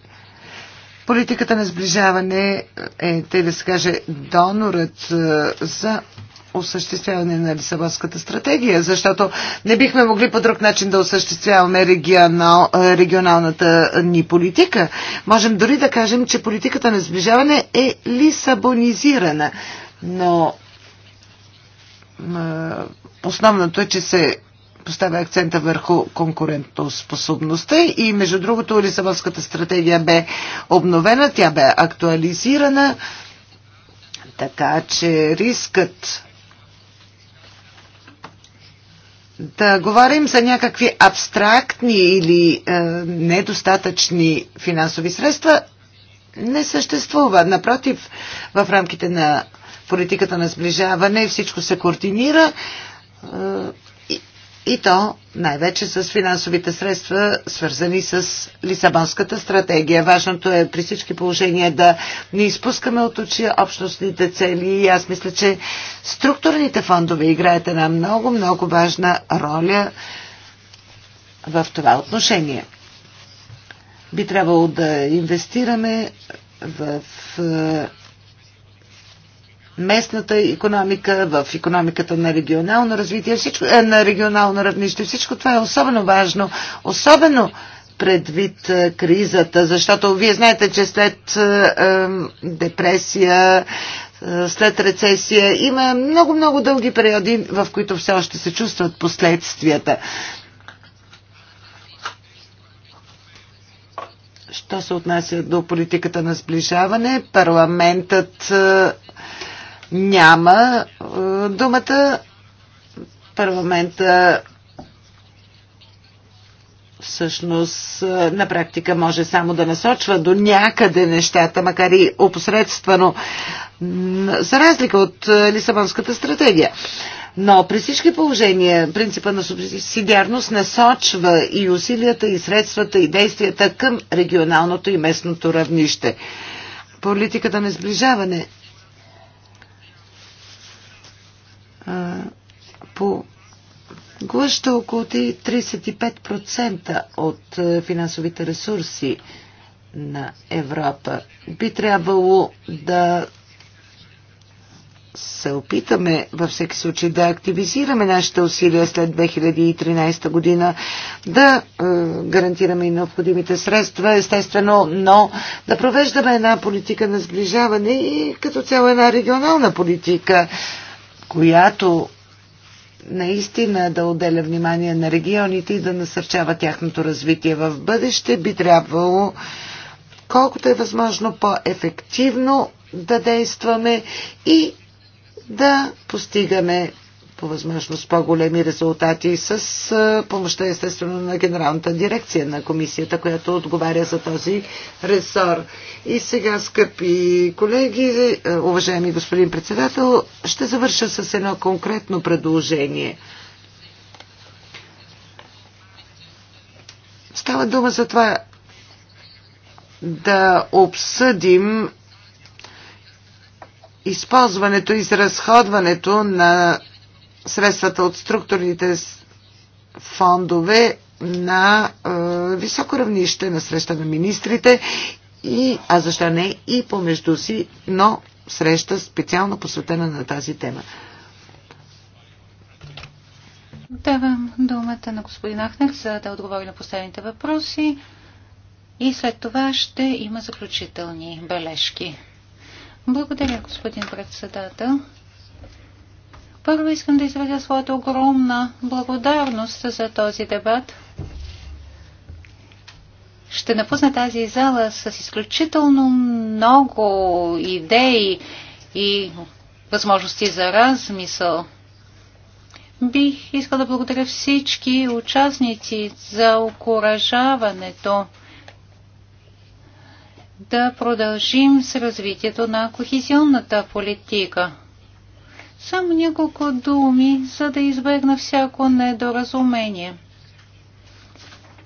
Политиката на сближаване е, те да се каже, донорът е, за осъществяване на Лисабонската стратегия, защото не бихме могли по друг начин да осъществяваме регионал, е, регионалната ни политика. Можем дори да кажем, че политиката на сближаване е лисабонизирана, но е, основното е, че се поставя акцента върху конкурентоспособността и между другото Лисабонската стратегия бе обновена, тя бе актуализирана, така че рискът да говорим за някакви абстрактни или е, недостатъчни финансови средства не съществува. Напротив, в рамките на политиката на сближаване всичко се координира е, и то най-вече с финансовите средства, свързани с Лисабонската стратегия. Важното е при всички положения да не изпускаме от очи общностните цели и аз мисля, че структурните фондове играят една много, много важна роля в това отношение. Би трябвало да инвестираме в местната економика, в економиката на регионално развитие, всичко, е, на регионално равнище. Всичко това е особено важно, особено предвид е, кризата, защото вие знаете, че след е, е, депресия, е, след рецесия има много-много дълги периоди, в които все още се чувстват последствията. Що се отнася до политиката на сближаване, парламентът е, няма е, думата. Парламента всъщност е, на практика може само да насочва до някъде нещата, макар и опосредствено, за разлика от е, Лисабонската стратегия. Но при всички положения принципа на субсидиарност насочва и усилията, и средствата, и действията към регионалното и местното равнище. Политиката на сближаване по глъща около 35% от финансовите ресурси на Европа. Би трябвало да се опитаме във всеки случай да активизираме нашите усилия след 2013 година, да е, гарантираме и необходимите средства, естествено, но да провеждаме една политика на сближаване и като цяло една регионална политика. Е, която наистина да отделя внимание на регионите и да насърчава тяхното развитие в бъдеще, би трябвало колкото е възможно по-ефективно да действаме и да постигаме по възможност по-големи резултати с помощта естествено на генералната дирекция на комисията, която отговаря за този ресор. И сега, скъпи колеги, е, уважаеми господин председател, ще завърша с едно конкретно предложение. Става дума за това да обсъдим използването и изразходването на средствата от структурните фондове на е, високо равнище на среща на министрите и, а защо не, и помежду си, но среща специално посветена на тази тема. Давам думата на господин Ахнер, за да отговори на последните въпроси и след това ще има заключителни бележки. Благодаря, господин председател. Първо искам да изразя своята огромна благодарност за този дебат. Ще напусна тази зала с изключително много идеи и възможности за размисъл. Бих искал да благодаря всички участници за окоръжаването да продължим с развитието на кохезионната политика. Само няколко думи, за да избегна всяко недоразумение.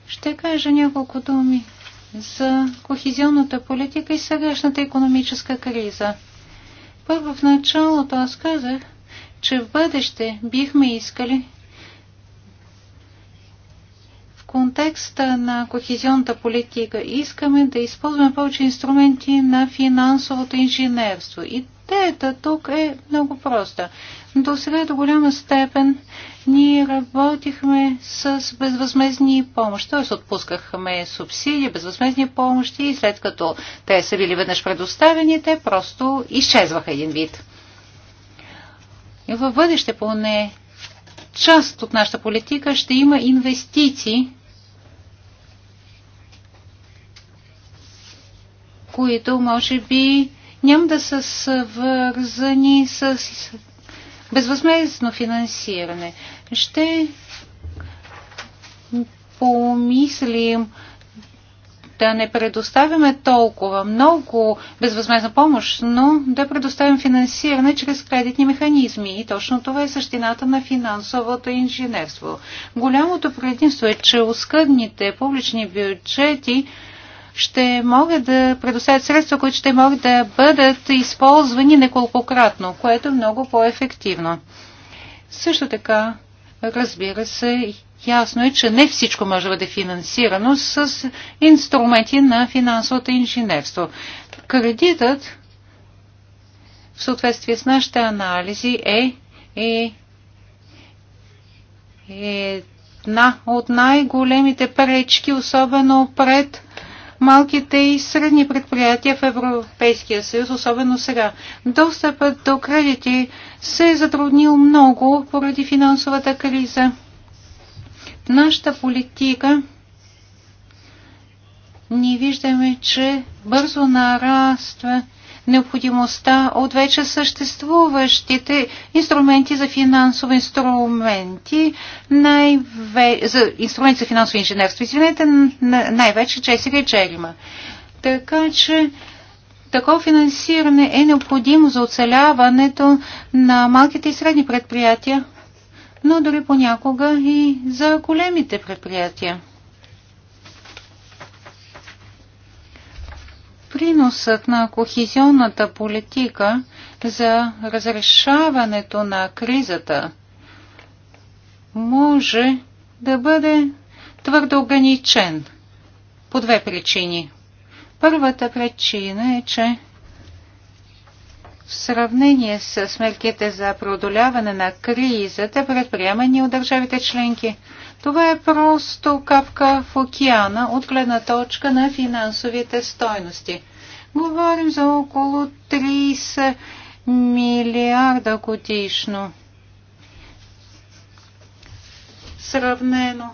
Ще кажа няколко думи за кохезионната политика и сегашната економическа криза. Първо в началото аз казах, че в бъдеще бихме искали в контекста на кохезионната политика искаме да използваме повече инструменти на финансовото инженерство. И идеята тук е много проста. До сега до голяма степен ние работихме с безвъзмезни помощи, т.е. отпускахме субсидии, безвъзмезни помощи и след като те са били веднъж предоставени, те просто изчезваха един вид. И във бъдеще поне част от нашата политика ще има инвестиции, които може би няма да са свързани с безвъзмездно финансиране. Ще помислим да не предоставяме толкова много безвъзмезна помощ, но да предоставим финансиране чрез кредитни механизми. И точно това е същината на финансовото инженерство. Голямото предимство е, че оскъдните публични бюджети ще могат да предоставят средства, които ще могат да бъдат използвани неколкократно, което е много по-ефективно. Също така, разбира се, ясно е, че не всичко може да бъде финансирано с инструменти на финансовото инженерство. Кредитът в съответствие с нашите анализи е, е, е една от най-големите пречки, особено пред малките и средни предприятия в Европейския съюз, особено сега. Достъпът до кредити се е затруднил много поради финансовата криза. Нашата политика ние виждаме, че бързо нараства необходимостта от вече съществуващите инструменти за финансови инструменти, най-ве... за инструменти за финансово инженерство, извинете, най-вече Джесика и Джерима. Така че Такова финансиране е необходимо за оцеляването на малките и средни предприятия, но дори понякога и за големите предприятия. приносът на кохизионната политика за разрешаването на кризата може да бъде твърдо ограничен по две причини. Първата причина е, че в сравнение с мерките за преодоляване на кризата, предприемани от държавите членки, това е просто капка в океана от гледна точка на финансовите стойности. Говорим за около 30 милиарда годишно. Сравнено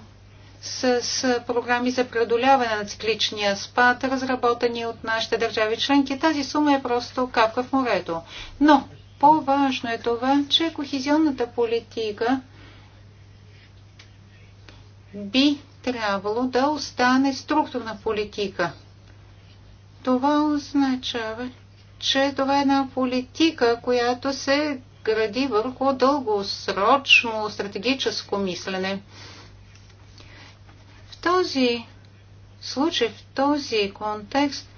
с, с програми за преодоляване на цикличния спад, разработени от нашите държави членки, тази сума е просто капка в морето. Но по-важно е това, че кохизионната политика би трябвало да остане структурна политика – това означава, че това е една политика, която се гради върху дългосрочно стратегическо мислене. В този случай, в този контекст,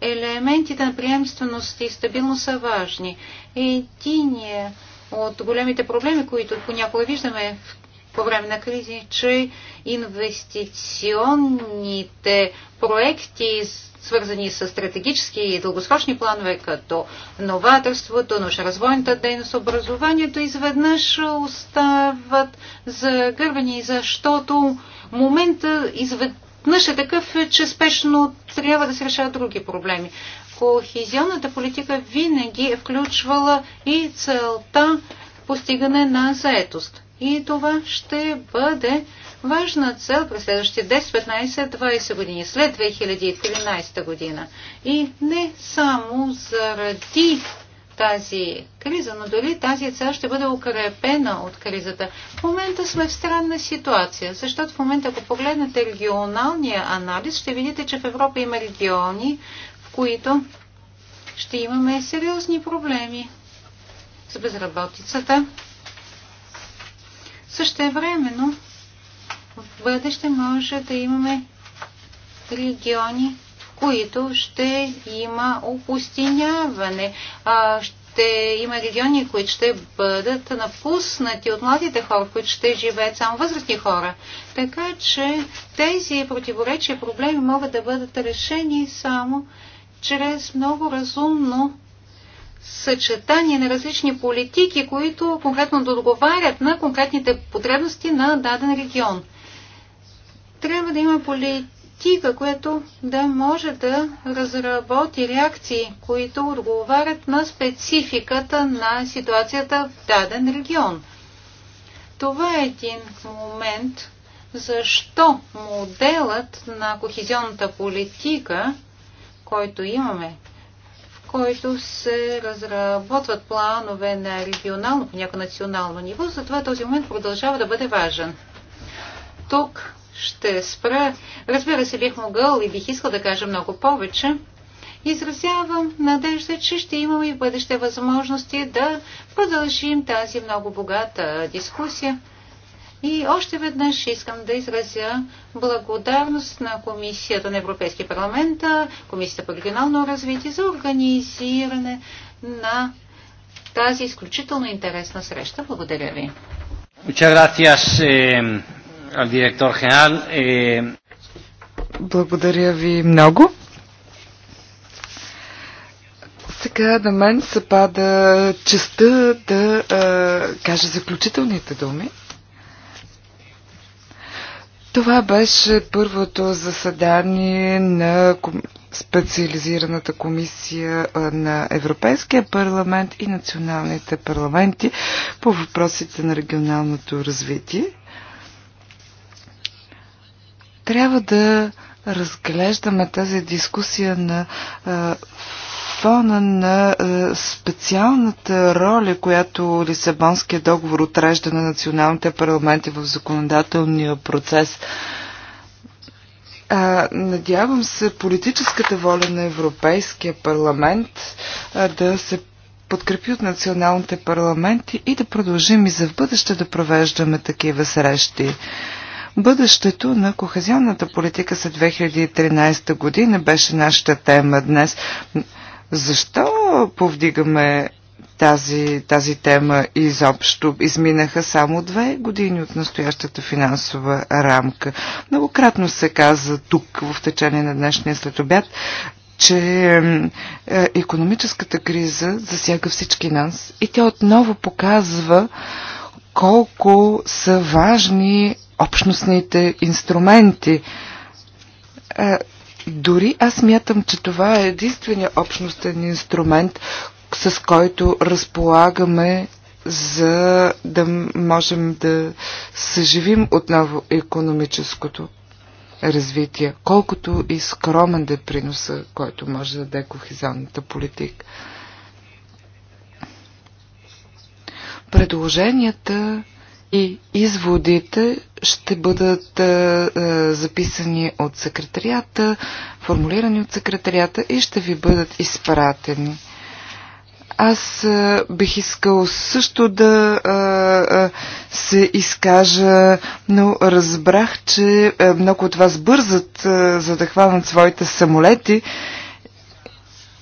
елементите на приемственост и стабилност са важни. Единият от големите проблеми, които понякога виждаме в по време на кризи, че инвестиционните проекти, свързани с стратегически и дългосрочни планове, като новаторството, научно-развойната дейност, образованието, изведнъж остават загървани, защото момента изведнъж е такъв, че спешно трябва да се решават други проблеми. Кохезионната политика винаги е включвала и целта постигане на заетост. И това ще бъде важна цел през следващите 10, 15, 20 години, след 2013 година. И не само заради тази криза, но дори тази цел ще бъде укрепена от кризата. В момента сме в странна ситуация, защото в момента, ако погледнете регионалния анализ, ще видите, че в Европа има региони, в които ще имаме сериозни проблеми с безработицата, Същевременно в бъдеще може да имаме региони, които ще има опустиняване. А, ще има региони, които ще бъдат напуснати от младите хора, които ще живеят само възрастни хора. Така че тези противоречия проблеми могат да бъдат решени само чрез много разумно съчетание на различни политики, които конкретно договарят на конкретните потребности на даден регион. Трябва да има политика, която да може да разработи реакции, които отговарят на спецификата на ситуацията в даден регион. Това е един момент, защо моделът на кохезионната политика, който имаме който се разработват планове на регионално, някакво национално ниво, затова този момент продължава да бъде важен. Тук ще спра. Разбира се, бих могъл и бих искал да кажа много повече. Изразявам надежда, че ще имаме и бъдеще възможности да продължим тази много богата дискусия. И още веднъж искам да изразя благодарност на Комисията на Европейския парламент, Комисията по регионално развитие за организиране на тази изключително интересна среща. Благодаря ви. Благодаря ви много. Сега на мен се пада честа да а, е, кажа заключителните думи. Това беше първото заседание на специализираната комисия на Европейския парламент и националните парламенти по въпросите на регионалното развитие. Трябва да разглеждаме тази дискусия на фона на е, специалната роля, която Лисабонския договор отрежда на националните парламенти в законодателния процес. А, надявам се политическата воля на Европейския парламент а, да се подкрепи от националните парламенти и да продължим и за в бъдеще да провеждаме такива срещи. Бъдещето на кохезионната политика след 2013 година беше нашата тема днес. Защо повдигаме тази, тази тема изобщо. Изминаха само две години от настоящата финансова рамка. Многократно се каза тук в течение на днешния следобед, че економическата криза засяга всички нас и тя отново показва колко са важни общностните инструменти е, дори аз мятам, че това е единствения общностен инструмент, с който разполагаме за да можем да съживим отново економическото развитие, колкото и скромен да е приноса, който може да даде кохизионната политика. Предложенията и изводите ще бъдат а, е, а, е, записани от секретарията, формулирани от секретарията и ще ви бъдат изпратени. Аз а, е, бих искал също да а, а, се изкажа, но разбрах, че а, много от вас бързат, а, за да хванат своите самолети. А,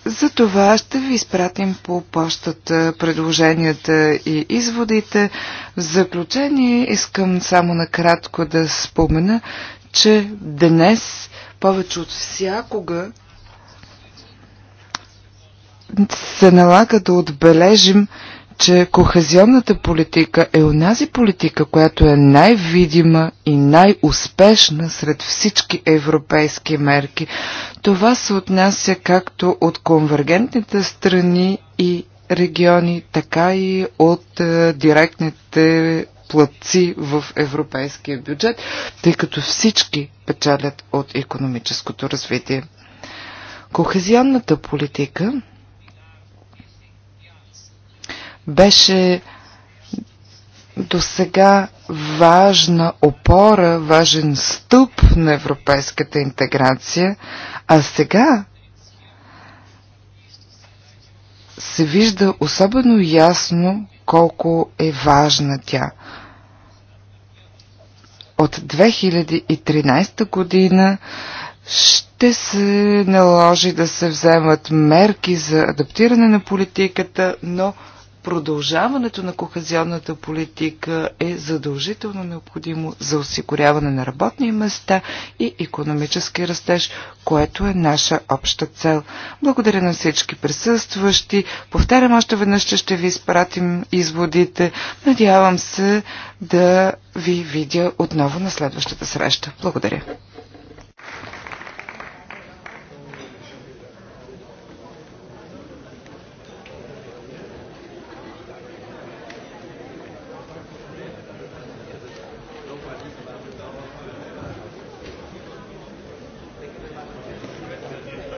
за това ще ви изпратим по почтата предложенията и изводите. В заключение искам само накратко да спомена, че днес повече от всякога се налага да отбележим, че кохезионната политика е онази политика, която е най-видима и най-успешна сред всички европейски мерки. Това се отнася както от конвергентните страни и региони, така и от е, директните платци в европейския бюджет, тъй като всички печалят от економическото развитие. Кохезионната политика беше до сега важна опора, важен стълб на европейската интеграция – а сега се вижда особено ясно колко е важна тя. От 2013 година ще се наложи да се вземат мерки за адаптиране на политиката, но продължаването на кохезионната политика е задължително необходимо за осигуряване на работни места и економически растеж, което е наша обща цел. Благодаря на всички присъстващи. Повтарям още веднъж, че ще ви изпратим изводите. Надявам се да ви видя отново на следващата среща. Благодаря.